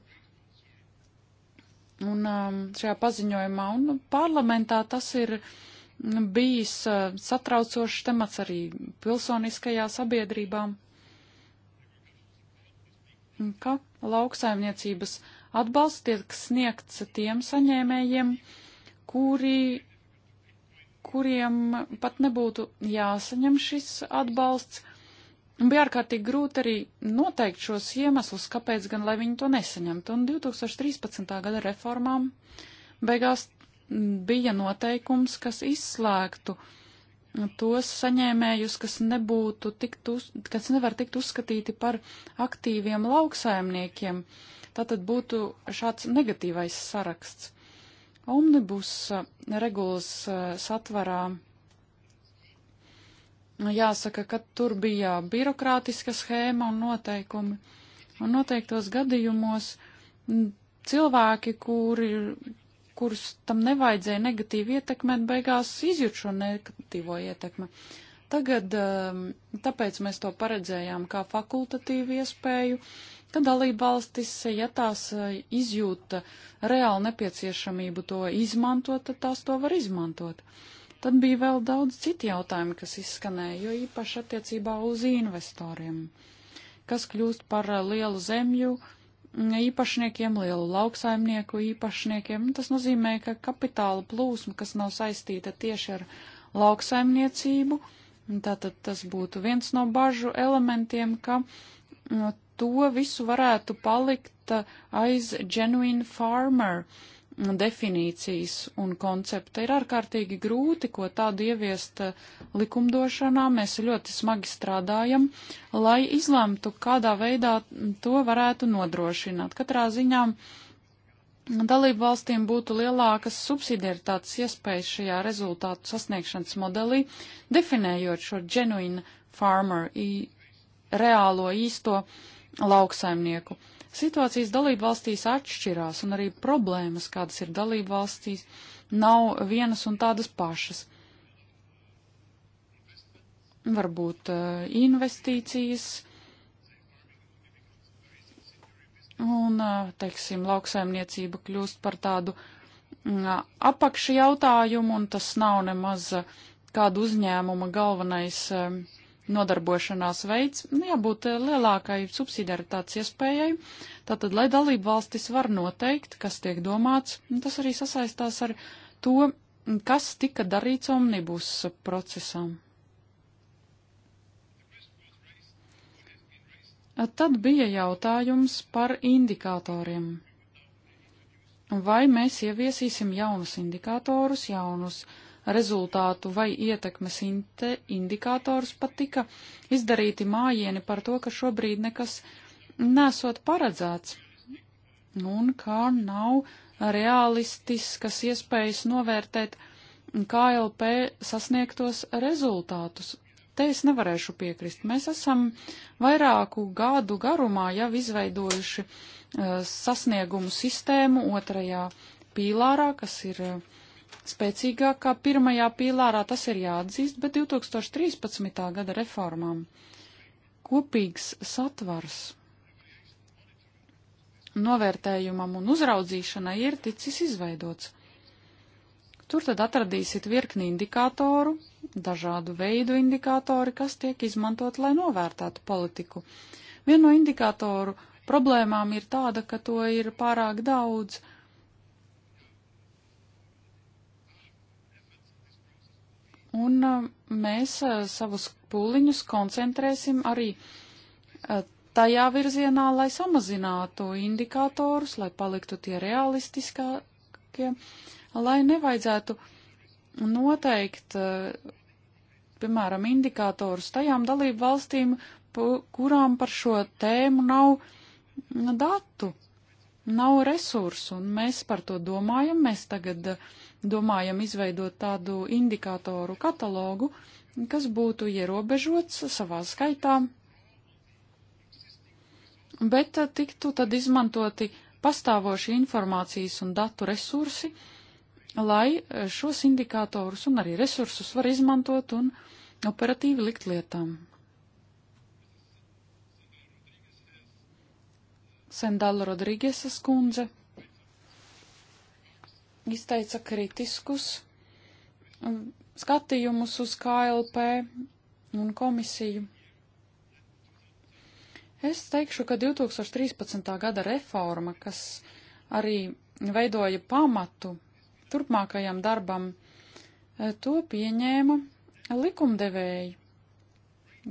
Un um, šajā paziņojumā un nu, parlamentā tas ir mm, bijis uh, satraucošs temats arī pilsoniskajā sabiedrībā. Ka lauksaimniecības atbalsts tiek sniegts tiem saņēmējiem, kuri, kuriem pat nebūtu jāsaņem šis atbalsts, bija ārkārtīgi grūti arī noteikt šos iemeslus, kāpēc gan lai viņi to nesaņemtu. Un 2013. gada reformām beigās bija noteikums, kas izslēgtu tos saņēmējus, kas nebūtu tikt, uz, kas nevar tikt uzskatīti par aktīviem lauksaimniekiem. Tātad būtu šāds negatīvais saraksts. Omnibus regulas eh, satvarā jāsaka, ka tur bija birokrātiska schēma un noteikumi. Un noteiktos gadījumos cilvēki, kuri, kurus tam nevajadzēja negatīvi ietekmēt, beigās izjūt šo negatīvo ietekmi. Tagad um, tāpēc mēs to paredzējām kā fakultatīvu iespēju, ka dalība valstis, ja tās uh, izjūta reāli nepieciešamību to izmantot, tad tās to var izmantot. Uh, Tad bija vēl daudz citu jautājumu, kas izskanēja, jo īpaši attiecībā uz investoriem, kas kļūst par eh, lielu zemju mm, īpašniekiem, lielu lauksaimnieku īpašniekiem. Tas nozīmē, ka kapitāla plūsma, kas nav saistīta tieši ar lauksaimniecību, tātad tas būtu viens no bažu elementiem, ka mm, to visu varētu palikt eh, aiz genuine farmer. Uh, definīcijas un koncepta. Ir ārkārtīgi grūti, ko tādu ieviest eh, likumdošanā. Mēs ļoti smagi strādājam, lai izlemtu, kādā veidā to varētu nodrošināt. Katrā ziņā dalību valstīm būtu lielākas subsidiaritātes iespējas šajā rezultātu sasniegšanas modelī, definējot šo genuine farmer, reālo īsto lauksaimnieku. Uh, Situācijas dalību valstīs atšķirās, un arī problēmas, kādas ir dalību valstīs, nav vienas un tādas pašas. Varbūt eh, investīcijas un, eh, teiksim, lauksaimniecība kļūst par tādu mm, apakšu jautājumu, un tas nav nemaz eh, kāda uzņēmuma galvenais nodarbošanās veids, nu, jābūt eh, lielākai subsidiaritātes iespējai, tātad, lai dalību valstis var noteikt, kas tiek domāts, tas arī sasaistās ar to, kas tika darīts omnibus procesam. Tad bija jautājums par indikatoriem. Vai mēs ieviesīsim jaunus indikatorus, jaunus uh, rezultātu vai ietekmes indikātors pat tika izdarīti mājieni par to, ka šobrīd nekas nesot paredzēts un kā nav realistiskas iespējas novērtēt KLP sasniegtos rezultātus. Te es nevarēšu piekrist. Mēs esam vairāku gadu garumā jau izveidojuši uh, sasniegumu sistēmu otrajā pīlārā, kas ir uh, spēcīgāk kā pirmajā pīlārā, tas ir jāatzīst, bet 2013. gada reformām kopīgs satvars novērtējumam un uzraudzīšanai ir ticis izveidots. Tur tad atradīsiet virkni indikātoru, dažādu veidu indikātori, kas tiek izmantot, lai novērtētu politiku. Viena no indikātoru problēmām ir tāda, ka to ir pārāk daudz, uh, Un uh, mēs uh, savus pūliņus koncentrēsim arī uh, tajā virzienā, lai samazinātu indikātorus, lai paliktu tie realistiskākie, lai nevajadzētu noteikt, piemēram, indikātorus tajām dalību valstīm, kurām par šo tēmu nav mm, datu, nav resursu, un mēs par to domājam, mēs tagad uh, domājam izveidot tādu indikātoru katalogu, kas būtu ierobežots savā skaitā, bet tiktu tad izmantoti pastāvoši informācijas un datu resursi, lai šos indikātorus un arī resursus var izmantot un operatīvi likt lietām. Sendala Rodrīgesa skundze izteica kritiskus um, skatījumus uz KLP un komisiju. Es teikšu, ka 2013. gada reforma, kas arī veidoja pamatu turpmākajam darbam, e, to pieņēma likumdevēji,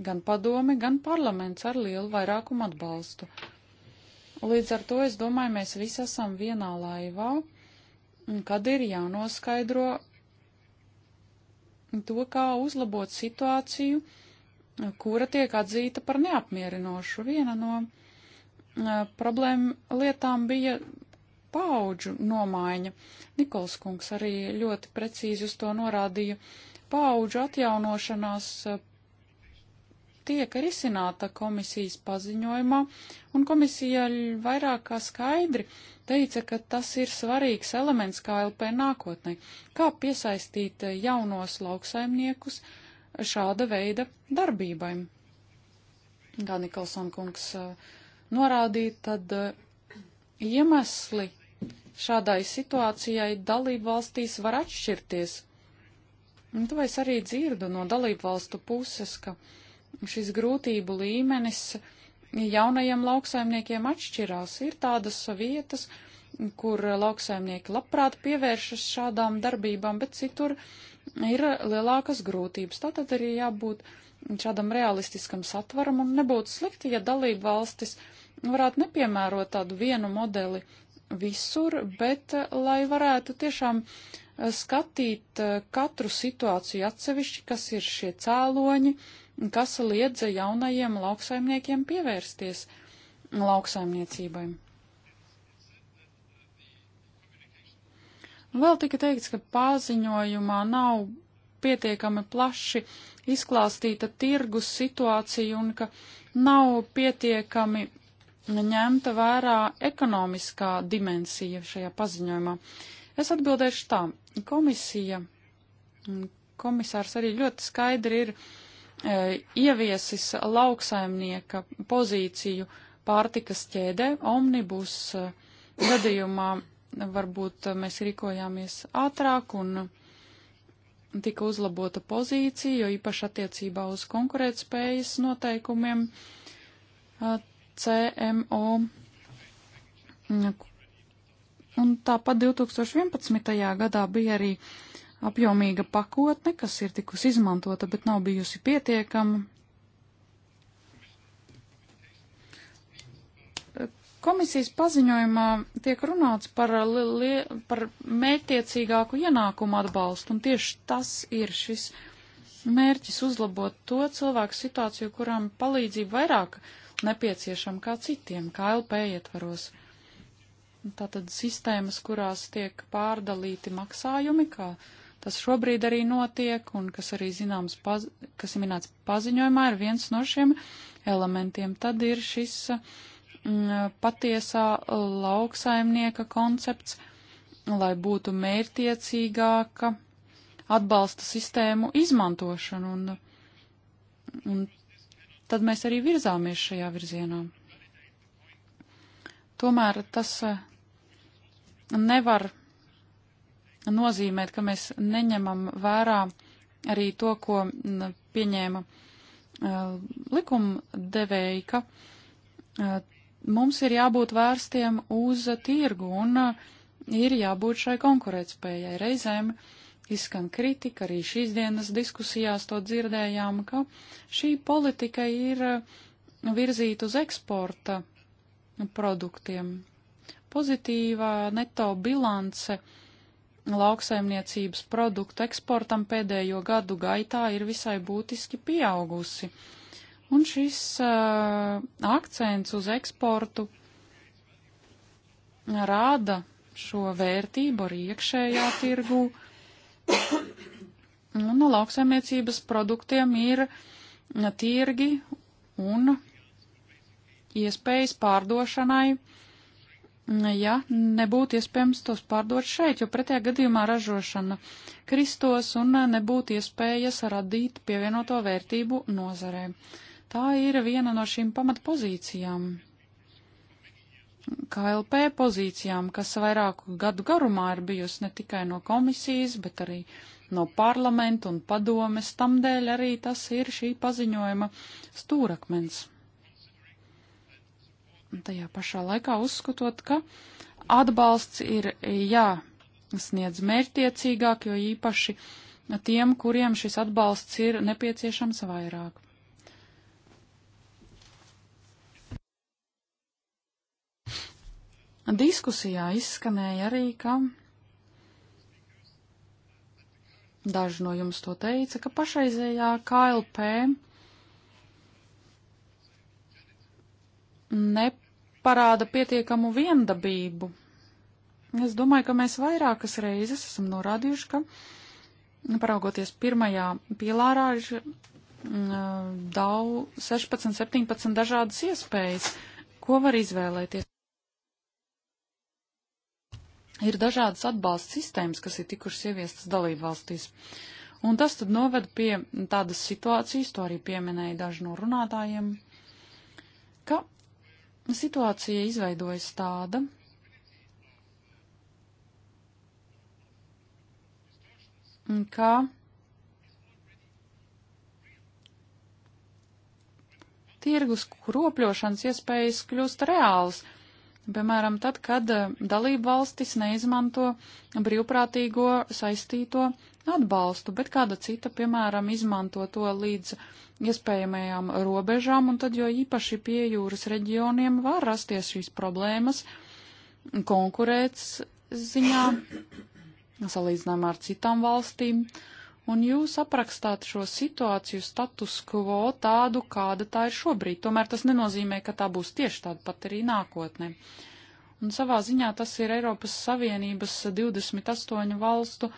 gan padome, gan parlaments ar lielu vairākumu atbalstu. Līdz ar to, es domāju, mēs visi esam vienā laivā kad ir jānoskaidro to, kā uzlabot situāciju, kura tiek atzīta par neapmierinošu. Viena no problēma lietām bija paudžu nomaiņa. Nikols kungs arī ļoti precīzi uz to norādīja. Paudžu atjaunošanās tiek risināta komisijas paziņojumā, un komisija vairāk kā skaidri teica, ka tas ir svarīgs elements KLP nākotnē. Kā piesaistīt jaunos lauksaimniekus šāda veida darbībai? Kā Nikolson kungs uh, norādīja, tad uh, iemesli šādai situācijai dalību valstīs var atšķirties. Un to es arī dzirdu no dalību valstu puses, ka uh, šis grūtību līmenis jaunajiem lauksaimniekiem atšķirās. Ir tādas vietas, kur lauksaimnieki labprāt pievēršas šādām darbībām, bet citur ir lielākas grūtības. Tātad arī jābūt šādam realistiskam satvaram un nebūtu slikti, ja dalība valstis varētu nepiemērot tādu vienu modeli visur, bet eh, lai varētu tiešām eh, skatīt eh, katru situāciju atsevišķi, kas ir šie cēloņi, uh, kas liedza jaunajiem lauksaimniekiem pievērsties lauksaimniecībai. Vēl tika teikts, ka paziņojumā nav pietiekami plaši izklāstīta tirgus situācija un ka nav pietiekami ņemta vērā ekonomiskā dimensija šajā paziņojumā. Es atbildēšu tā. Komisija, komisārs arī ļoti skaidri ir E, ieviesis lauksaimnieka pozīciju pārtikas ķēdē, omnibus e, gadījumā varbūt mēs rīkojāmies ātrāk un tika uzlabota pozīcija, jo īpaši attiecībā uz konkurētspējas noteikumiem CMO. Un tāpat 2011. gadā bija arī uh, apjomīga pakotne, kas ir tikus izmantota, bet nav bijusi pietiekama. Komisijas paziņojumā tiek runāts par, li, li, par mērķiecīgāku ienākumu atbalstu, un tieši tas ir šis mērķis uzlabot to cilvēku situāciju, kurām palīdzība vairāk nepieciešama kā citiem, kā LP ietvaros. Tātad sistēmas, kurās tiek pārdalīti maksājumi, kā uh, tas šobrīd arī notiek un kas arī zināms, paz, kas ir minēts paziņojumā, ir viens no šiem elementiem. Tad ir šis mm, patiesā lauksaimnieka koncepts, lai būtu mērtiecīgāka atbalsta sistēmu izmantošana, un, un tad mēs arī virzāmies šajā virzienā. Tomēr tas eh, nevar nozīmēt, ka mēs neņemam vērā arī to, ko pieņēma likumdevēji, ka mums ir jābūt vērstiem uz tirgu un ir jābūt šai konkurētspējai. Reizēm izskan kritika, arī šīs dienas diskusijās to dzirdējām, ka šī politika ir virzīta uz eksporta produktiem. Pozitīvā neto bilance uh, lauksaimniecības produktu eksportam pēdējo gadu gaitā ir visai būtiski pieaugusi. Un šis uh, akcents uz eksportu rāda šo vērtību arī iekšējā tirgū. Un lauksaimniecības produktiem ir tirgi un iespējas pārdošanai uh, ja nebūtu iespējams tos pārdot šeit, jo pretējā gadījumā ražošana kristos un nebūtu iespējas radīt pievienoto vērtību nozarē. Tā ir viena no šīm pamatpozīcijām. KLP pozīcijām, kas vairāku gadu garumā ir bijusi ne tikai no komisijas, bet arī no parlamenta un padomes, tamdēļ arī tas ir šī paziņojuma stūrakmens tajā pašā laikā uzskatot, ka atbalsts ir jāsniedz mērķtiecīgāk, jo īpaši tiem, kuriem šis atbalsts ir nepieciešams vairāk. Diskusijā izskanēja arī, ka daži no jums to teica, ka pašreizējā KLP neparāda pietiekamu viendabību. Es domāju, ka mēs vairākas reizes esam norādījuši, ka paraugoties pirmajā pilārā ir mm, daudz 16, 17 dažādas iespējas, ko var izvēlēties. Ir dažādas atbalsta sistēmas, kas ir tikušas ieviestas dalību valstīs. Un tas tad noved pie tādas situācijas, to arī pieminēja daži no runātājiem, ka Nu, situācija izveidojas tāda, ka tirgus kropļošanas iespējas kļūst reāls. Piemēram, tad, kad eh, dalība valstis neizmanto brīvprātīgo saistīto uh, atbalstu, bet kāda cita, piemēram, izmanto to līdz iespējamajām robežām, un tad jo īpaši pie jūras reģioniem var rasties šīs problēmas konkurēts ziņā, salīdzinām ar citām valstīm, un jūs aprakstāt šo situāciju status quo tādu, kāda tā ir šobrīd. Tomēr tas nenozīmē, ka tā būs tieši tāda pat arī nākotnē. Un savā ziņā tas ir Eiropas Savienības 28 valstu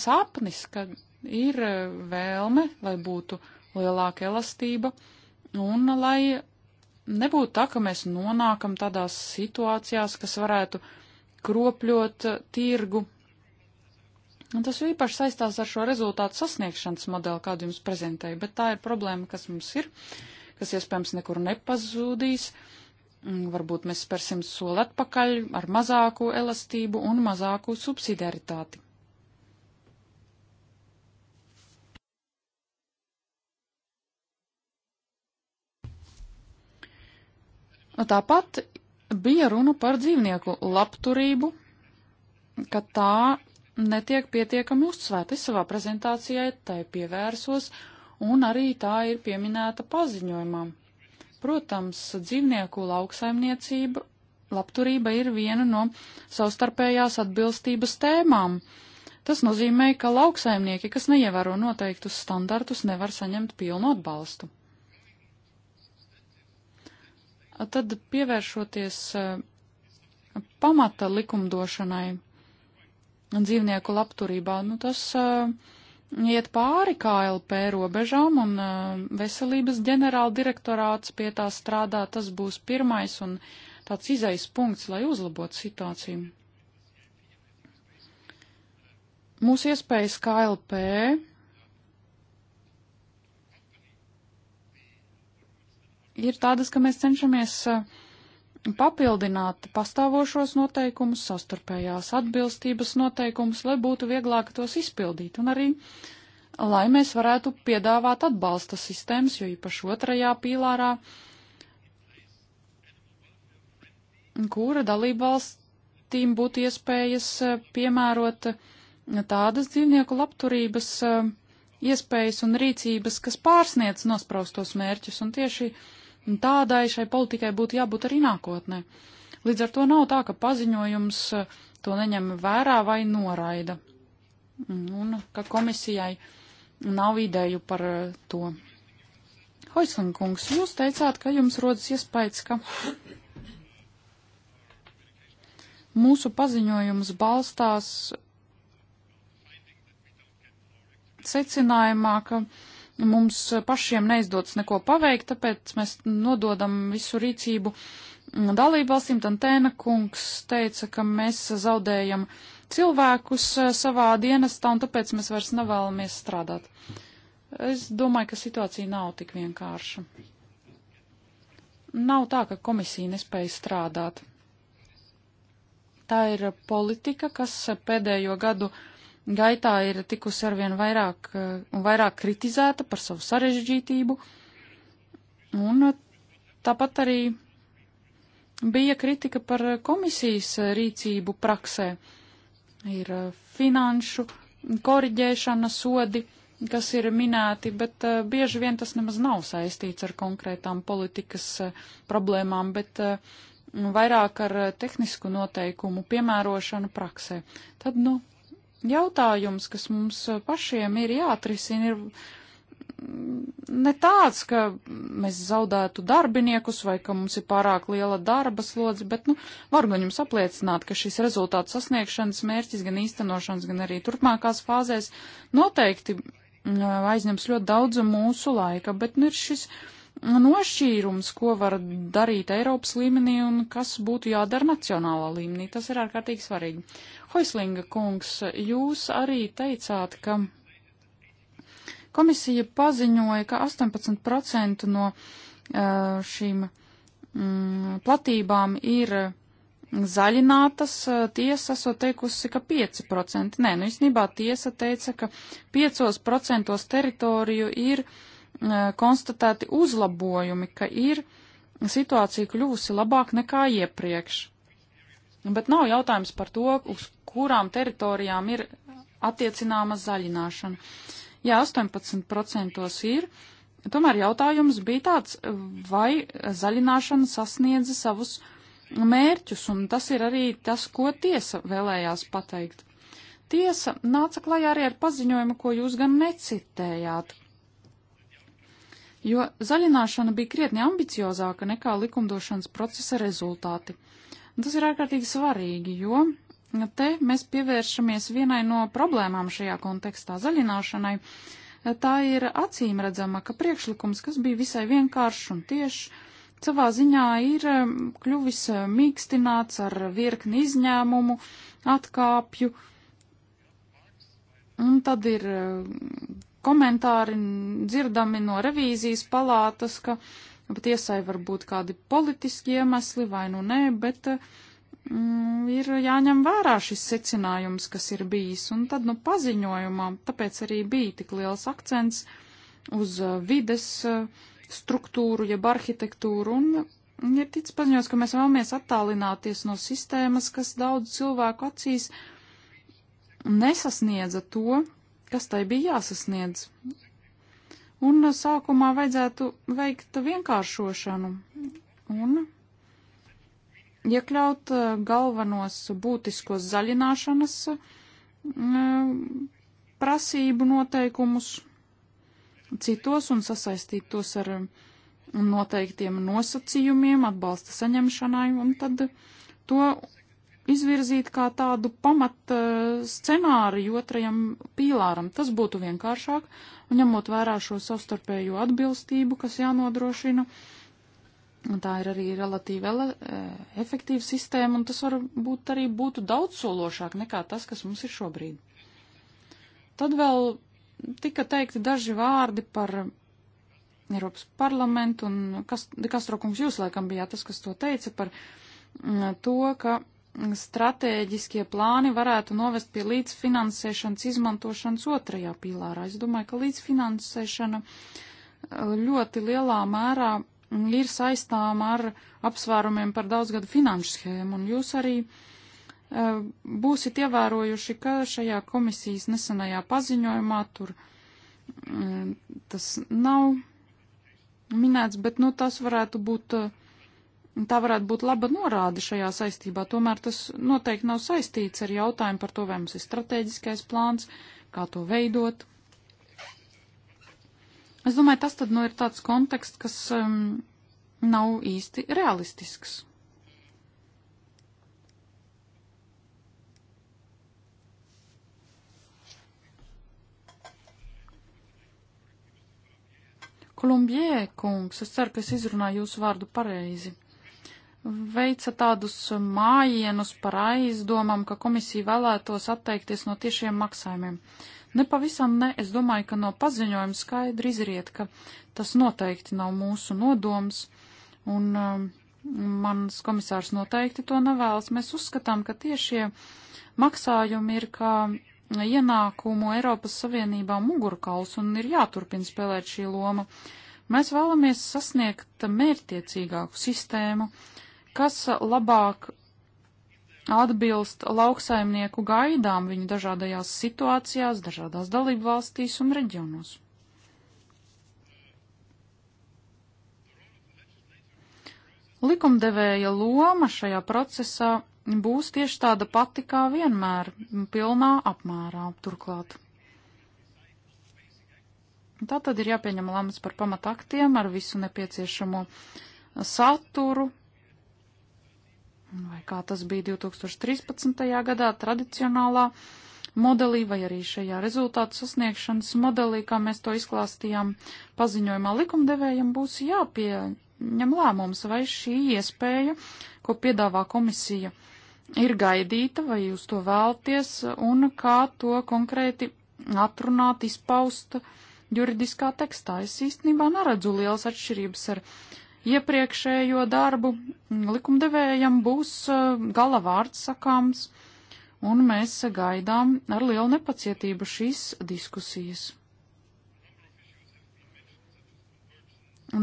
sapnis, ka ir e, vēlme, lai būtu lielāka elastība un lai nebūtu tā, ka mēs nonākam tādās situācijās, kas varētu kropļot e, tirgu. Un tas īpaši saistās ar šo rezultātu sasniegšanas modeli, kādu jums prezentēju, bet tā ir problēma, kas mums ir, kas iespējams nekur nepazūdīs. Mm, varbūt mēs spērsim soli atpakaļ ar mazāku elastību un mazāku subsidiaritāti. Nu, tāpat bija runa par dzīvnieku labturību, ka tā netiek pietiekami uzsvērta. Es savā prezentācijā tai pievērsos, un arī tā ir pieminēta paziņojumā. Protams, dzīvnieku lauksaimniecība, labturība ir viena no savstarpējās atbilstības tēmām. Tas nozīmē, ka lauksaimnieki, kas neievēro noteiktus standartus, nevar saņemt pilnu atbalstu. Tad pievēršoties eh, pamata likumdošanai dzīvnieku labturībā, nu tas eh, iet pāri KLP robežām un eh, veselības ģenerāla direktorāts pie tā strādā. Tas būs pirmais un tāds izaisa punkts, lai uzlabotu situāciju. Mūsu iespējas KLP ir tādas, ka mēs cenšamies eh, papildināt pastāvošos noteikumus, sastarpējās atbilstības noteikumus, lai būtu vieglāk tos izpildīt un arī, lai mēs varētu piedāvāt atbalsta sistēmas, jo īpaši otrajā pīlārā, kura dalībvalstīm būtu iespējas eh, piemērot eh, tādas dzīvnieku labturības iespējas un rīcības, kas pārsniec nospraustos mērķus, un tieši uh, Un tādai šai politikai būtu jābūt arī nākotnē. Līdz ar to nav tā, ka paziņojums eh, to neņem vērā vai noraida. Un ka komisijai nav ideju par eh, to. Hoislinkungs, jūs teicāt, ka jums rodas iespējas, ka mūsu paziņojums balstās secinājumā, ka mums pašiem neizdodas neko paveikt, tāpēc mēs nododam visu rīcību dalībvalstīm. Tantēna kungs teica, ka mēs zaudējam cilvēkus eh, savā dienestā, un tāpēc mēs vairs nevēlamies strādāt. Es domāju, ka situācija nav tik vienkārša. Nav tā, ka komisija nespēja strādāt. Tā ir politika, kas pēdējo gadu uh, gaitā ir tikusi arvien vairāk un eh, vairāk kritizēta par savu sarežģītību, un eh, tāpat arī bija kritika par komisijas eh, rīcību praksē. Ir finanšu koriģēšana, sodi, kas ir minēti, bet bieži vien tas nemaz nav saistīts ar konkrētām politikas problēmām, bet vairāk ar tehnisku noteikumu piemērošanu praksē. Tad, nu, jautājums, kas mums pašiem ir jāatrisina, ir ne tāds, ka mēs zaudētu darbiniekus vai ka mums ir pārāk liela darba slodze, bet, nu, var gan jums apliecināt, ka šis rezultāts sasniegšanas mērķis gan īstenošanas, gan arī turpmākās fāzēs noteikti mm, aizņems ļoti daudz mūsu laika, bet, nu, ir šis nošķīrums, ko var darīt Eiropas līmenī un kas būtu jādara nacionālā līmenī. Tas ir ārkārtīgi svarīgi. Hoislinga kungs, jūs arī teicāt, ka komisija paziņoja, ka 18% no šīm mm, platībām ir zaļinātas, tiesa esot teikusi, ka 5%. Nē, nu īstenībā tiesa teica, ka 5% teritoriju ir uh, E, konstatēti uzlabojumi, ka ir situācija kļuvusi labāk nekā iepriekš. Bet nav jautājums par to, uz kurām teritorijām ir attiecināma zaļināšana. Jā, 18% ir. Tomēr jautājums bija tāds, vai zaļināšana sasniedza savus mērķus, un tas ir arī tas, ko tiesa vēlējās pateikt. Tiesa nāca klajā arī ar paziņojumu, ko jūs gan necitējāt, jo zaļināšana bija krietni ambiciozāka nekā likumdošanas procesa rezultāti. Un tas ir ārkārtīgi svarīgi, jo te mēs pievēršamies vienai no problēmām šajā kontekstā - zaļināšanai. Tā ir acīm redzama, ka priekšlikums, kas bija visai vienkāršs un tieši, savā ziņā ir um, kļuvis uh, mīkstināts ar virkni izņēmumu, atkāpju, un tad ir um, komentāri dzirdami no revīzijas palātas, ka tiesai var būt kādi politiski iemesli vai nu nē, bet mm, ir jāņem vērā šis secinājums, kas ir bijis. Un tad, nu, paziņojumā, tāpēc arī bija tik liels akcents uz eh, vides eh, struktūru, jeb arhitektūru, un ir tic paziņots, ka mēs vēlamies attālināties no sistēmas, kas daudz cilvēku acīs nesasniedza to, kas tai bija jāsasniedz. Un sākumā vajadzētu veikt vienkāršošanu un iekļaut eh, galvenos būtiskos zaļināšanas eh, prasību noteikumus citos un sasaistīt tos ar noteiktiem nosacījumiem atbalsta saņemšanai, un tad to izvirzīt kā tādu pamat eh, scenāriju otrajam pīlāram. Tas būtu vienkāršāk, un ņemot vērā šo savstarpējo atbilstību, kas jānodrošina, tā ir arī relatīvi ele, eh, efektīva sistēma, un tas varbūt arī būtu daudz sološāk nekā tas, kas mums ir šobrīd. Tad vēl tika teikti daži vārdi par Eiropas parlamentu, un kas, Kastro kungs, jūs laikam bijāt tas, kas to teica par mm, to, ka stratēģiskie plāni varētu novest pie līdzfinansēšanas izmantošanas otrajā pīlārā. Es domāju, ka līdzfinansēšana eh, ļoti lielā mērā mm, ir saistām ar apsvērumiem par daudzgadu finanšu schēmu, un jūs arī eh, būsiet ievērojuši, ka šajā komisijas nesenajā paziņojumā tur mm, tas nav minēts, bet, nu, tas varētu būt uh, Tā varētu būt laba norāde šajā saistībā, tomēr tas noteikti nav saistīts ar jautājumu par to, vai mums ir strateģiskais plāns, kā to veidot. Es domāju, tas tad nu ir tāds konteksts, kas um, nav īsti realistisks. Kolumbijē, kungs, es ceru, ka es izrunāju jūsu vārdu pareizi veica tādus mājienus par aizdomam, ka komisija vēlētos atteikties no tiešiem maksājumiem. Nepavisam ne, es domāju, ka no paziņojuma skaidri izriet, ka tas noteikti nav mūsu nodoms, un um, mans komisārs noteikti to nevēlas. Mēs uzskatām, ka tiešie maksājumi ir kā ienākumu Eiropas Savienībā mugurkauls un ir jāturpina spēlēt šī loma. Mēs vēlamies sasniegt mērķtiecīgāku sistēmu, uh, kas labāk atbilst lauksaimnieku gaidām viņu dažādajās situācijās, dažādās dalību valstīs un reģionos. Likumdevēja loma šajā procesā būs tieši tāda pati kā vienmēr, pilnā apmērā turklāt. Tā tad ir jāpieņem lēmums par pamataktiem ar visu nepieciešamo saturu, vai kā tas bija 2013. gadā tradicionālā modelī vai arī šajā rezultātu sasniegšanas modelī, kā mēs to izklāstījām paziņojumā likumdevējiem, būs jāpieņem lēmums, vai šī iespēja, ko piedāvā komisija, ir gaidīta, vai jūs to vēlties, un kā to konkrēti atrunāt, izpaust juridiskā tekstā. Es īstenībā neredzu lielas atšķirības ar iepriekšējo darbu, likumdevējam būs e, gala vārds sakāms, un mēs gaidām ar lielu nepacietību šīs diskusijas.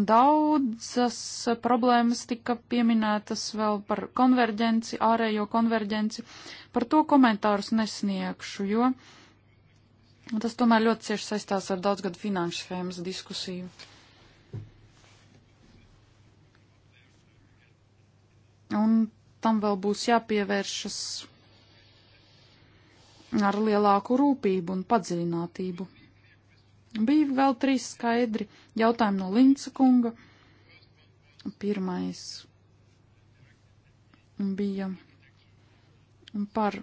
Daudzas problēmas tika pieminētas vēl par konverģenci, ārējo konverģenci. Par to komentārus nesniegšu, jo tas tomēr ļoti cieši saistās ar daudzgadu finanšu schēmas diskusiju. Un tam vēl būs jāpievēršas ar lielāku rūpību un padziļinātību. Bija vēl trīs skaidri jautājumi no Linca kunga. Pirmais bija par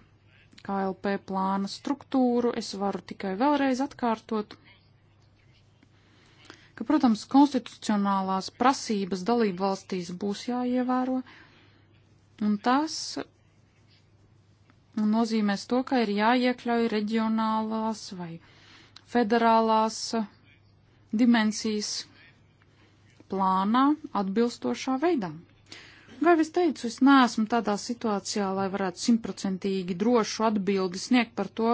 KLP plāna struktūru. Es varu tikai vēlreiz atkārtot, ka, protams, konstitucionālās prasības dalību valstīs būs jāievēro. Uh, Un tas nozīmēs to, ka ir jāiekļauj reģionālās vai federālās dimensijas plānā atbilstošā veidā. Kā jau es teicu, es neesmu tādā situācijā, lai varētu simtprocentīgi drošu atbildi sniegt par to,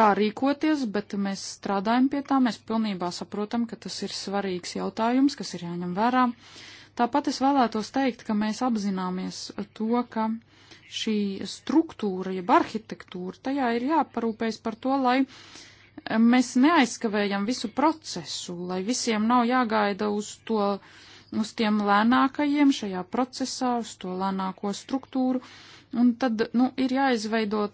kā rīkoties, bet mēs strādājam pie tā, mēs pilnībā saprotam, ka tas ir svarīgs jautājums, kas ir jāņem vērā. Uh, Tāpat es vēlētos teikt, ka mēs apzināmies to, ka šī struktūra, jeb arhitektūra, tajā ir jāparūpējas par to, lai mēs neaizskavējam visu procesu, lai visiem nav jāgaida uz to, uz tiem lēnākajiem šajā procesā, uz to lēnāko struktūru. Un tad, nu, ir jāizveido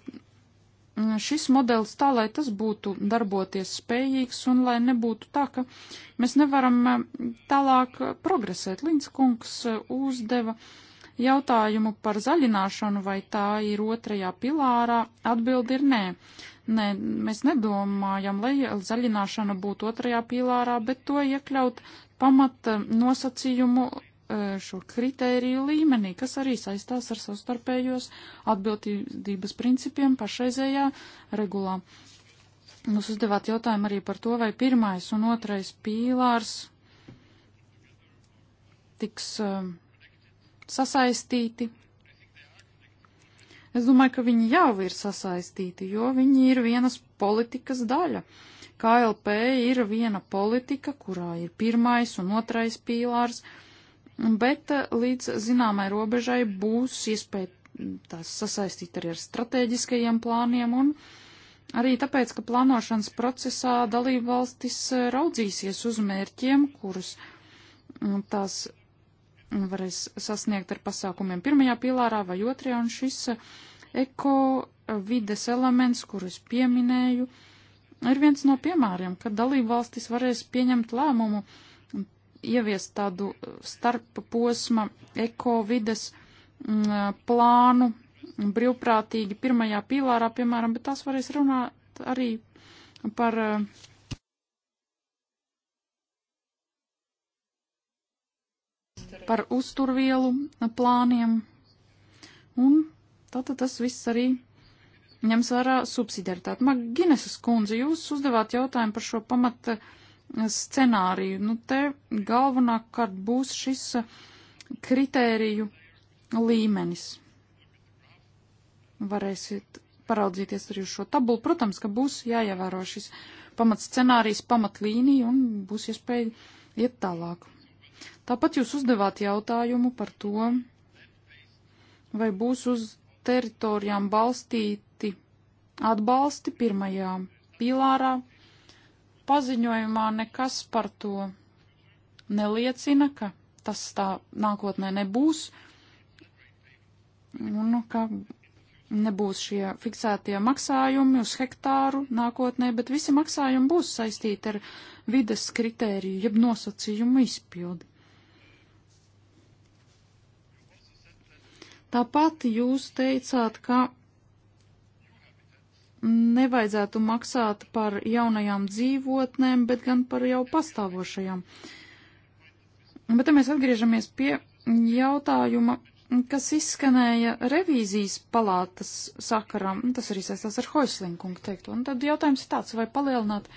šis modelis tā, lai tas būtu darboties spējīgs un lai nebūtu tā, ka mēs nevaram eh, tālāk eh, progresēt. Līdz kungs eh, uzdeva jautājumu par zaļināšanu, vai tā ir otrajā pilārā, atbildi ir nē. Nē, mēs nedomājam, lai zaļināšana būtu otrajā pilārā, bet to iekļaut pamata nosacījumu E, šo kritēriju līmenī, kas arī saistās ar savstarpējos atbildības principiem pašreizējā regulā. Jūs uzdevāt jautājumu arī par to, vai pirmais un otrais pīlārs tiks uh, sasaistīti. Es domāju, ka viņi jau ir sasaistīti, jo viņi ir vienas politikas daļa. KLP ir viena politika, kurā ir pirmais un otrais pīlārs. Uh, bet eh, līdz zināmai robežai būs iespēja mm, tās sasaistīt arī ar strateģiskajiem plāniem un arī tāpēc, ka plānošanas procesā dalība valstis eh, raudzīsies uz mērķiem, kurus mm, tās varēs sasniegt ar pasākumiem pirmajā pilārā vai otrajā, un šis eh, eko vides elements, kurus pieminēju, ir viens no piemēriem, kad dalība valstis varēs pieņemt lēmumu, uh, ieviest tādu uh, starp posma ekovides mm, uh, plānu brīvprātīgi pirmajā pīlārā, piemēram, bet tas varēs runāt arī par uh, par uzturvielu plāniem. Un tātad tas viss arī ņems vērā subsidiaritāti. Magineses kundze, jūs uzdevāt jautājumu par šo pamata uh, scenāriju. Nu, te galvenākārt būs šis uh, kritēriju līmenis. Varēsiet paraudzīties arī uz šo tabulu. Protams, ka būs jāievēro šis pamatscenārijs, pamatlīnija un būs iespēja iet tālāk. Tāpat jūs uzdevāt jautājumu par to, vai būs uz teritorijām balstīti atbalsti pirmajā pīlārā paziņojumā nekas par to neliecina, ka tas tā nākotnē nebūs, un nu, ka nebūs šie fiksētie maksājumi uz hektāru nākotnē, bet visi maksājumi būs saistīti ar vides kritēriju, jeb nosacījumu izpildi. Tāpat jūs teicāt, ka nevajadzētu maksāt par jaunajām dzīvotnēm, bet gan par jau pastāvošajām. Bet te mēs atgriežamies pie jautājuma, kas izskanēja revīzijas palātas sakaram, tas arī saistās ar Hoislinkungu teikto. Un tad jautājums ir tāds, vai palielināt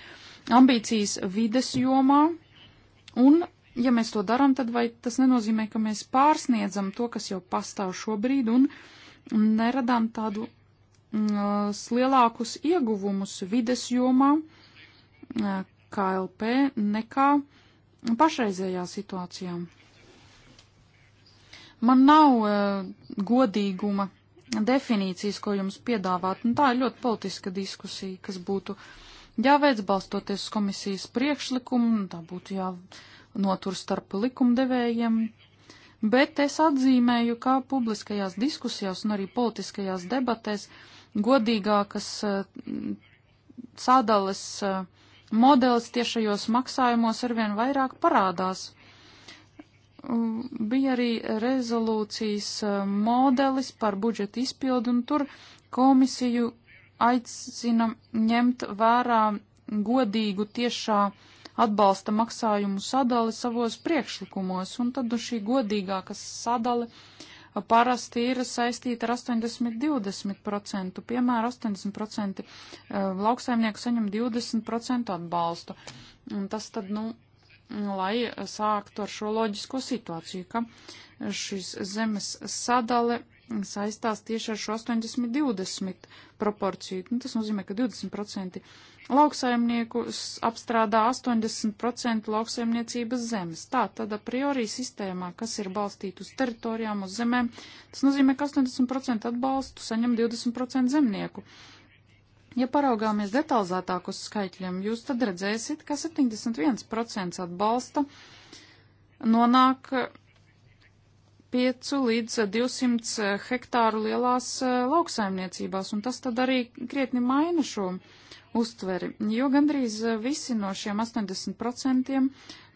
ambīcijas vides jomā, un, ja mēs to darām, tad vai tas nenozīmē, ka mēs pārsniedzam to, kas jau pastāv šobrīd, un neradām tādu Mm, lielākus ieguvumus vides jomā mm, KLP nekā pašreizējā situācijā. Man nav e, godīguma definīcijas, ko jums piedāvāt, un tā ir ļoti politiska diskusija, kas būtu jāveic balstoties komisijas priekšlikumu, tā būtu jānotur starp likumdevējiem, bet es atzīmēju, ka publiskajās diskusijās un arī politiskajās debatēs uh, godīgākas eh, sadales eh, modelis tiešajos maksājumos arvien vairāk parādās. Bija arī rezolūcijas eh, modelis par budžeta izpildu, un tur komisiju aicina ņemt vērā godīgu tiešā atbalsta maksājumu sadali savos priekšlikumos, un tad šī godīgākas sadali uh, parasti ir saistīta ar 80-20%. Piemēram, 80% lauksaimnieku saņem 20% atbalstu. Un tas tad, nu, lai sāktu ar šo loģisko situāciju, ka šis zemes sadale saistās tieši ar šo 80-20 proporciju. Nu, tas nozīmē, ka 20% lauksaimnieku apstrādā 80% lauksaimniecības zemes. Tā tad a priori sistēmā, kas ir balstīta uz teritorijām, uz zemēm, tas nozīmē, ka 80% atbalstu saņem 20% zemnieku. Ja paraugāmies detalizētāk uz skaitļiem, jūs tad redzēsiet, ka 71% atbalsta nonāk 5 līdz 200 eh, hektāru lielās eh, lauksaimniecībās, un tas tad arī krietni maina šo uztveri, jo gandrīz eh, visi no šiem 80%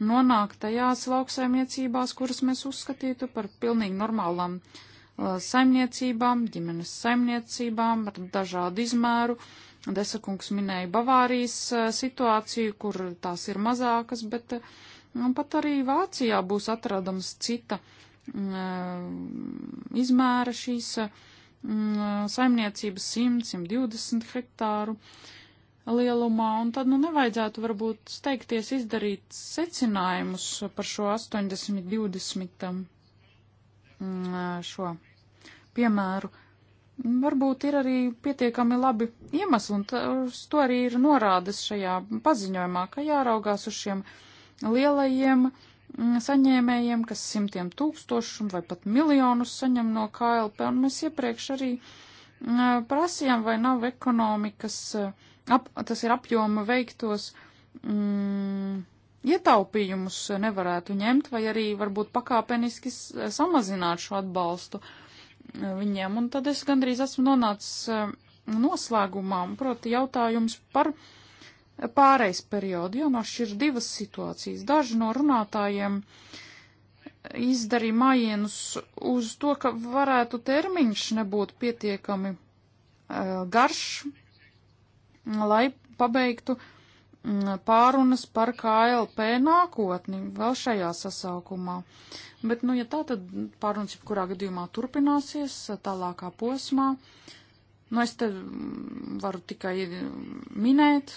nonāk tajās lauksaimniecībās, kuras mēs uzskatītu par pilnīgi normālām saimniecībām, ģimenes saimniecībām ar dažādu izmēru. Desakungs minēja Bavārijas situāciju, kur tās ir mazākas, bet nu, pat arī Vācijā būs atradams cita uh, Mm, eh, izmēra šīs mm, eh, saimniecības 100, 120 hektāru lielumā, un tad nu nevajadzētu varbūt steigties izdarīt secinājumus par šo 80, 20 mm, eh, šo piemēru. Varbūt ir arī pietiekami labi iemesli, un uz to arī ir norādes šajā paziņojumā, ka jāraugās uz šiem lielajiem uh, Mm, saņēmējiem, kas simtiem tūkstošu vai pat miljonus saņem no KLP, un mēs iepriekš arī mm, prasījām, vai nav ekonomikas, eh, ap, tas ir apjoma veiktos mm, ietaupījumus nevarētu ņemt, vai arī varbūt pakāpeniski samazināt šo atbalstu eh, viņiem, un tad es gandrīz esmu nonācis eh, noslēgumā, proti jautājums par uh, pārejas periodu, jo man šķir divas situācijas. Daži no runātājiem izdarīja mājienus uz to, ka varētu termiņš nebūt pietiekami e, garš, lai pabeigtu mm, pārunas par KLP nākotni vēl šajā sasaukumā. Bet, nu, ja tā, tad pārunas jebkurā gadījumā turpināsies tālākā posmā. Nu, es te varu tikai minēt,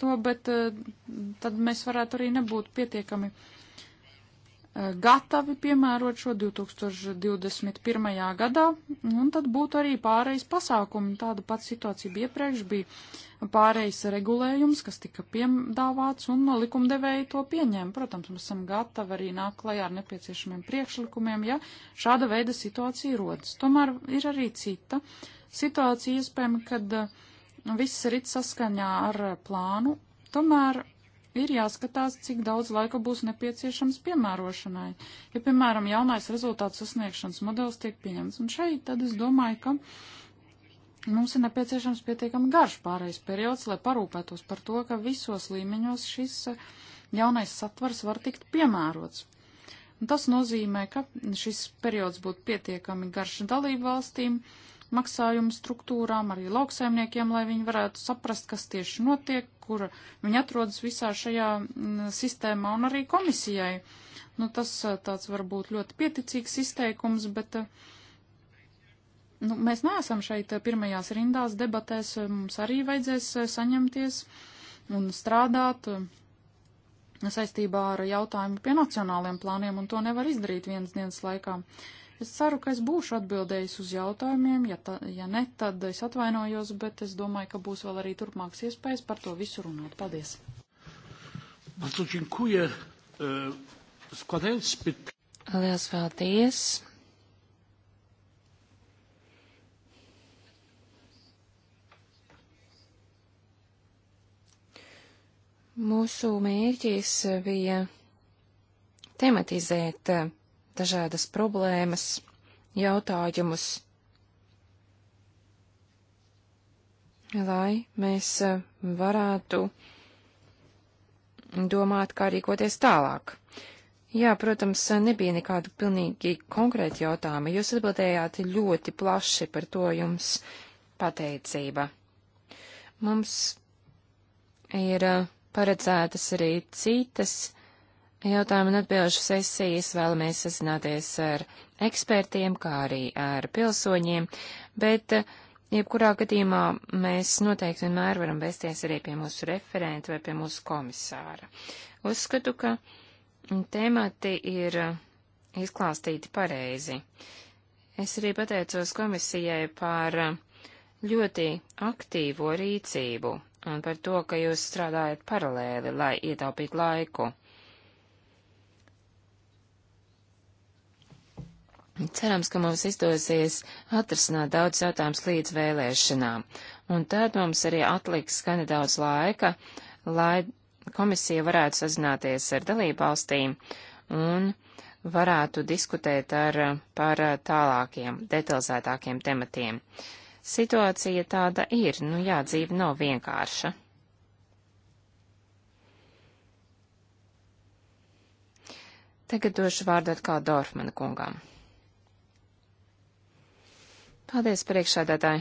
to, bet eh, tad mēs varētu arī nebūt pietiekami eh, gatavi piemērot šo 2021. gadā, un tad būtu arī pārējais pasākumi. Tāda pati situācija bija iepriekš, bija pārējais regulējums, kas tika piedāvāts, un likumdevēji to pieņēma. Protams, mēs esam gatavi arī nākt klajā ar nepieciešamiem priekšlikumiem, ja šāda veida situācija rodas. Tomēr ir arī cita situācija, iespējams, kad uh, Nu, viss ir it saskaņā ar eh, plānu, tomēr ir jāskatās, cik daudz laika būs nepieciešams piemērošanai. Ja, piemēram, jaunais rezultātu sasniegšanas modelis tiek pieņemts, un šeit tad es domāju, ka mums ir nepieciešams pietiekami garš pārējais periods, lai parūpētos par to, ka visos līmeņos šis eh, jaunais satvars var tikt piemērots. Un tas nozīmē, ka šis periods būtu pietiekami garš dalību valstīm, uh, maksājumu struktūrām, arī lauksaimniekiem, lai viņi varētu saprast, kas tieši notiek, kur viņi atrodas visā šajā mm, sistēmā un arī komisijai. Nu, tas eh, tāds varbūt ļoti pieticīgs izteikums, bet eh, nu, mēs neesam šeit eh, pirmajās rindās debatēs, mums arī vajadzēs saņemties un strādāt saistībā ar jautājumu pie nacionāliem plāniem, un to nevar izdarīt vienas dienas laikā. Uh, Es ceru, ka es būšu atbildējis uz jautājumiem, ja, ta, ja ne, tad es atvainojos, bet es domāju, ka būs vēl arī turpmākas iespējas par to visu runāt. Paldies! E, Lielas paldies! Mūsu mērķis bija tematizēt uh, dažādas problēmas, jautājumus, lai mēs eh, varētu domāt, kā rīkoties tālāk. Jā, protams, nebija nekādu pilnīgi konkrētu jautājumu. Jūs atbildējāt ļoti plaši par to jums pateicība. Mums ir eh, paredzētas arī citas jautājumu un atbilžu sesijas vēlamies sazināties ar ekspertiem, kā arī ar pilsoņiem, bet eh, jebkurā gadījumā mēs noteikti vienmēr varam vēsties arī pie mūsu referenta vai pie mūsu komisāra. Uzskatu, ka temati ir eh, izklāstīti pareizi. Es arī pateicos komisijai par eh, ļoti aktīvo rīcību un par to, ka jūs strādājat paralēli, lai ietaupītu laiku. Cerams, ka mums izdosies atrasināt daudz jautājums līdz vēlēšanām, un tad mums arī atliks gan daudz laika, lai komisija varētu sazināties ar dalībvalstīm un varētu diskutēt ar, par tālākiem, detalizētākiem tematiem. Situācija tāda ir, nu jā, dzīve nav vienkārša. Tagad došu vārdu atkal Dorfmana kungam. Paldies, priekšādātāji!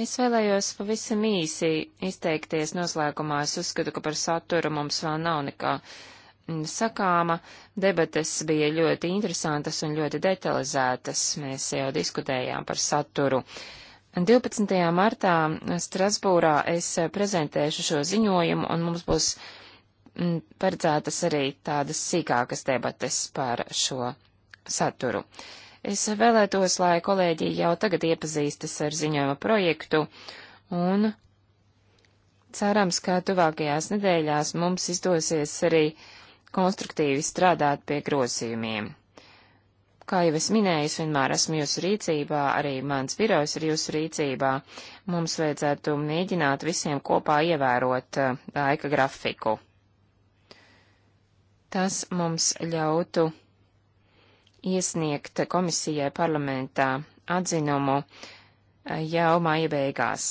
Es vēlējos pavisam īsi izteikties noslēgumā. Es uzskatu, ka par saturu mums vēl nav nekā sakāma. Debates bija ļoti interesantas un ļoti detalizētas. Mēs jau diskutējām par saturu. 12. martā Strasbūrā es prezentēšu šo ziņojumu un mums būs mm, paredzētas arī tādas sīkākas debates par šo saturu. Es vēlētos, lai kolēģi jau tagad iepazīstas ar ziņojuma projektu un cerams, ka tuvākajās nedēļās mums izdosies arī konstruktīvi strādāt pie grozījumiem. Kā jau es minēju, es vienmēr esmu jūsu rīcībā, arī mans birojs ir jūsu rīcībā. Mums vajadzētu mēģināt visiem kopā ievērot uh, laika grafiku. Tas mums ļautu iesniegt komisijai parlamentā atzinumu eh, jau māja beigās.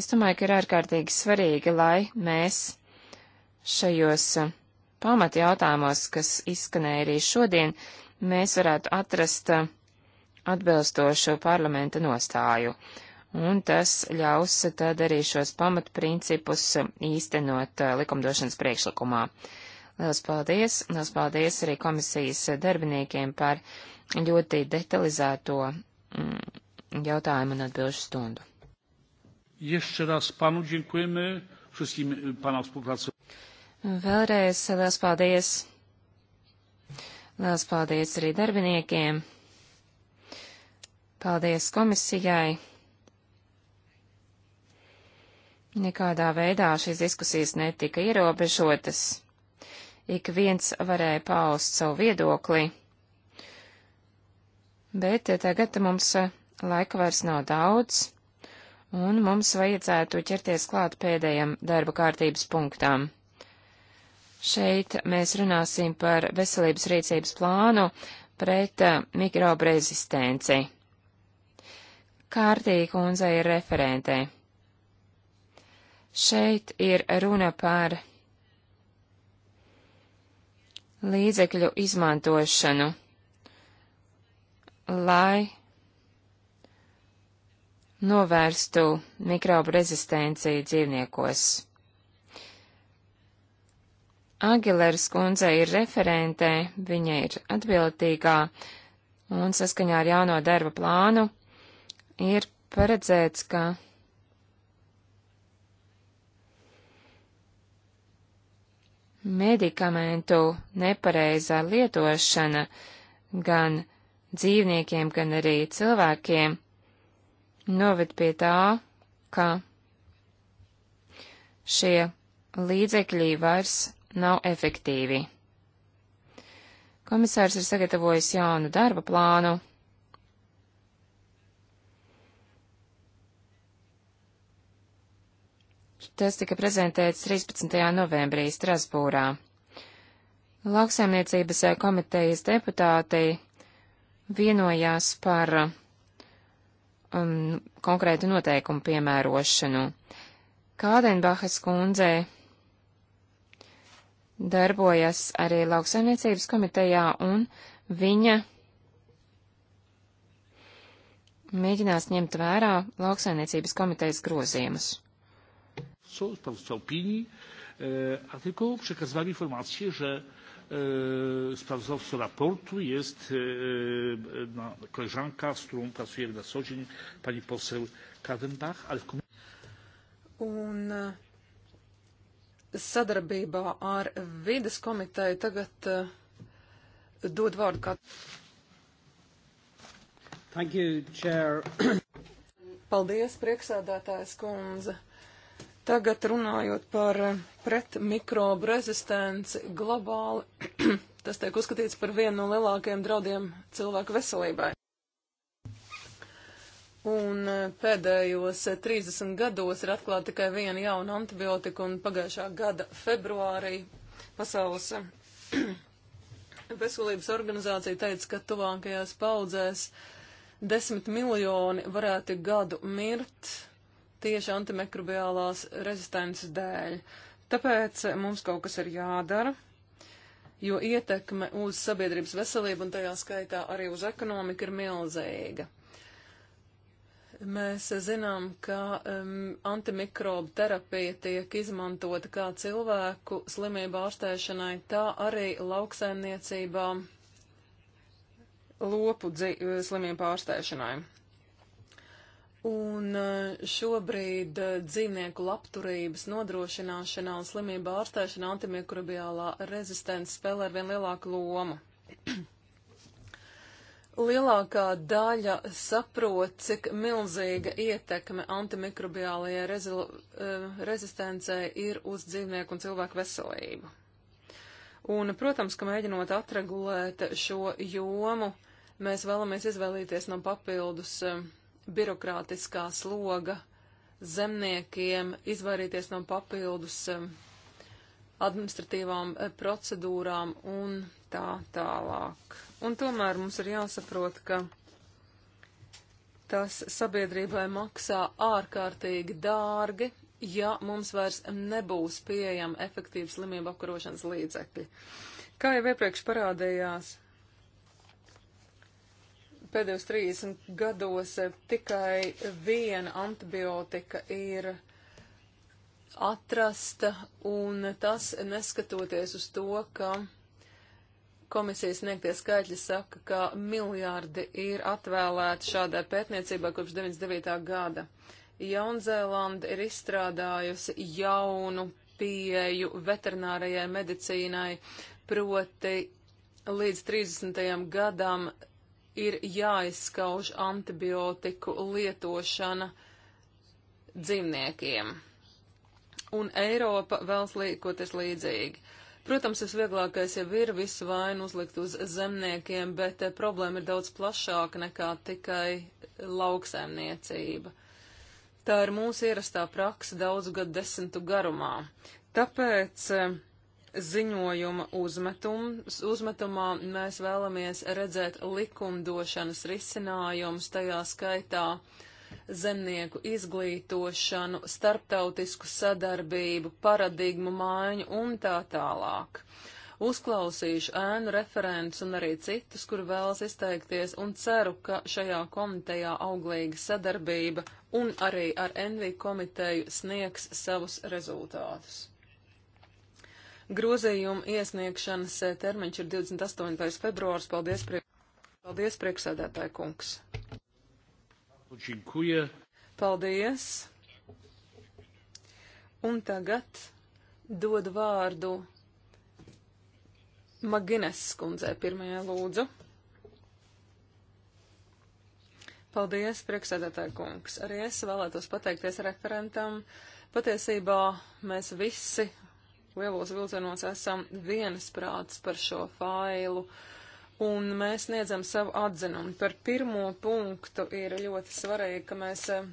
Es domāju, ka ir ārkārtīgi svarīgi, lai mēs šajos eh, pamata jautājumos, kas izskanēja arī šodien, mēs varētu atrast eh, atbilstošu parlamenta nostāju. Un tas ļaus tad arī šos pamatprincipus īstenot likumdošanas priekšlikumā. Uh, Liels paldies! Liels paldies arī komisijas darbiniekiem par ļoti detalizēto mm, jautājumu un atbilžu stundu. Vēlreiz liels paldies! Liels paldies arī darbiniekiem! Paldies komisijai! Nekādā veidā šīs diskusijas netika ierobežotas ik viens varēja paust savu viedokli. Bet eh, tagad mums eh, laika vairs nav daudz, un mums vajadzētu ķerties klāt pēdējam darba kārtības punktām. Šeit mēs runāsim par veselības rīcības plānu pret eh, mikrobu rezistenci. Kārtī kundze ir referentē. Šeit ir runa par līdzekļu izmantošanu, lai novērstu mikrobu rezistenciju dzīvniekos. Agilers kundze ir referentē, viņa ir atbildīgā, un saskaņā ar jauno darba plānu ir paredzēts, ka medikamentu nepareizā lietošana gan dzīvniekiem, gan arī cilvēkiem noved pie tā, ka šie līdzekļi vairs nav efektīvi. Komisārs ir sagatavojis jaunu darba plānu, Tas tika prezentēts 13. novembrī Strasbūrā. Lauksaimniecības komitejas deputāti vienojās par um, konkrētu noteikumu piemērošanu. Kādenbahas kundze darbojas arī lauksaimniecības komitejā, un viņa mēģinās ņemt vērā lauksaimniecības komitejas grozījumus sprawozdawcą, sprawozdawcą opinii, e, a tylko przekazywałem informację, że e, sprawozdawcą raportu jest e, koleżanka, z którą pracujemy na co dzień, pani poseł Kadenbach, ale w Un sadarbībā ar vides komiteju tagad uh, dod vārdu kā. Thank you, Chair. Paldies, prieksēdētājs kundze. Tagad runājot par pretmikrobu rezistenci globāli, *clears throat* tas tiek uzskatīts par vienu no lielākajiem draudiem cilvēku veselībai. Un e, pēdējos 30 e, gados ir atklāta tikai viena jauna antibiotika, un pagājušā gada februārī Pasaules e, *clears throat* veselības organizācija teica, ka tuvākajās paudzēs desmit miljoni varētu gadu mirt tieši antimikrobiālās rezistences dēļ. Tāpēc mums kaut kas ir jādara, jo ietekme uz sabiedrības veselību un tajā skaitā arī uz ekonomiku ir milzīga. Mēs zinām, ka um, antimikrobu terapija tiek izmantota kā cilvēku slimību ārstēšanai, tā arī lauksaimniecībā lopu slimību ārstēšanai. Un eh, šobrīd eh, dzīvnieku labturības nodrošināšanā un slimību ārstēšanā antimikrobiālā rezistence spēlē ar vien lielāku lomu. *clears throat* Lielākā daļa saprot, cik milzīga ietekme antimikrobiālajai rezi eh, rezistencei ir uz dzīvnieku un cilvēku veselību. Un, protams, ka mēģinot atregulēt šo jomu, mēs vēlamies izvēlīties no papildus uh, birokrātiskā sloga zemniekiem, izvairīties no papildus administratīvām eh, procedūrām un tā tālāk. Un tomēr mums ir jāsaprot, ka tas sabiedrībai maksā ārkārtīgi dārgi, ja mums vairs nebūs pieejama efektīva slimību apkarošanas līdzekļi. Kā jau iepriekš parādījās, pēdējos 30 gados eh, tikai viena antibiotika ir atrasta, un tas neskatoties uz to, ka komisijas sniegtie skaitļi saka, ka miljārdi ir atvēlēti šādai pētniecībai kopš 99. gada. Jaunzēlanda ir izstrādājusi jaunu pieeju veterinārajai medicīnai, proti līdz 30. gadam ir jāizskauž antibiotiku lietošana dzīvniekiem. Un Eiropa vēlas līkoties līdzīgi. Protams, visvieglākais jau ir visu vainu uzlikt uz zemniekiem, bet eh, problēma ir daudz plašāka nekā tikai lauksaimniecība. Tā ir mūsu ierastā praksa daudzu gadu desmitu garumā. Tāpēc eh, ziņojuma uzmetums, uzmetumā mēs vēlamies redzēt likumdošanas risinājumus, tajā skaitā zemnieku izglītošanu, starptautisku sadarbību, paradigmu maiņu un tā tālāk. Uzklausīšu ēnu referents un arī citus, kur vēlas izteikties, un ceru, ka šajā komitejā auglīga sadarbība un arī ar NV komiteju sniegs savus rezultātus. Grozījuma iesniegšanas eh, termiņš ir 28. februārs. Paldies, prie... Paldies priekšsēdētāji kungs. Paldies. Un tagad dod vārdu Magines skundzē pirmajā lūdzu. Paldies, priekšsēdētāji kungs. Arī es vēlētos pateikties referentam. Patiesībā mēs visi lielos vilcienos esam viensprāts par šo failu. Un mēs sniedzam savu atzinumu. Par pirmo punktu ir ļoti svarīgi, ka mēs eh,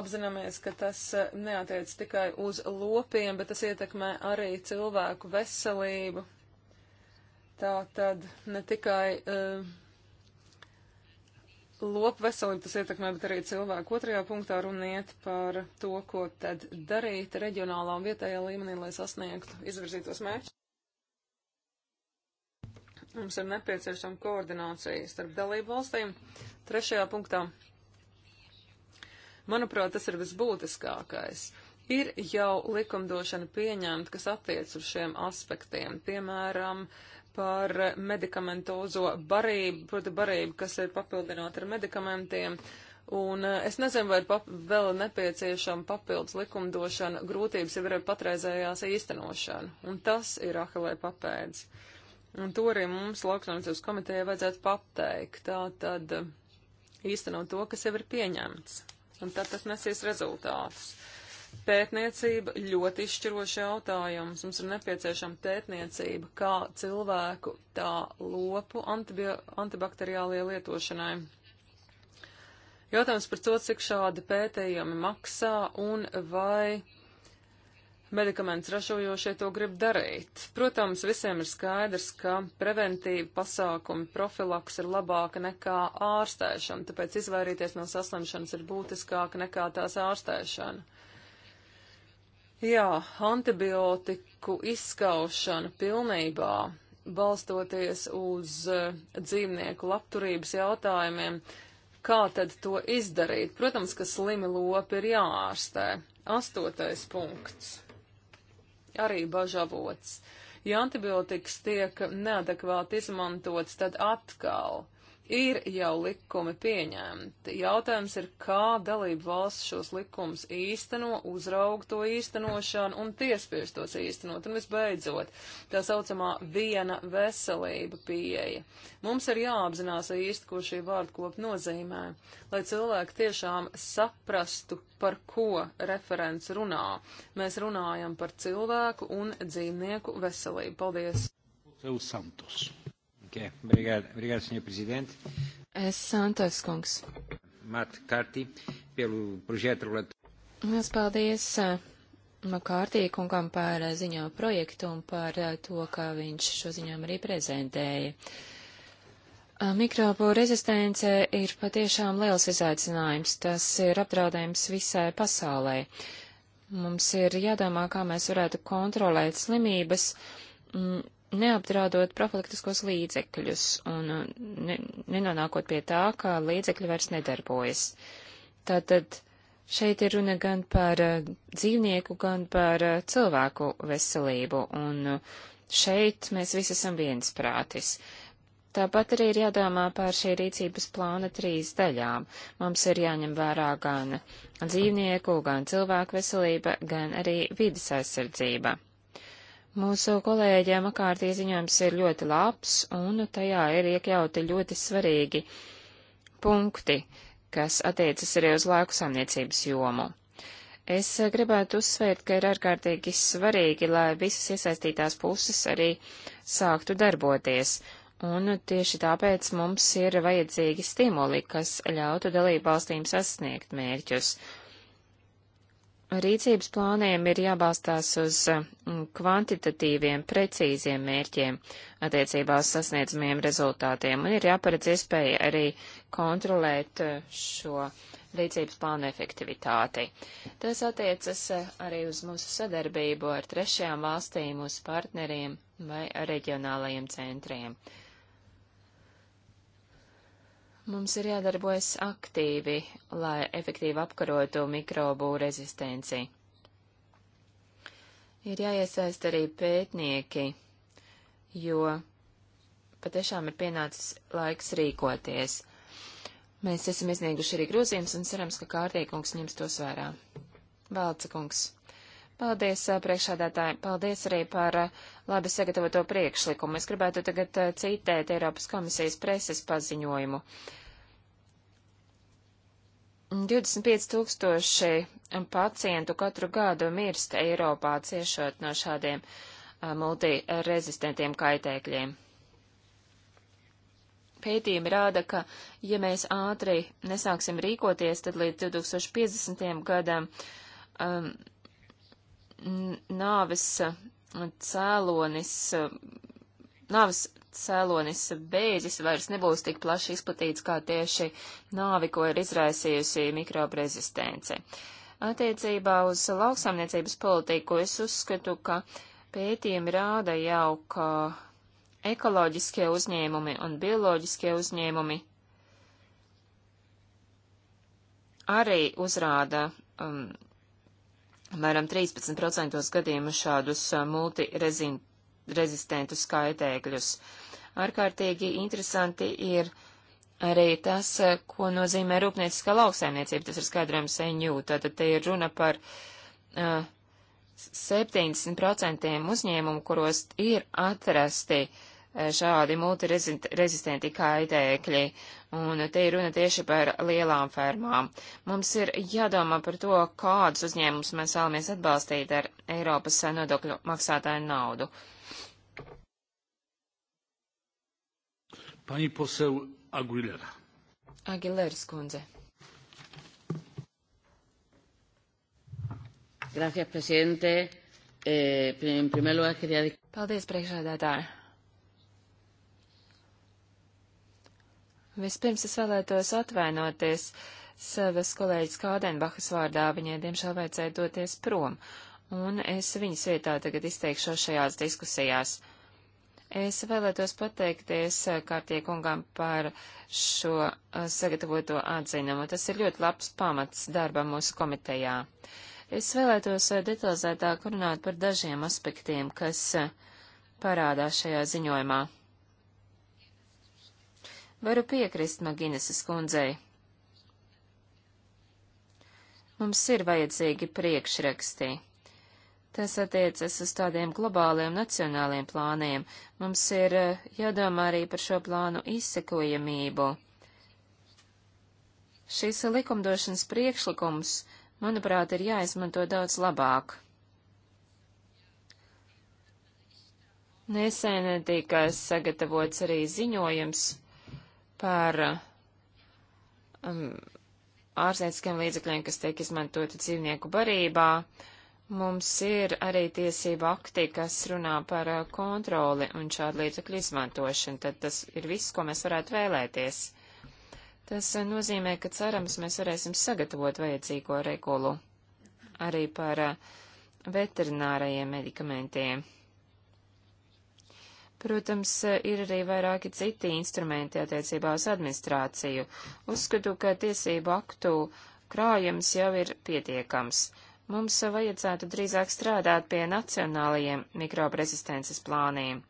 apzināmies, ka tas eh, neatiec tikai uz lopiem, bet tas ietekmē arī cilvēku veselību. Tā tad ne tikai uh, lopu veselību tas ietekmē, bet arī cilvēku. Otrajā punktā runiet par to, ko tad darīt reģionālā un vietējā līmenī, lai sasniegtu izvirzītos mērķus. Mums ir nepieciešama koordinācija starp dalību valstīm. Trešajā punktā, manuprāt, tas ir visbūtiskākais. Ir jau likumdošana pieņemta, kas attiec uz šiem aspektiem. Piemēram, uh, par medikamentozo barību, proti barību, kas ir papildināta ar medikamentiem. Un eh, es nezinu, vai ir pap vēl nepieciešama papildus likumdošana, grūtības jau ir ar patreizējās īstenošanu. Un tas ir ahelē papēdz. Un to arī mums lauksaimniecības komitejai vajadzētu pateikt. Tā tad īstenot to, kas jau ir pieņemts. Un tad tas nesīs rezultātus. Pētniecība ļoti izšķiroši jautājums. Mums ir nepieciešama pētniecība kā cilvēku, tā lopu antibakteriālajai lietošanai. Jautājums par to, cik šādi pētījumi maksā un vai medikaments ražojošie to grib darīt. Protams, visiem ir skaidrs, ka preventīva pasākumi profilaks ir labāka nekā ārstēšana, tāpēc izvairīties no saslimšanas ir būtiskāka nekā tās ārstēšana. Jā, antibiotiku izskaušana pilnībā balstoties uz uh, dzīvnieku labturības jautājumiem, kā tad to izdarīt? Protams, ka slimi lopi ir jāārstē. Astotais punkts. Arī bažavots. Ja antibiotikas tiek neadekvāti izmantots, tad atkal Ir jau likumi pieņemti. Jautājums ir, kā dalību valsts šos likumus īsteno, uzraug to īstenošanu un tiespies tos īstenot. Un visbeidzot, tā saucamā viena veselība pieeja. Mums ir jāapzinās īsti, ko šī vārdkopa nozīmē, lai cilvēki tiešām saprastu, par ko referents runā. Mēs runājam par cilvēku un dzīvnieku veselību. Paldies! Tev Santos. Okay. Brigād, brigād, senhor Presidente. Eh, Santos kungs. Mārta Kārtī, pelu projetu regulatoru. Mēs paldies eh, Makārtī kungam par eh, ziņo projektu un par to, kā viņš šo ziņām arī prezentēja. Mikrobu rezistence ir patiešām liels izaicinājums. Tas ir apdraudējums visai pasaulē. Mums ir jādomā, kā mēs varētu kontrolēt slimības, mm, neapdraudot profilaktiskos līdzekļus un uh, ne, nenonākot pie tā, ka līdzekļi vairs nedarbojas. Tātad šeit ir runa gan par uh, dzīvnieku, gan par uh, cilvēku veselību, un šeit mēs visi esam viensprātis. Tāpat arī ir jādomā par šī rīcības plāna trīs daļām. Mums ir jāņem vērā gan dzīvnieku, gan cilvēku veselība, gan arī vidas aizsardzība. Mūsu kolēģiem akārtī ziņojums ir ļoti labs, un tajā ir iekļauti ļoti svarīgi punkti, kas attiecas arī uz laiku samniecības jomu. Es gribētu uzsvērt, ka ir ārkārtīgi svarīgi, lai visas iesaistītās puses arī sāktu darboties, un tieši tāpēc mums ir vajadzīgi stimuli, kas ļautu dalību valstīm sasniegt mērķus rīcības plāniem ir jābalstās uz mm, kvantitatīviem, precīziem mērķiem attiecībā uz sasniedzamiem rezultātiem, un ir jāparedz iespēja arī kontrolēt eh, šo rīcības plānu efektivitāti. Tas attiecas eh, arī uz mūsu sadarbību ar trešajām valstīm, mūsu partneriem vai reģionālajiem centriem. Mums ir jādarbojas aktīvi, lai efektīvi apkarotu mikrobu rezistenci. Ir jāiesaist arī pētnieki, jo patiešām ir pienācis laiks rīkoties. Mēs esam iznieguši arī grozījums un cerams, ka kārtīgums ņems tos vērā. Valca kungs. Paldies, priekšādātāji. Paldies arī par labi sagatavoto priekšlikumu. Es gribētu tagad citēt Eiropas komisijas preses paziņojumu. 25 tūkstoši pacientu katru gadu mirst Eiropā ciešot no šādiem multirezistentiem kaitēkļiem. Pētījumi rāda, ka, ja mēs ātri nesāksim rīkoties, tad līdz 2050. gadam um, nāves uh, cēlonis, uh, nāves cēlonis bēzis vairs nebūs tik plaši izplatīts kā tieši nāvi, ko ir izraisījusi mikrobrezistence. Attiecībā uz lauksaimniecības politiku es uzskatu, ka pētījumi rāda jau, ka ekoloģiskie uzņēmumi un bioloģiskie uzņēmumi arī uzrāda um, Mēram 13% gadījumu šādus multirezistentus skaitēkļus. Ārkārtīgi interesanti ir arī tas, ko nozīmē rūpnieciskā lauksaimniecība. Tas ir skaidrojums NU. Tātad te ir runa par uh, 70% uzņēmumu, kuros ir atrasti uh, E, šādi multirezistenti kaitēkļi, un te ir runa tieši par lielām fermām. Mums ir jādomā par to, kādus uzņēmumus mēs vēlamies atbalstīt ar Eiropas nodokļu maksātāju naudu. Pani poseł Aguilera. Aguilera skundze. Gracias, presidente. Eh, en primer lugar, quería... Paldies, priekšādātāji. Vispirms es vēlētos atvainoties savas kolēģis Kādenbachas vārdā, viņai diemžēl vajadzēja doties prom, un es viņas vietā tagad izteikšos šajās diskusijās. Es vēlētos pateikties eh, kārtie kungam par šo eh, sagatavoto atzinumu. Tas ir ļoti labs pamats darbam mūsu komitejā. Es vēlētos eh, detalizētāk runāt par dažiem aspektiem, kas parādās šajā ziņojumā. Varu piekrist Maginesas kundzei. Mums ir vajadzīgi priekšrakstī. Tas attiecas uz tādiem globāliem nacionāliem plāniem. Mums ir eh, jādomā arī par šo plānu izsekojamību. Šis likumdošanas priekšlikums, manuprāt, ir jāizmanto daudz labāk. Nesen tika sagatavots arī ziņojums par um, ārzemniskiem līdzekļiem, kas tiek izmantoti dzīvnieku barībā. Mums ir arī tiesība akti, kas runā par uh, kontroli un šādu līdzekļu izmantošanu. Tad tas ir viss, ko mēs varētu vēlēties. Tas uh, nozīmē, ka cerams mēs varēsim sagatavot vajadzīgo regulu arī par uh, veterinārajiem medikamentiem. Protams, ir arī vairāki citi instrumenti attiecībā uz administrāciju. Uzskatu, ka tiesību aktu krājums jau ir pietiekams. Mums vajadzētu drīzāk strādāt pie nacionālajiem mikrobresistences plāniem.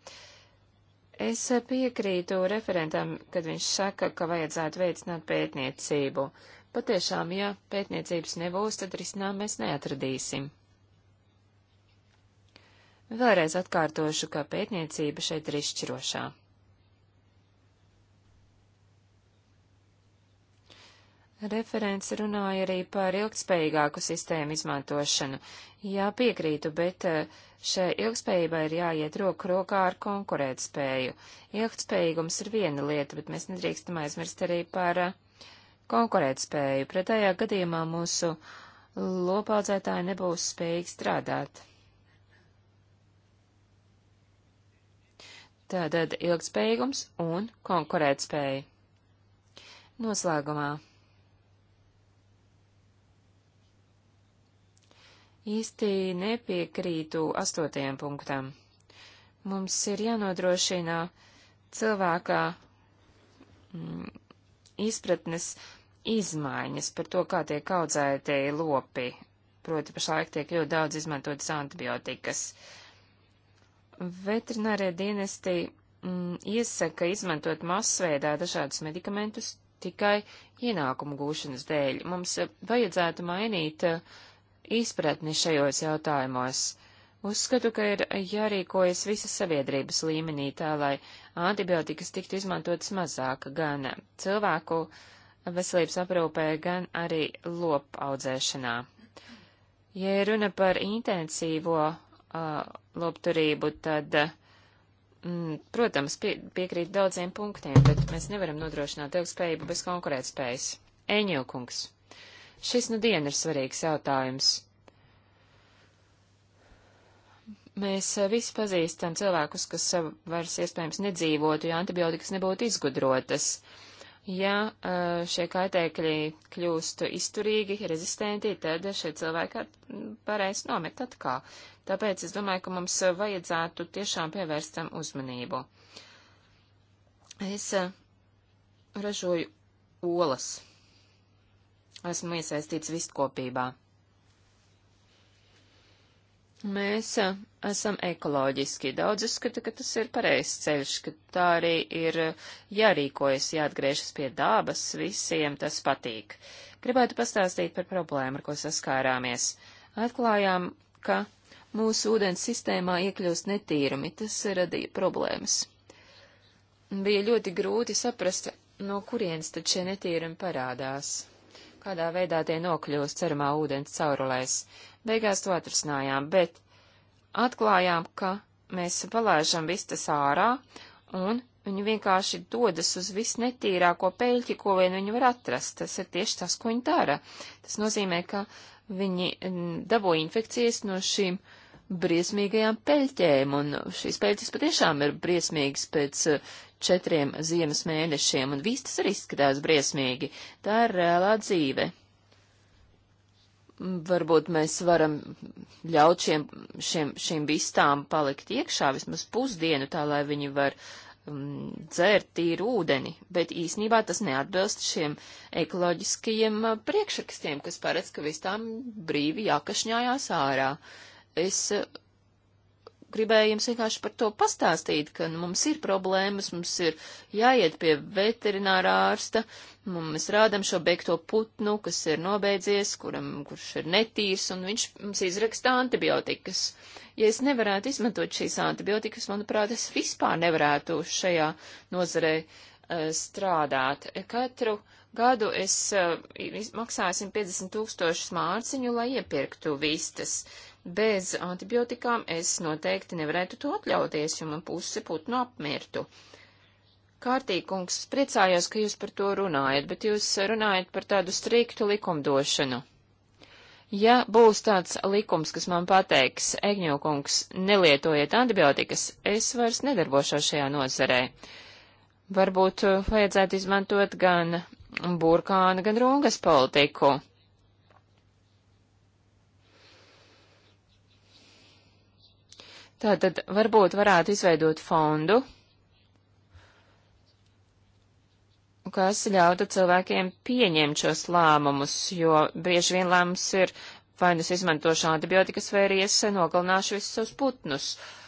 Es piekrītu referentam, kad viņš saka, ka vajadzētu veicināt pētniecību. Patiešām, ja pētniecības nebūs, tad risinājumu mēs neatradīsim. Vēlreiz atkārtošu, ka pētniecība šeit ir izšķirošā. Referents runāja arī par ilgspējīgāku sistēmu izmantošanu. Jā, piekrītu, bet eh, šai ilgspējībai ir jāiet roku rokā ar konkurētspēju. Ilgspējīgums ir viena lieta, bet mēs nedrīkstam aizmirst arī par eh, konkurētspēju. Pretējā gadījumā mūsu lopaudzētāji nebūs spējīgi strādāt. Tātad ilgspējīgums un konkurētspēja. Noslēgumā. Īsti nepiekrītu astotajam punktam. Mums ir jānodrošina cilvēkā mm, izpratnes izmaiņas par to, kā tiek audzēti lopi. Proti pašlaik tiek ļoti daudz izmantotas antibiotikas. Uh, Veterinārie dienesti mm, iesaka izmantot masveidā dažādus medikamentus tikai ienākumu gūšanas dēļ. Mums eh, vajadzētu mainīt eh, izpratni šajos jautājumos. Uzskatu, ka ir jārīkojas visas sabiedrības līmenī tā, lai antibiotikas tiktu izmantotas mazāk gan cilvēku veselības aprūpē, gan arī lopaudzēšanā. Ja runa par intensīvo uh, lobturību, tad, mm, protams, pie, piekrīt daudziem punktiem, bet mēs nevaram nodrošināt ilgspējību bez konkurētspējas. Eņilkungs. Šis nu dien ir svarīgs jautājums. Mēs visi pazīstam cilvēkus, kas vairs iespējams nedzīvotu, ja antibiotikas nebūtu izgudrotas. Uh, Ja eh, šie kaitēkļi kļūst izturīgi, rezistenti, tad šie cilvēki varēs nomet atkal. Tāpēc es domāju, ka mums vajadzētu tiešām pievērst tam uzmanību. Es eh, ražoju olas. Esmu iesaistīts vistkopībā. Mēs a, esam ekoloģiski. Daudz uzskata, ka tas ir pareizs ceļš, ka tā arī ir jārīkojas, jāatgriežas pie dabas, visiem tas patīk. Gribētu pastāstīt par problēmu, ar ko saskārāmies. Atklājām, ka mūsu ūdens sistēmā iekļūst netīrumi, tas radīja problēmas. Bija ļoti grūti saprast, no kurienes tad šie netīrumi parādās kādā veidā tie nokļūst ceramā ūdens caurulēs. Beigās to atrisinājām, bet atklājām, ka mēs palaižam vistas ārā, un viņi vienkārši dodas uz visnetīrāko peļķi, ko vien viņi var atrast. Tas ir tieši tas, ko viņi dara. Tas nozīmē, ka viņi mm, dabū infekcijas no šīm briesmīgajām peļķēm, un šīs peļķes patiešām ir briesmīgas pēc eh, četriem ziemas mēnešiem, un viss tas arī izskatās briesmīgi. Tā ir reālā dzīve. Varbūt mēs varam ļaut šiem, šiem, šiem vistām palikt iekšā vismaz pusdienu, tā lai viņi var um, mm, dzērt tīru ūdeni, bet īsnībā tas neatbilst šiem ekoloģiskajiem priekšrakstiem, kas paredz, ka vistām brīvi jākašņājās ārā. Es gribēju jums vienkārši par to pastāstīt, ka nu, mums ir problēmas, mums ir jāiet pie veterinārā ārsta, mēs rādam šo beigto putnu, kas ir nobeidzies, kuram, kurš ir netīrs, un viņš mums izraksta antibiotikas. Ja es nevarētu izmantot šīs antibiotikas, manuprāt, es vispār nevarētu šajā nozarē uh, strādāt. Katru uh, gadu es eh, maksāju 150 tūkstošus mārciņu, lai iepirktu vistas. Bez antibiotikām es noteikti nevarētu to atļauties, jo man puse putnu apmirtu. Kārtīkungs, priecājos, ka jūs par to runājat, bet jūs runājat par tādu striktu likumdošanu. Ja būs tāds likums, kas man pateiks, Egņokungs, nelietojiet antibiotikas, es vairs nedarbošos šajā nozarē. Varbūt eh, vajadzētu izmantot gan burkāna, gan rungas politiku. Tātad varbūt varētu izveidot fondu, kas ļautu cilvēkiem pieņemt šos lēmumus, jo bieži vien lēmums ir vai nu es izmantošu antibiotikas vai arī es nogalināšu visus savus putnus. Uh,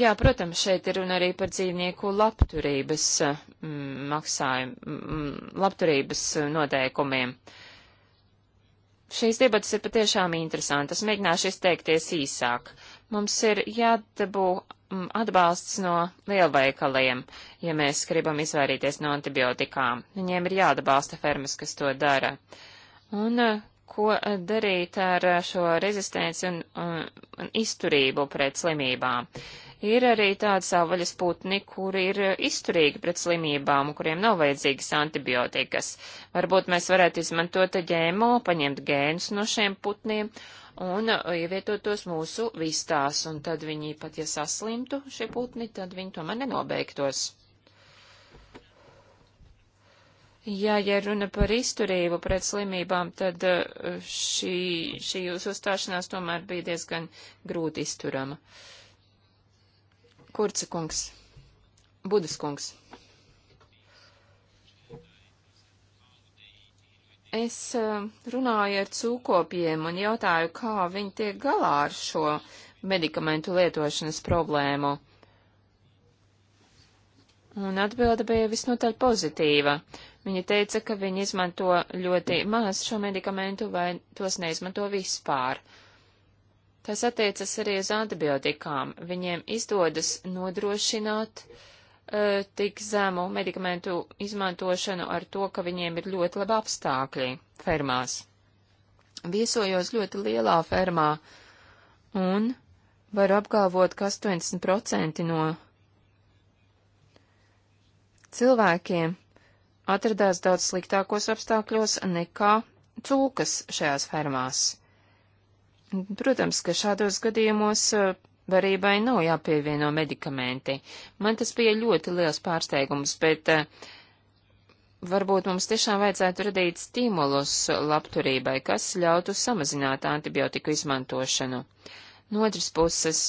Jā, protams, šeit ir runa arī par dzīvnieku labturības mm, maksājumu, mm, labturības eh, noteikumiem. Šīs debatas ir patiešām interesantas. Mēģināšu izteikties īsāk. Mums ir jādabū mm, atbalsts no lielveikaliem, ja mēs gribam izvairīties no antibiotikām. Viņiem ir jāatbalsta fermas, kas to dara. Un eh, ko eh, darīt ar eh, šo rezistenci un, un, eh, un izturību pret slimībām. Ir arī tādi savvaļas putni, kuri ir izturīgi pret slimībām, kuriem nav vajadzīgas antibiotikas. Varbūt mēs varētu izmantot ģēmo, paņemt gēnus no šiem putniem un ievietot tos mūsu vistās, un tad viņi pat, ja saslimtu šie putni, tad viņi tomēr nenobeigtos. Jā, ja runa par izturību pret slimībām, tad eh, šī, šī jūsu uzstāšanās tomēr bija diezgan grūti izturama. Kurca kungs, Budas kungs. Es eh, runāju ar cūkopiem un jautāju, kā viņi tiek galā ar šo medikamentu lietošanas problēmu. Un atbilde bija visnotaļ pozitīva. Uh, Viņa teica, ka viņi izmanto ļoti maz šo medikamentu vai tos neizmanto vispār. Tas attiecas arī uz antibiotikām. Viņiem izdodas nodrošināt uh, tik zemu medikamentu izmantošanu ar to, ka viņiem ir ļoti labi apstākļi fermās. Viesojos ļoti lielā fermā un varu apgalvot, ka 80% no cilvēkiem atradās daudz sliktākos apstākļos nekā cūkas šajās fermās. Protams, ka šādos gadījumos eh, varībai nav jāpievieno medikamenti. Man tas bija ļoti liels pārsteigums, bet eh, varbūt mums tiešām vajadzētu radīt stimulus labturībai, kas ļautu samazināt antibiotiku izmantošanu. No otras puses,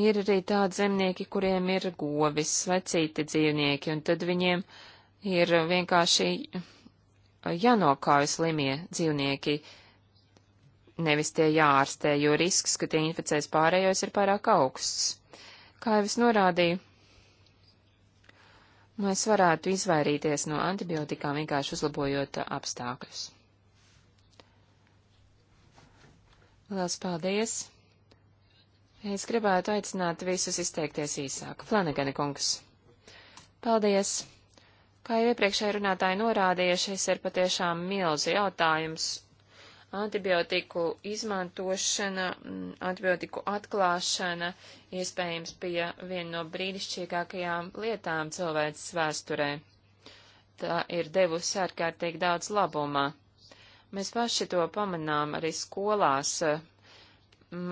Ir arī tādi zemnieki, kuriem ir govis vai citi dzīvnieki, un tad viņiem ir vienkārši jānokauj slimie dzīvnieki, nevis tie jārastē, jo risks, ka tie inficēs pārējos, ir pārāk augsts. Kā jau es norādīju, mēs varētu izvairīties no antibiotikām vienkārši uzlabojot apstākļus. Lielas paldies! Es gribētu aicināt visus izteikties īsāk. Flanagani kungs. Paldies! Kā jau iepriekšēji runātāji norādīja, šis ir patiešām milzu jautājums. Antibiotiku izmantošana, mm, antibiotiku atklāšana iespējams bija viena no brīnišķīgākajām lietām cilvēces vēsturē. Tā ir devusi ārkārtīgi daudz labumā. Mēs paši to pamanām arī skolās.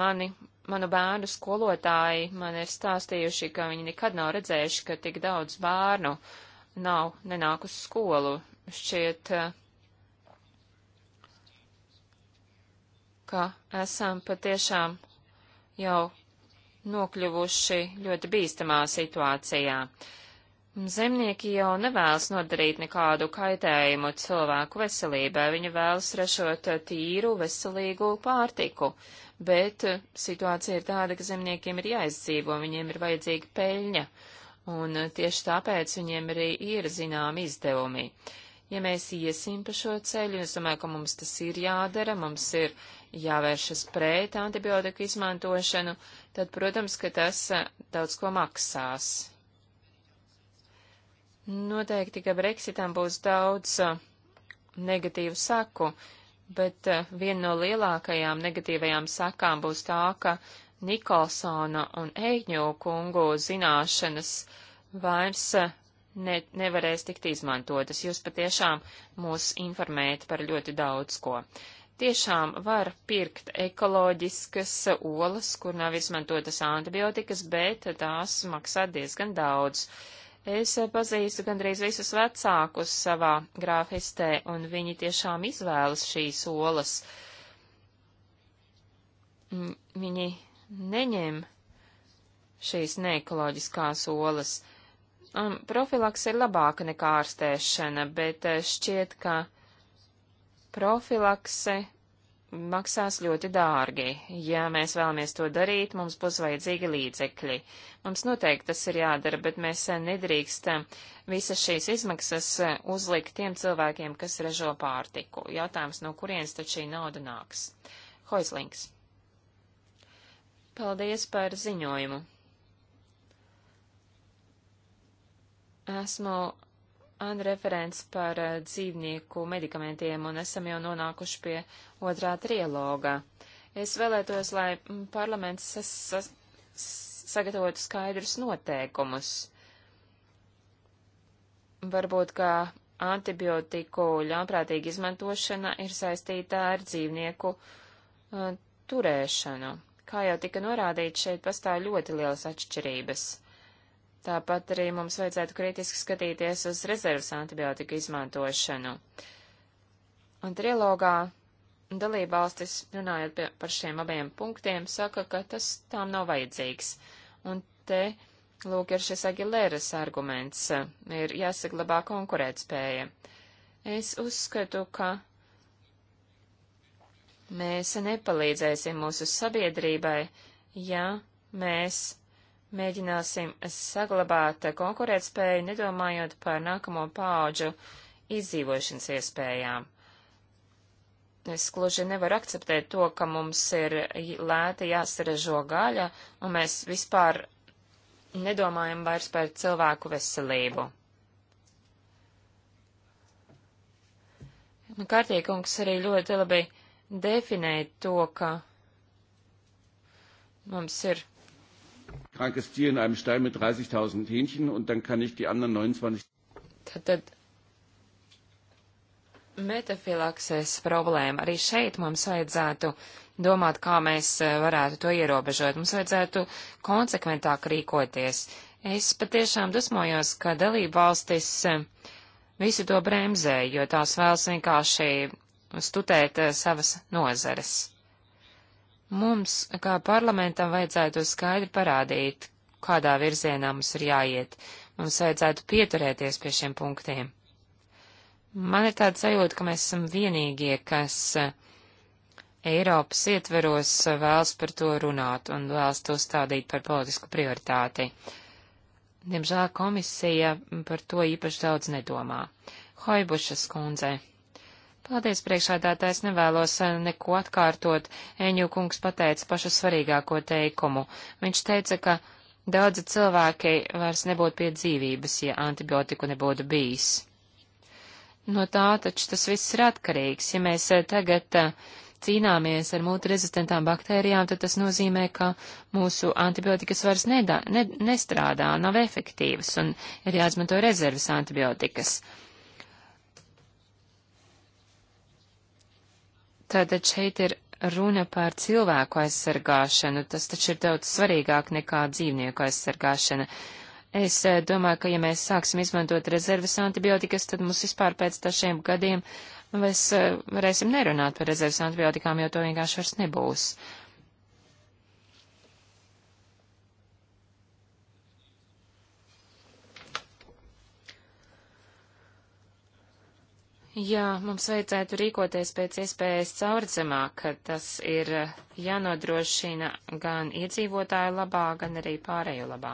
Mani manu bērnu skolotāji man ir stāstījuši, ka viņi nekad nav redzējuši, ka tik daudz bērnu nav nenāk uz skolu. Šķiet, ka esam patiešām jau nokļuvuši ļoti bīstamā situācijā. Zemnieki jau nevēlas nodarīt nekādu kaitējumu cilvēku veselībai, viņi vēlas ražot tīru, veselīgu pārtiku bet eh, situācija ir tāda, ka zemniekiem ir jāizdzīvo, viņiem ir vajadzīga peļņa, un eh, tieši tāpēc viņiem arī ir zinām izdevumi. Ja mēs iesim pa šo ceļu, es domāju, ka mums tas ir jādara, mums ir jāvēršas pret antibiotiku izmantošanu, tad, protams, ka tas eh, daudz ko maksās. Noteikti, ka Brexitam būs daudz negatīvu saku, bet eh, viena no lielākajām negatīvajām sakām būs tā, ka Nikolsona un Eigņo kungu zināšanas vairs eh, ne, nevarēs tikt izmantotas. Jūs patiešām mūs informējat par ļoti daudz ko. Tiešām var pirkt ekoloģiskas eh, olas, kur nav izmantotas antibiotikas, bet tās maksā diezgan daudz. Uh, Es pazīstu gandrīz visus vecākus savā grāfistē, un viņi tiešām izvēlas šīs olas. Viņi neņem šīs neekoloģiskās olas. Um, profilaks ir labāka nekā ārstēšana, bet eh, šķiet, ka profilakse maksās ļoti dārgi. Ja mēs vēlamies to darīt, mums būs vajadzīgi līdzekļi. Mums noteikti tas ir jādara, bet mēs eh, nedrīkstam visas šīs izmaksas eh, uzlikt tiem cilvēkiem, kas ražo pārtiku. Jautājums, no kurienes tad šī nauda nāks? Hoizlings. Paldies par ziņojumu. Esmu un referents par eh, dzīvnieku medikamentiem, un esam jau nonākuši pie otrā trialoga. Es vēlētos, lai mm, parlaments sas, sas, sagatavotu skaidrus noteikumus. Varbūt, ka antibiotiku ļaunprātīga izmantošana ir saistīta ar dzīvnieku uh, turēšanu. Kā jau tika norādīts, šeit pastāv ļoti lielas atšķirības. Uh, Tāpat arī mums vajadzētu kritiski skatīties uz rezervas antibiotika izmantošanu. Un trilogā dalībvalstis, runājot par šiem abiem punktiem, saka, ka tas tām nav vajadzīgs. Un te, lūk, ir šis Agilēras arguments, ir jāsaglabā konkurētspēja. Es uzskatu, ka mēs nepalīdzēsim mūsu sabiedrībai, ja mēs mēģināsim saglabāt konkurētspēju, nedomājot par nākamo paauģu izdzīvošanas iespējām. Es gluži nevaru akceptēt to, ka mums ir lēti jāsaražo gaļa, un mēs vispār nedomājam vairs par cilvēku veselību. Nu, Kārtīkungs arī ļoti labi definēja to, ka mums ir krankes Tier in einem Stall mit 30.000 Hähnchen und dann kann ich die anderen 29. Tad, tad metafilakses problēma. Arī šeit mums vajadzētu domāt, kā mēs eh, varētu to ierobežot. Mums vajadzētu konsekventāk rīkoties. Es patiešām dusmojos, ka dalība valstis eh, visu to bremzē, jo tās vēlas vienkārši studēt eh, savas nozares. Mums, kā parlamentam, vajadzētu skaidri parādīt, kādā virzienā mums ir jāiet. Mums vajadzētu pieturēties pie šiem punktiem. Man ir tāda sajūta, ka mēs esam vienīgie, kas eh, Eiropas ietveros eh, vēlas par to runāt un vēlas to stādīt par politisku prioritāti. Diemžēl komisija par to īpaši daudz nedomā. Hoibušas kundzei. Paldies, priekšādātājs, nevēlos eh, neko atkārtot. Eņu kungs pateica pašu svarīgāko teikumu. Viņš teica, ka daudzi cilvēki vairs nebūtu pie dzīvības, ja antibiotiku nebūtu bijis. No tā taču tas viss ir atkarīgs. Ja mēs eh, tagad eh, cīnāmies ar mūtu rezistentām baktērijām, tad tas nozīmē, ka mūsu antibiotikas vairs nedā, ne, nestrādā, nav efektīvas un ir jāizmanto rezerves antibiotikas. Tātad šeit ir runa par cilvēku aizsargāšanu, tas taču ir daudz svarīgāk nekā dzīvnieku aizsargāšana. Es eh, domāju, ka ja mēs sāksim izmantot rezerves antibiotikas, tad mums vispār pēc dažiem gadiem mēs eh, varēsim nerunāt par rezerves antibiotikām, jo to vienkārši vairs nebūs. Uh, Jā, mums vajadzētu rīkoties pēc iespējas caurdzamāk, tas ir jānodrošina gan iedzīvotāju labā, gan arī pārēju labā.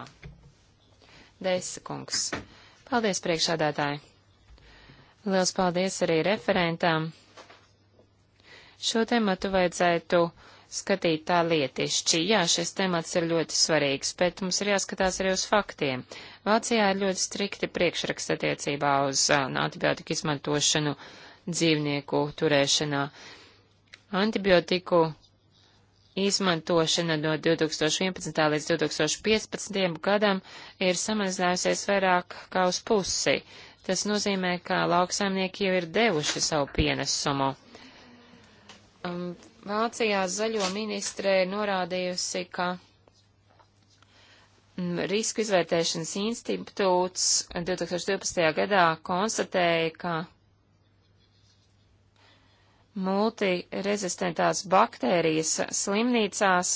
Deisa kungs. Paldies, priekšādātāji. Liels paldies arī referentām. Šo tematu vajadzētu skatīt tā lietišķi. Jā, šis temats ir ļoti svarīgs, bet mums ir jāskatās arī uz faktiem. Vācijā ir ļoti strikti priekšraksts attiecībā uz uh, antibiotiku izmantošanu dzīvnieku turēšanā. Antibiotiku izmantošana no 2011. līdz 2015. gadam ir samazinājusies vairāk kā uz pusi. Tas nozīmē, ka lauksaimnieki jau ir devuši savu pienesumu. Um, Vācijā zaļo ministrē norādījusi, ka mm, Risku izvērtēšanas institūts 2012. gadā konstatēja, ka multirezistentās baktērijas slimnīcās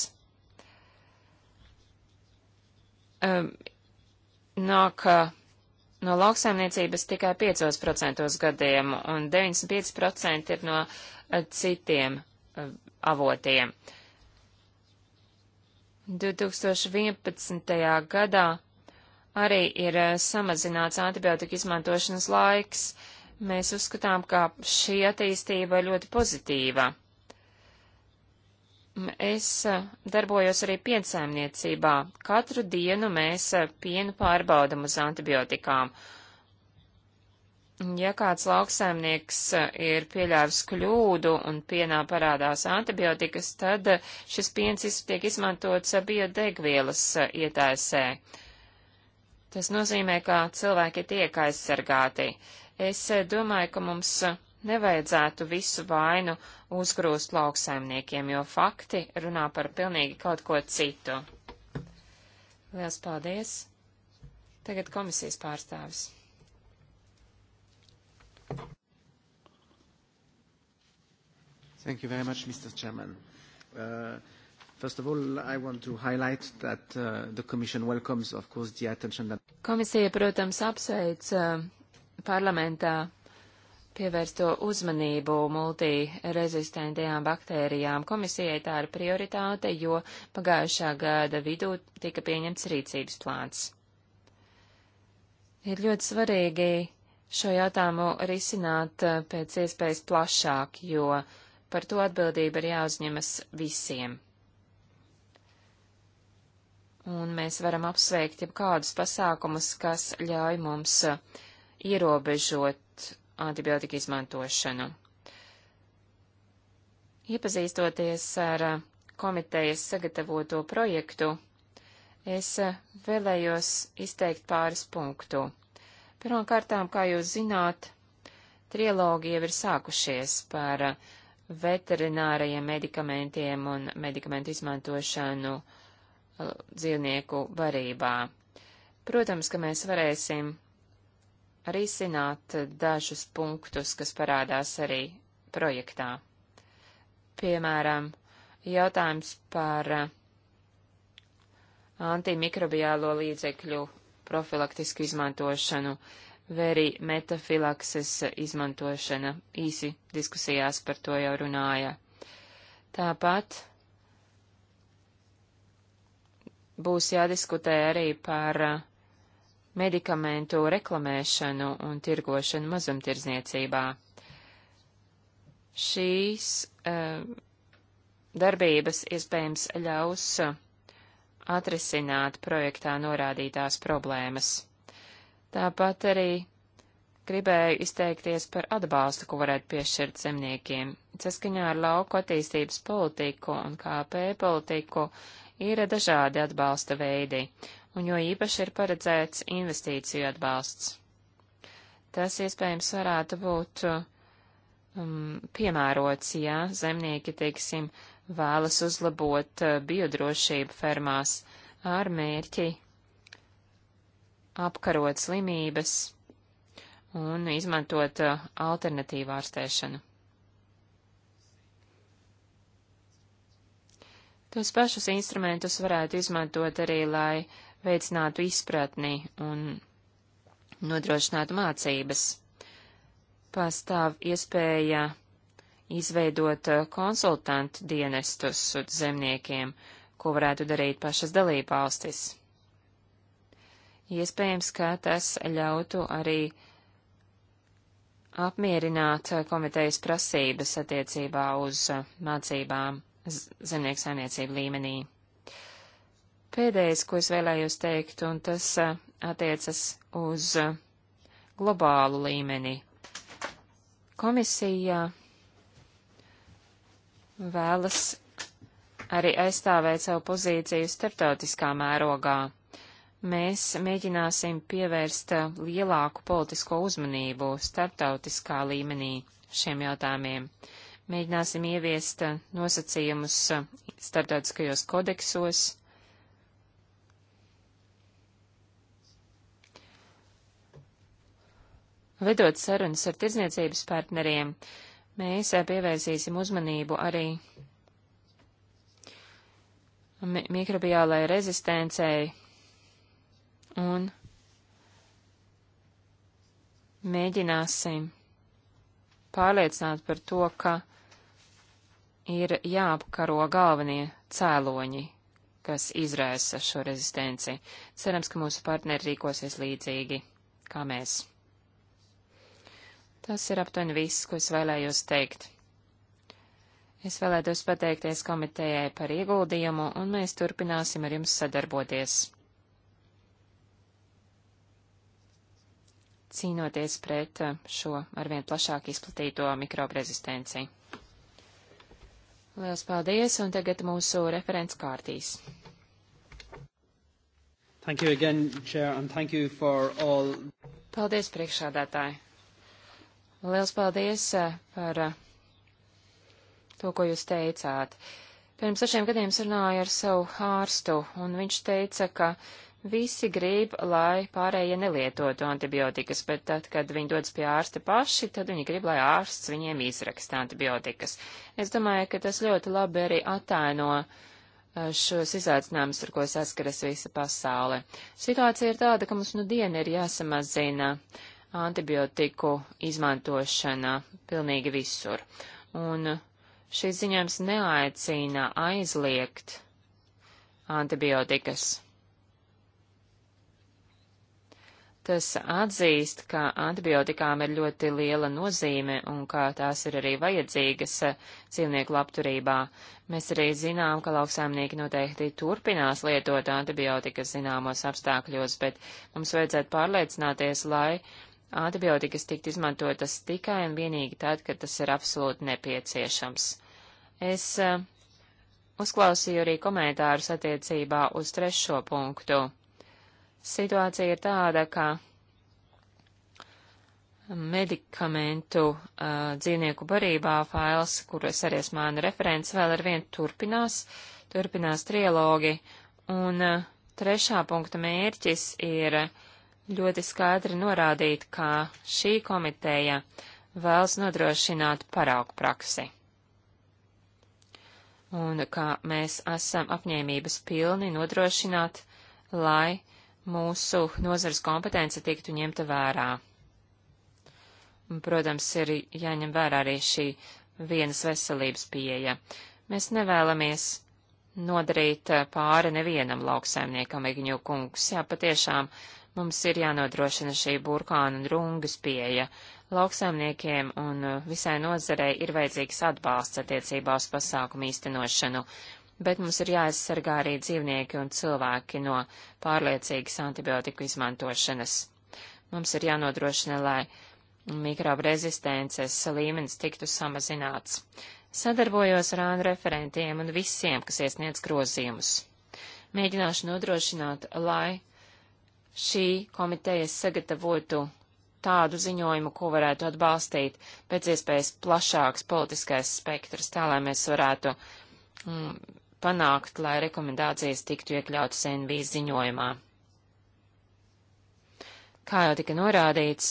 um, nāk uh, no lauksaimniecības tikai 5% gadiem, un 95% ir no uh, citiem avotiem. 2011. gadā arī ir eh, samazināts antibiotika izmantošanas laiks. Mēs uzskatām, ka šī attīstība ir ļoti pozitīva. Es eh, darbojos arī piensaimniecībā. Katru dienu mēs eh, pienu pārbaudam uz antibiotikām, Ja kāds lauksaimnieks eh, ir pieļāvis kļūdu un pienā parādās antibiotikas, tad eh, šis piens tiek izmantots eh, biodegvielas ietaisē. Tas nozīmē, ka cilvēki tiek aizsargāti. Es domāju, ka mums nevajadzētu visu vainu uzgrūst lauksaimniekiem, jo fakti runā par pilnīgi kaut ko citu. Lielas paldies! Tagad komisijas pārstāvis. Thank you very much, Mr. Chairman. Uh, First of all, I want to highlight that uh, the Commission welcomes, of course, the attention that... Komisija, protams, apsveic uh, parlamentā pievērsto uzmanību multirezistentajām baktērijām. Komisijai tā ir prioritāte, jo pagājušā gada vidū tika pieņemts rīcības plāns. Ir ļoti svarīgi šo jautājumu risināt uh, pēc iespējas plašāk, jo uh, Par to atbildība ir jāuzņemas visiem. Un mēs varam apsveikt jau kādus pasākumus, kas ļauj mums uh, ierobežot antibiotika izmantošanu. Iepazīstoties ar uh, komitejas sagatavoto projektu, es uh, vēlējos izteikt pāris punktu. Pirmkārtām, kā jūs zināt, trilogi jau ir sākušies par uh, veterinārajiem medikamentiem un medikamentu izmantošanu uh, dzīvnieku varībā. Protams, ka mēs varēsim risināt dažus punktus, kas parādās arī projektā. Piemēram, jautājums par uh, antimikrobiālo līdzekļu profilaktisku izmantošanu. Uh, vai arī metafilakses izmantošana. Īsi diskusijās par to jau runāja. Tāpat būs jādiskutē arī par uh, medikamentu reklamēšanu un tirgošanu mazumtirdzniecībā. Šīs uh, darbības iespējams ļaus uh, atrisināt projektā norādītās problēmas. Tāpat arī gribēju izteikties par atbalstu, ko varētu piešķirt zemniekiem. Saskaņā ar lauku attīstības politiku un KP politiku ir dažādi atbalsta veidi, un jo īpaši ir paredzēts investīciju atbalsts. Tas iespējams varētu būt um, piemērots, ja zemnieki, teiksim, vēlas uzlabot uh, biodrošību fermās ar mērķi apkarot slimības un izmantot uh, alternatīvu ārstēšanu. Tos pašus instrumentus varētu izmantot arī, lai veicinātu izpratni un nodrošinātu mācības. Pastāv iespēja izveidot uh, konsultantu dienestus zemniekiem, ko varētu darīt pašas dalībvalstis. Iespējams, ka tas ļautu arī apmierināt uh, komitejas prasības attiecībā uz uh, mācībām zemnieku saimniecību līmenī. Pēdējais, ko es vēlējos teikt, un tas uh, attiecas uz globālu līmeni. Komisija vēlas arī aizstāvēt savu pozīciju starptautiskā mērogā mēs mēģināsim pievērst eh, lielāku politisko uzmanību starptautiskā līmenī šiem jautājumiem. Mēģināsim ieviest eh, nosacījumus eh, starptautiskajos kodeksos. Vedot sarunas ar tirdzniecības partneriem, mēs pievērsīsim uzmanību arī mikrobiālai rezistencei un mēģināsim pārliecināt par to, ka ir jāapkaro galvenie cēloņi, kas izraisa šo rezistenci. Cerams, ka mūsu partneri rīkosies līdzīgi kā mēs. Tas ir aptuveni viss, ko es vēlējos teikt. Es vēlētos pateikties komitejai par ieguldījumu, un mēs turpināsim ar jums sadarboties. cīnoties pret eh, šo arvien plašāk izplatīto mikrobresistenci. Lielas paldies, un tagad mūsu referents kārtīs. Thank you again, Chair, and thank you for all. Paldies, priekšādātāji. Lielas paldies eh, par eh, to, ko jūs teicāt. Pirms sešiem gadiem runāju ar savu ārstu, un viņš teica, ka Visi grib, lai pārējie nelietotu antibiotikas, bet tad, kad viņi dodas pie ārsta paši, tad viņi grib, lai ārsts viņiem izraksta antibiotikas. Es domāju, ka tas ļoti labi arī ataino eh, šos izaicinājumus, ar ko saskaras visa pasaule. Situācija ir tāda, ka mums nu diena ir jāsamazina antibiotiku izmantošana pilnīgi visur. Un šis ziņojums neaicina aizliegt antibiotikas Tas atzīst, ka antibiotikām ir ļoti liela nozīme un ka tās ir arī vajadzīgas eh, dzīvnieku labturībā. Mēs arī zinām, ka lauksaimnieki noteikti turpinās lietot antibiotikas zināmos apstākļos, bet mums vajadzētu pārliecināties, lai antibiotikas tikt izmantotas tikai un vienīgi tad, kad tas ir absolūti nepieciešams. Es eh, uzklausīju arī komentārus attiecībā uz trešo punktu situācija ir tāda, ka medikamentu uh, dzīvnieku barībā fails, kur es arī esmu mana referents, vēl ar vienu turpinās, turpinās trilogi, un uh, trešā punkta mērķis ir ļoti skaidri norādīt, ka šī komiteja vēlas nodrošināt paraugu praksi. Un ka mēs esam apņēmības pilni nodrošināt, lai mūsu nozares kompetence tiktu ņemta vērā. Protams, ir jāņem vērā arī šī vienas veselības pieeja. Mēs nevēlamies nodarīt eh, pāri nevienam lauksaimniekam, Igņu kungs. Jā, patiešām mums ir jānodrošina šī burkāna un rungas pieeja. Lauksaimniekiem un eh, visai nozarei ir vajadzīgs atbalsts attiecībā uz pasākumu īstenošanu bet mums ir jāaizsargā arī dzīvnieki un cilvēki no pārliecīgas antibiotiku izmantošanas. Mums ir jānodrošina, lai mikrobu rezistences līmenis tiktu samazināts. Sadarbojos ar ānu referentiem un visiem, kas iesniedz grozījumus. Mēģināšu nodrošināt, lai šī komiteja sagatavotu tādu ziņojumu, ko varētu atbalstīt pēc iespējas plašāks politiskais spektrs, tā lai mēs varētu mm, panākt, lai rekomendācijas tiktu iekļautas NB ziņojumā. Kā jau tika norādīts,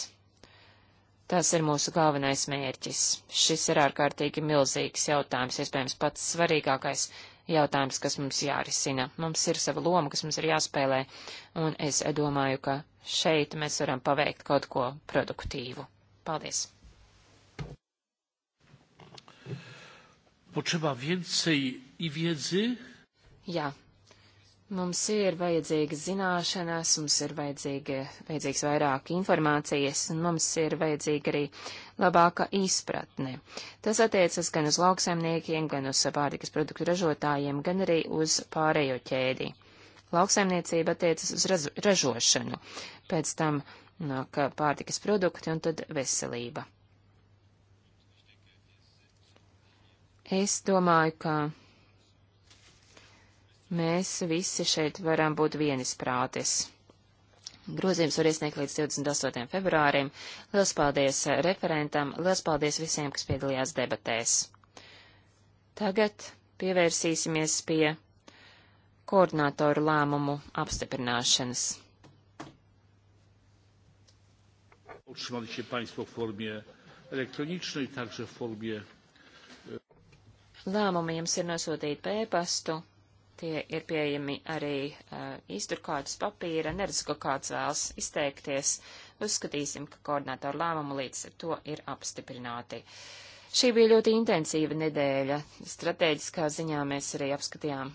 tas ir mūsu galvenais mērķis. Šis ir ārkārtīgi milzīgs jautājums, iespējams pats svarīgākais jautājums, kas mums jārisina. Mums ir sava loma, kas mums ir jāspēlē, un es domāju, ka šeit mēs varam paveikt kaut ko produktīvu. Paldies! Potrzeba więcej i wiedzy? Jā. Mums ir vajadzīgas zināšanas, mums ir vajadzīga, vajadzīgs vairāk informācijas, un mums ir vajadzīga arī labāka izpratne. Tas attiecas gan uz lauksaimniekiem, gan uz pārtikas produktu ražotājiem, gan arī uz pārējo ķēdi. Lauksaimniecība attiecas uz raž ražošanu, pēc tam nāk pārtikas produkti un tad veselība. Es domāju, ka Mēs visi šeit varam būt vienisprātis. Grozījums var iesniegt līdz 28. februārim. Lielas paldies referentam, lielas paldies visiem, kas piedalījās debatēs. Tagad pievērsīsimies pie koordinātoru lēmumu apstiprināšanas. Otrzymaliście Państwo w formie elektronicznej, także w formie. E, Lēmumi jums ir nosūtīti pēpastu, Tie ir pieejami arī uh, eh, izturkārtas papīra, neredz, ka kāds vēlas izteikties. Uzskatīsim, ka koordinātoru lēmumu līdz to ir apstiprināti. Šī bija ļoti intensīva nedēļa. Stratēģiskā ziņā mēs arī apskatījām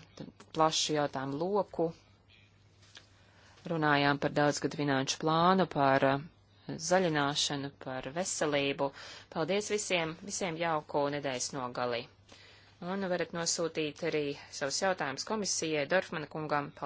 plašu jautājumu loku, runājām par daudzgadu finanšu plānu, par uh, zaļināšanu, par veselību. Paldies visiem, visiem jauko nedēļas nogalī! un varat nosūtīt arī savus jautājumus komisijai, Dorfmana kungam.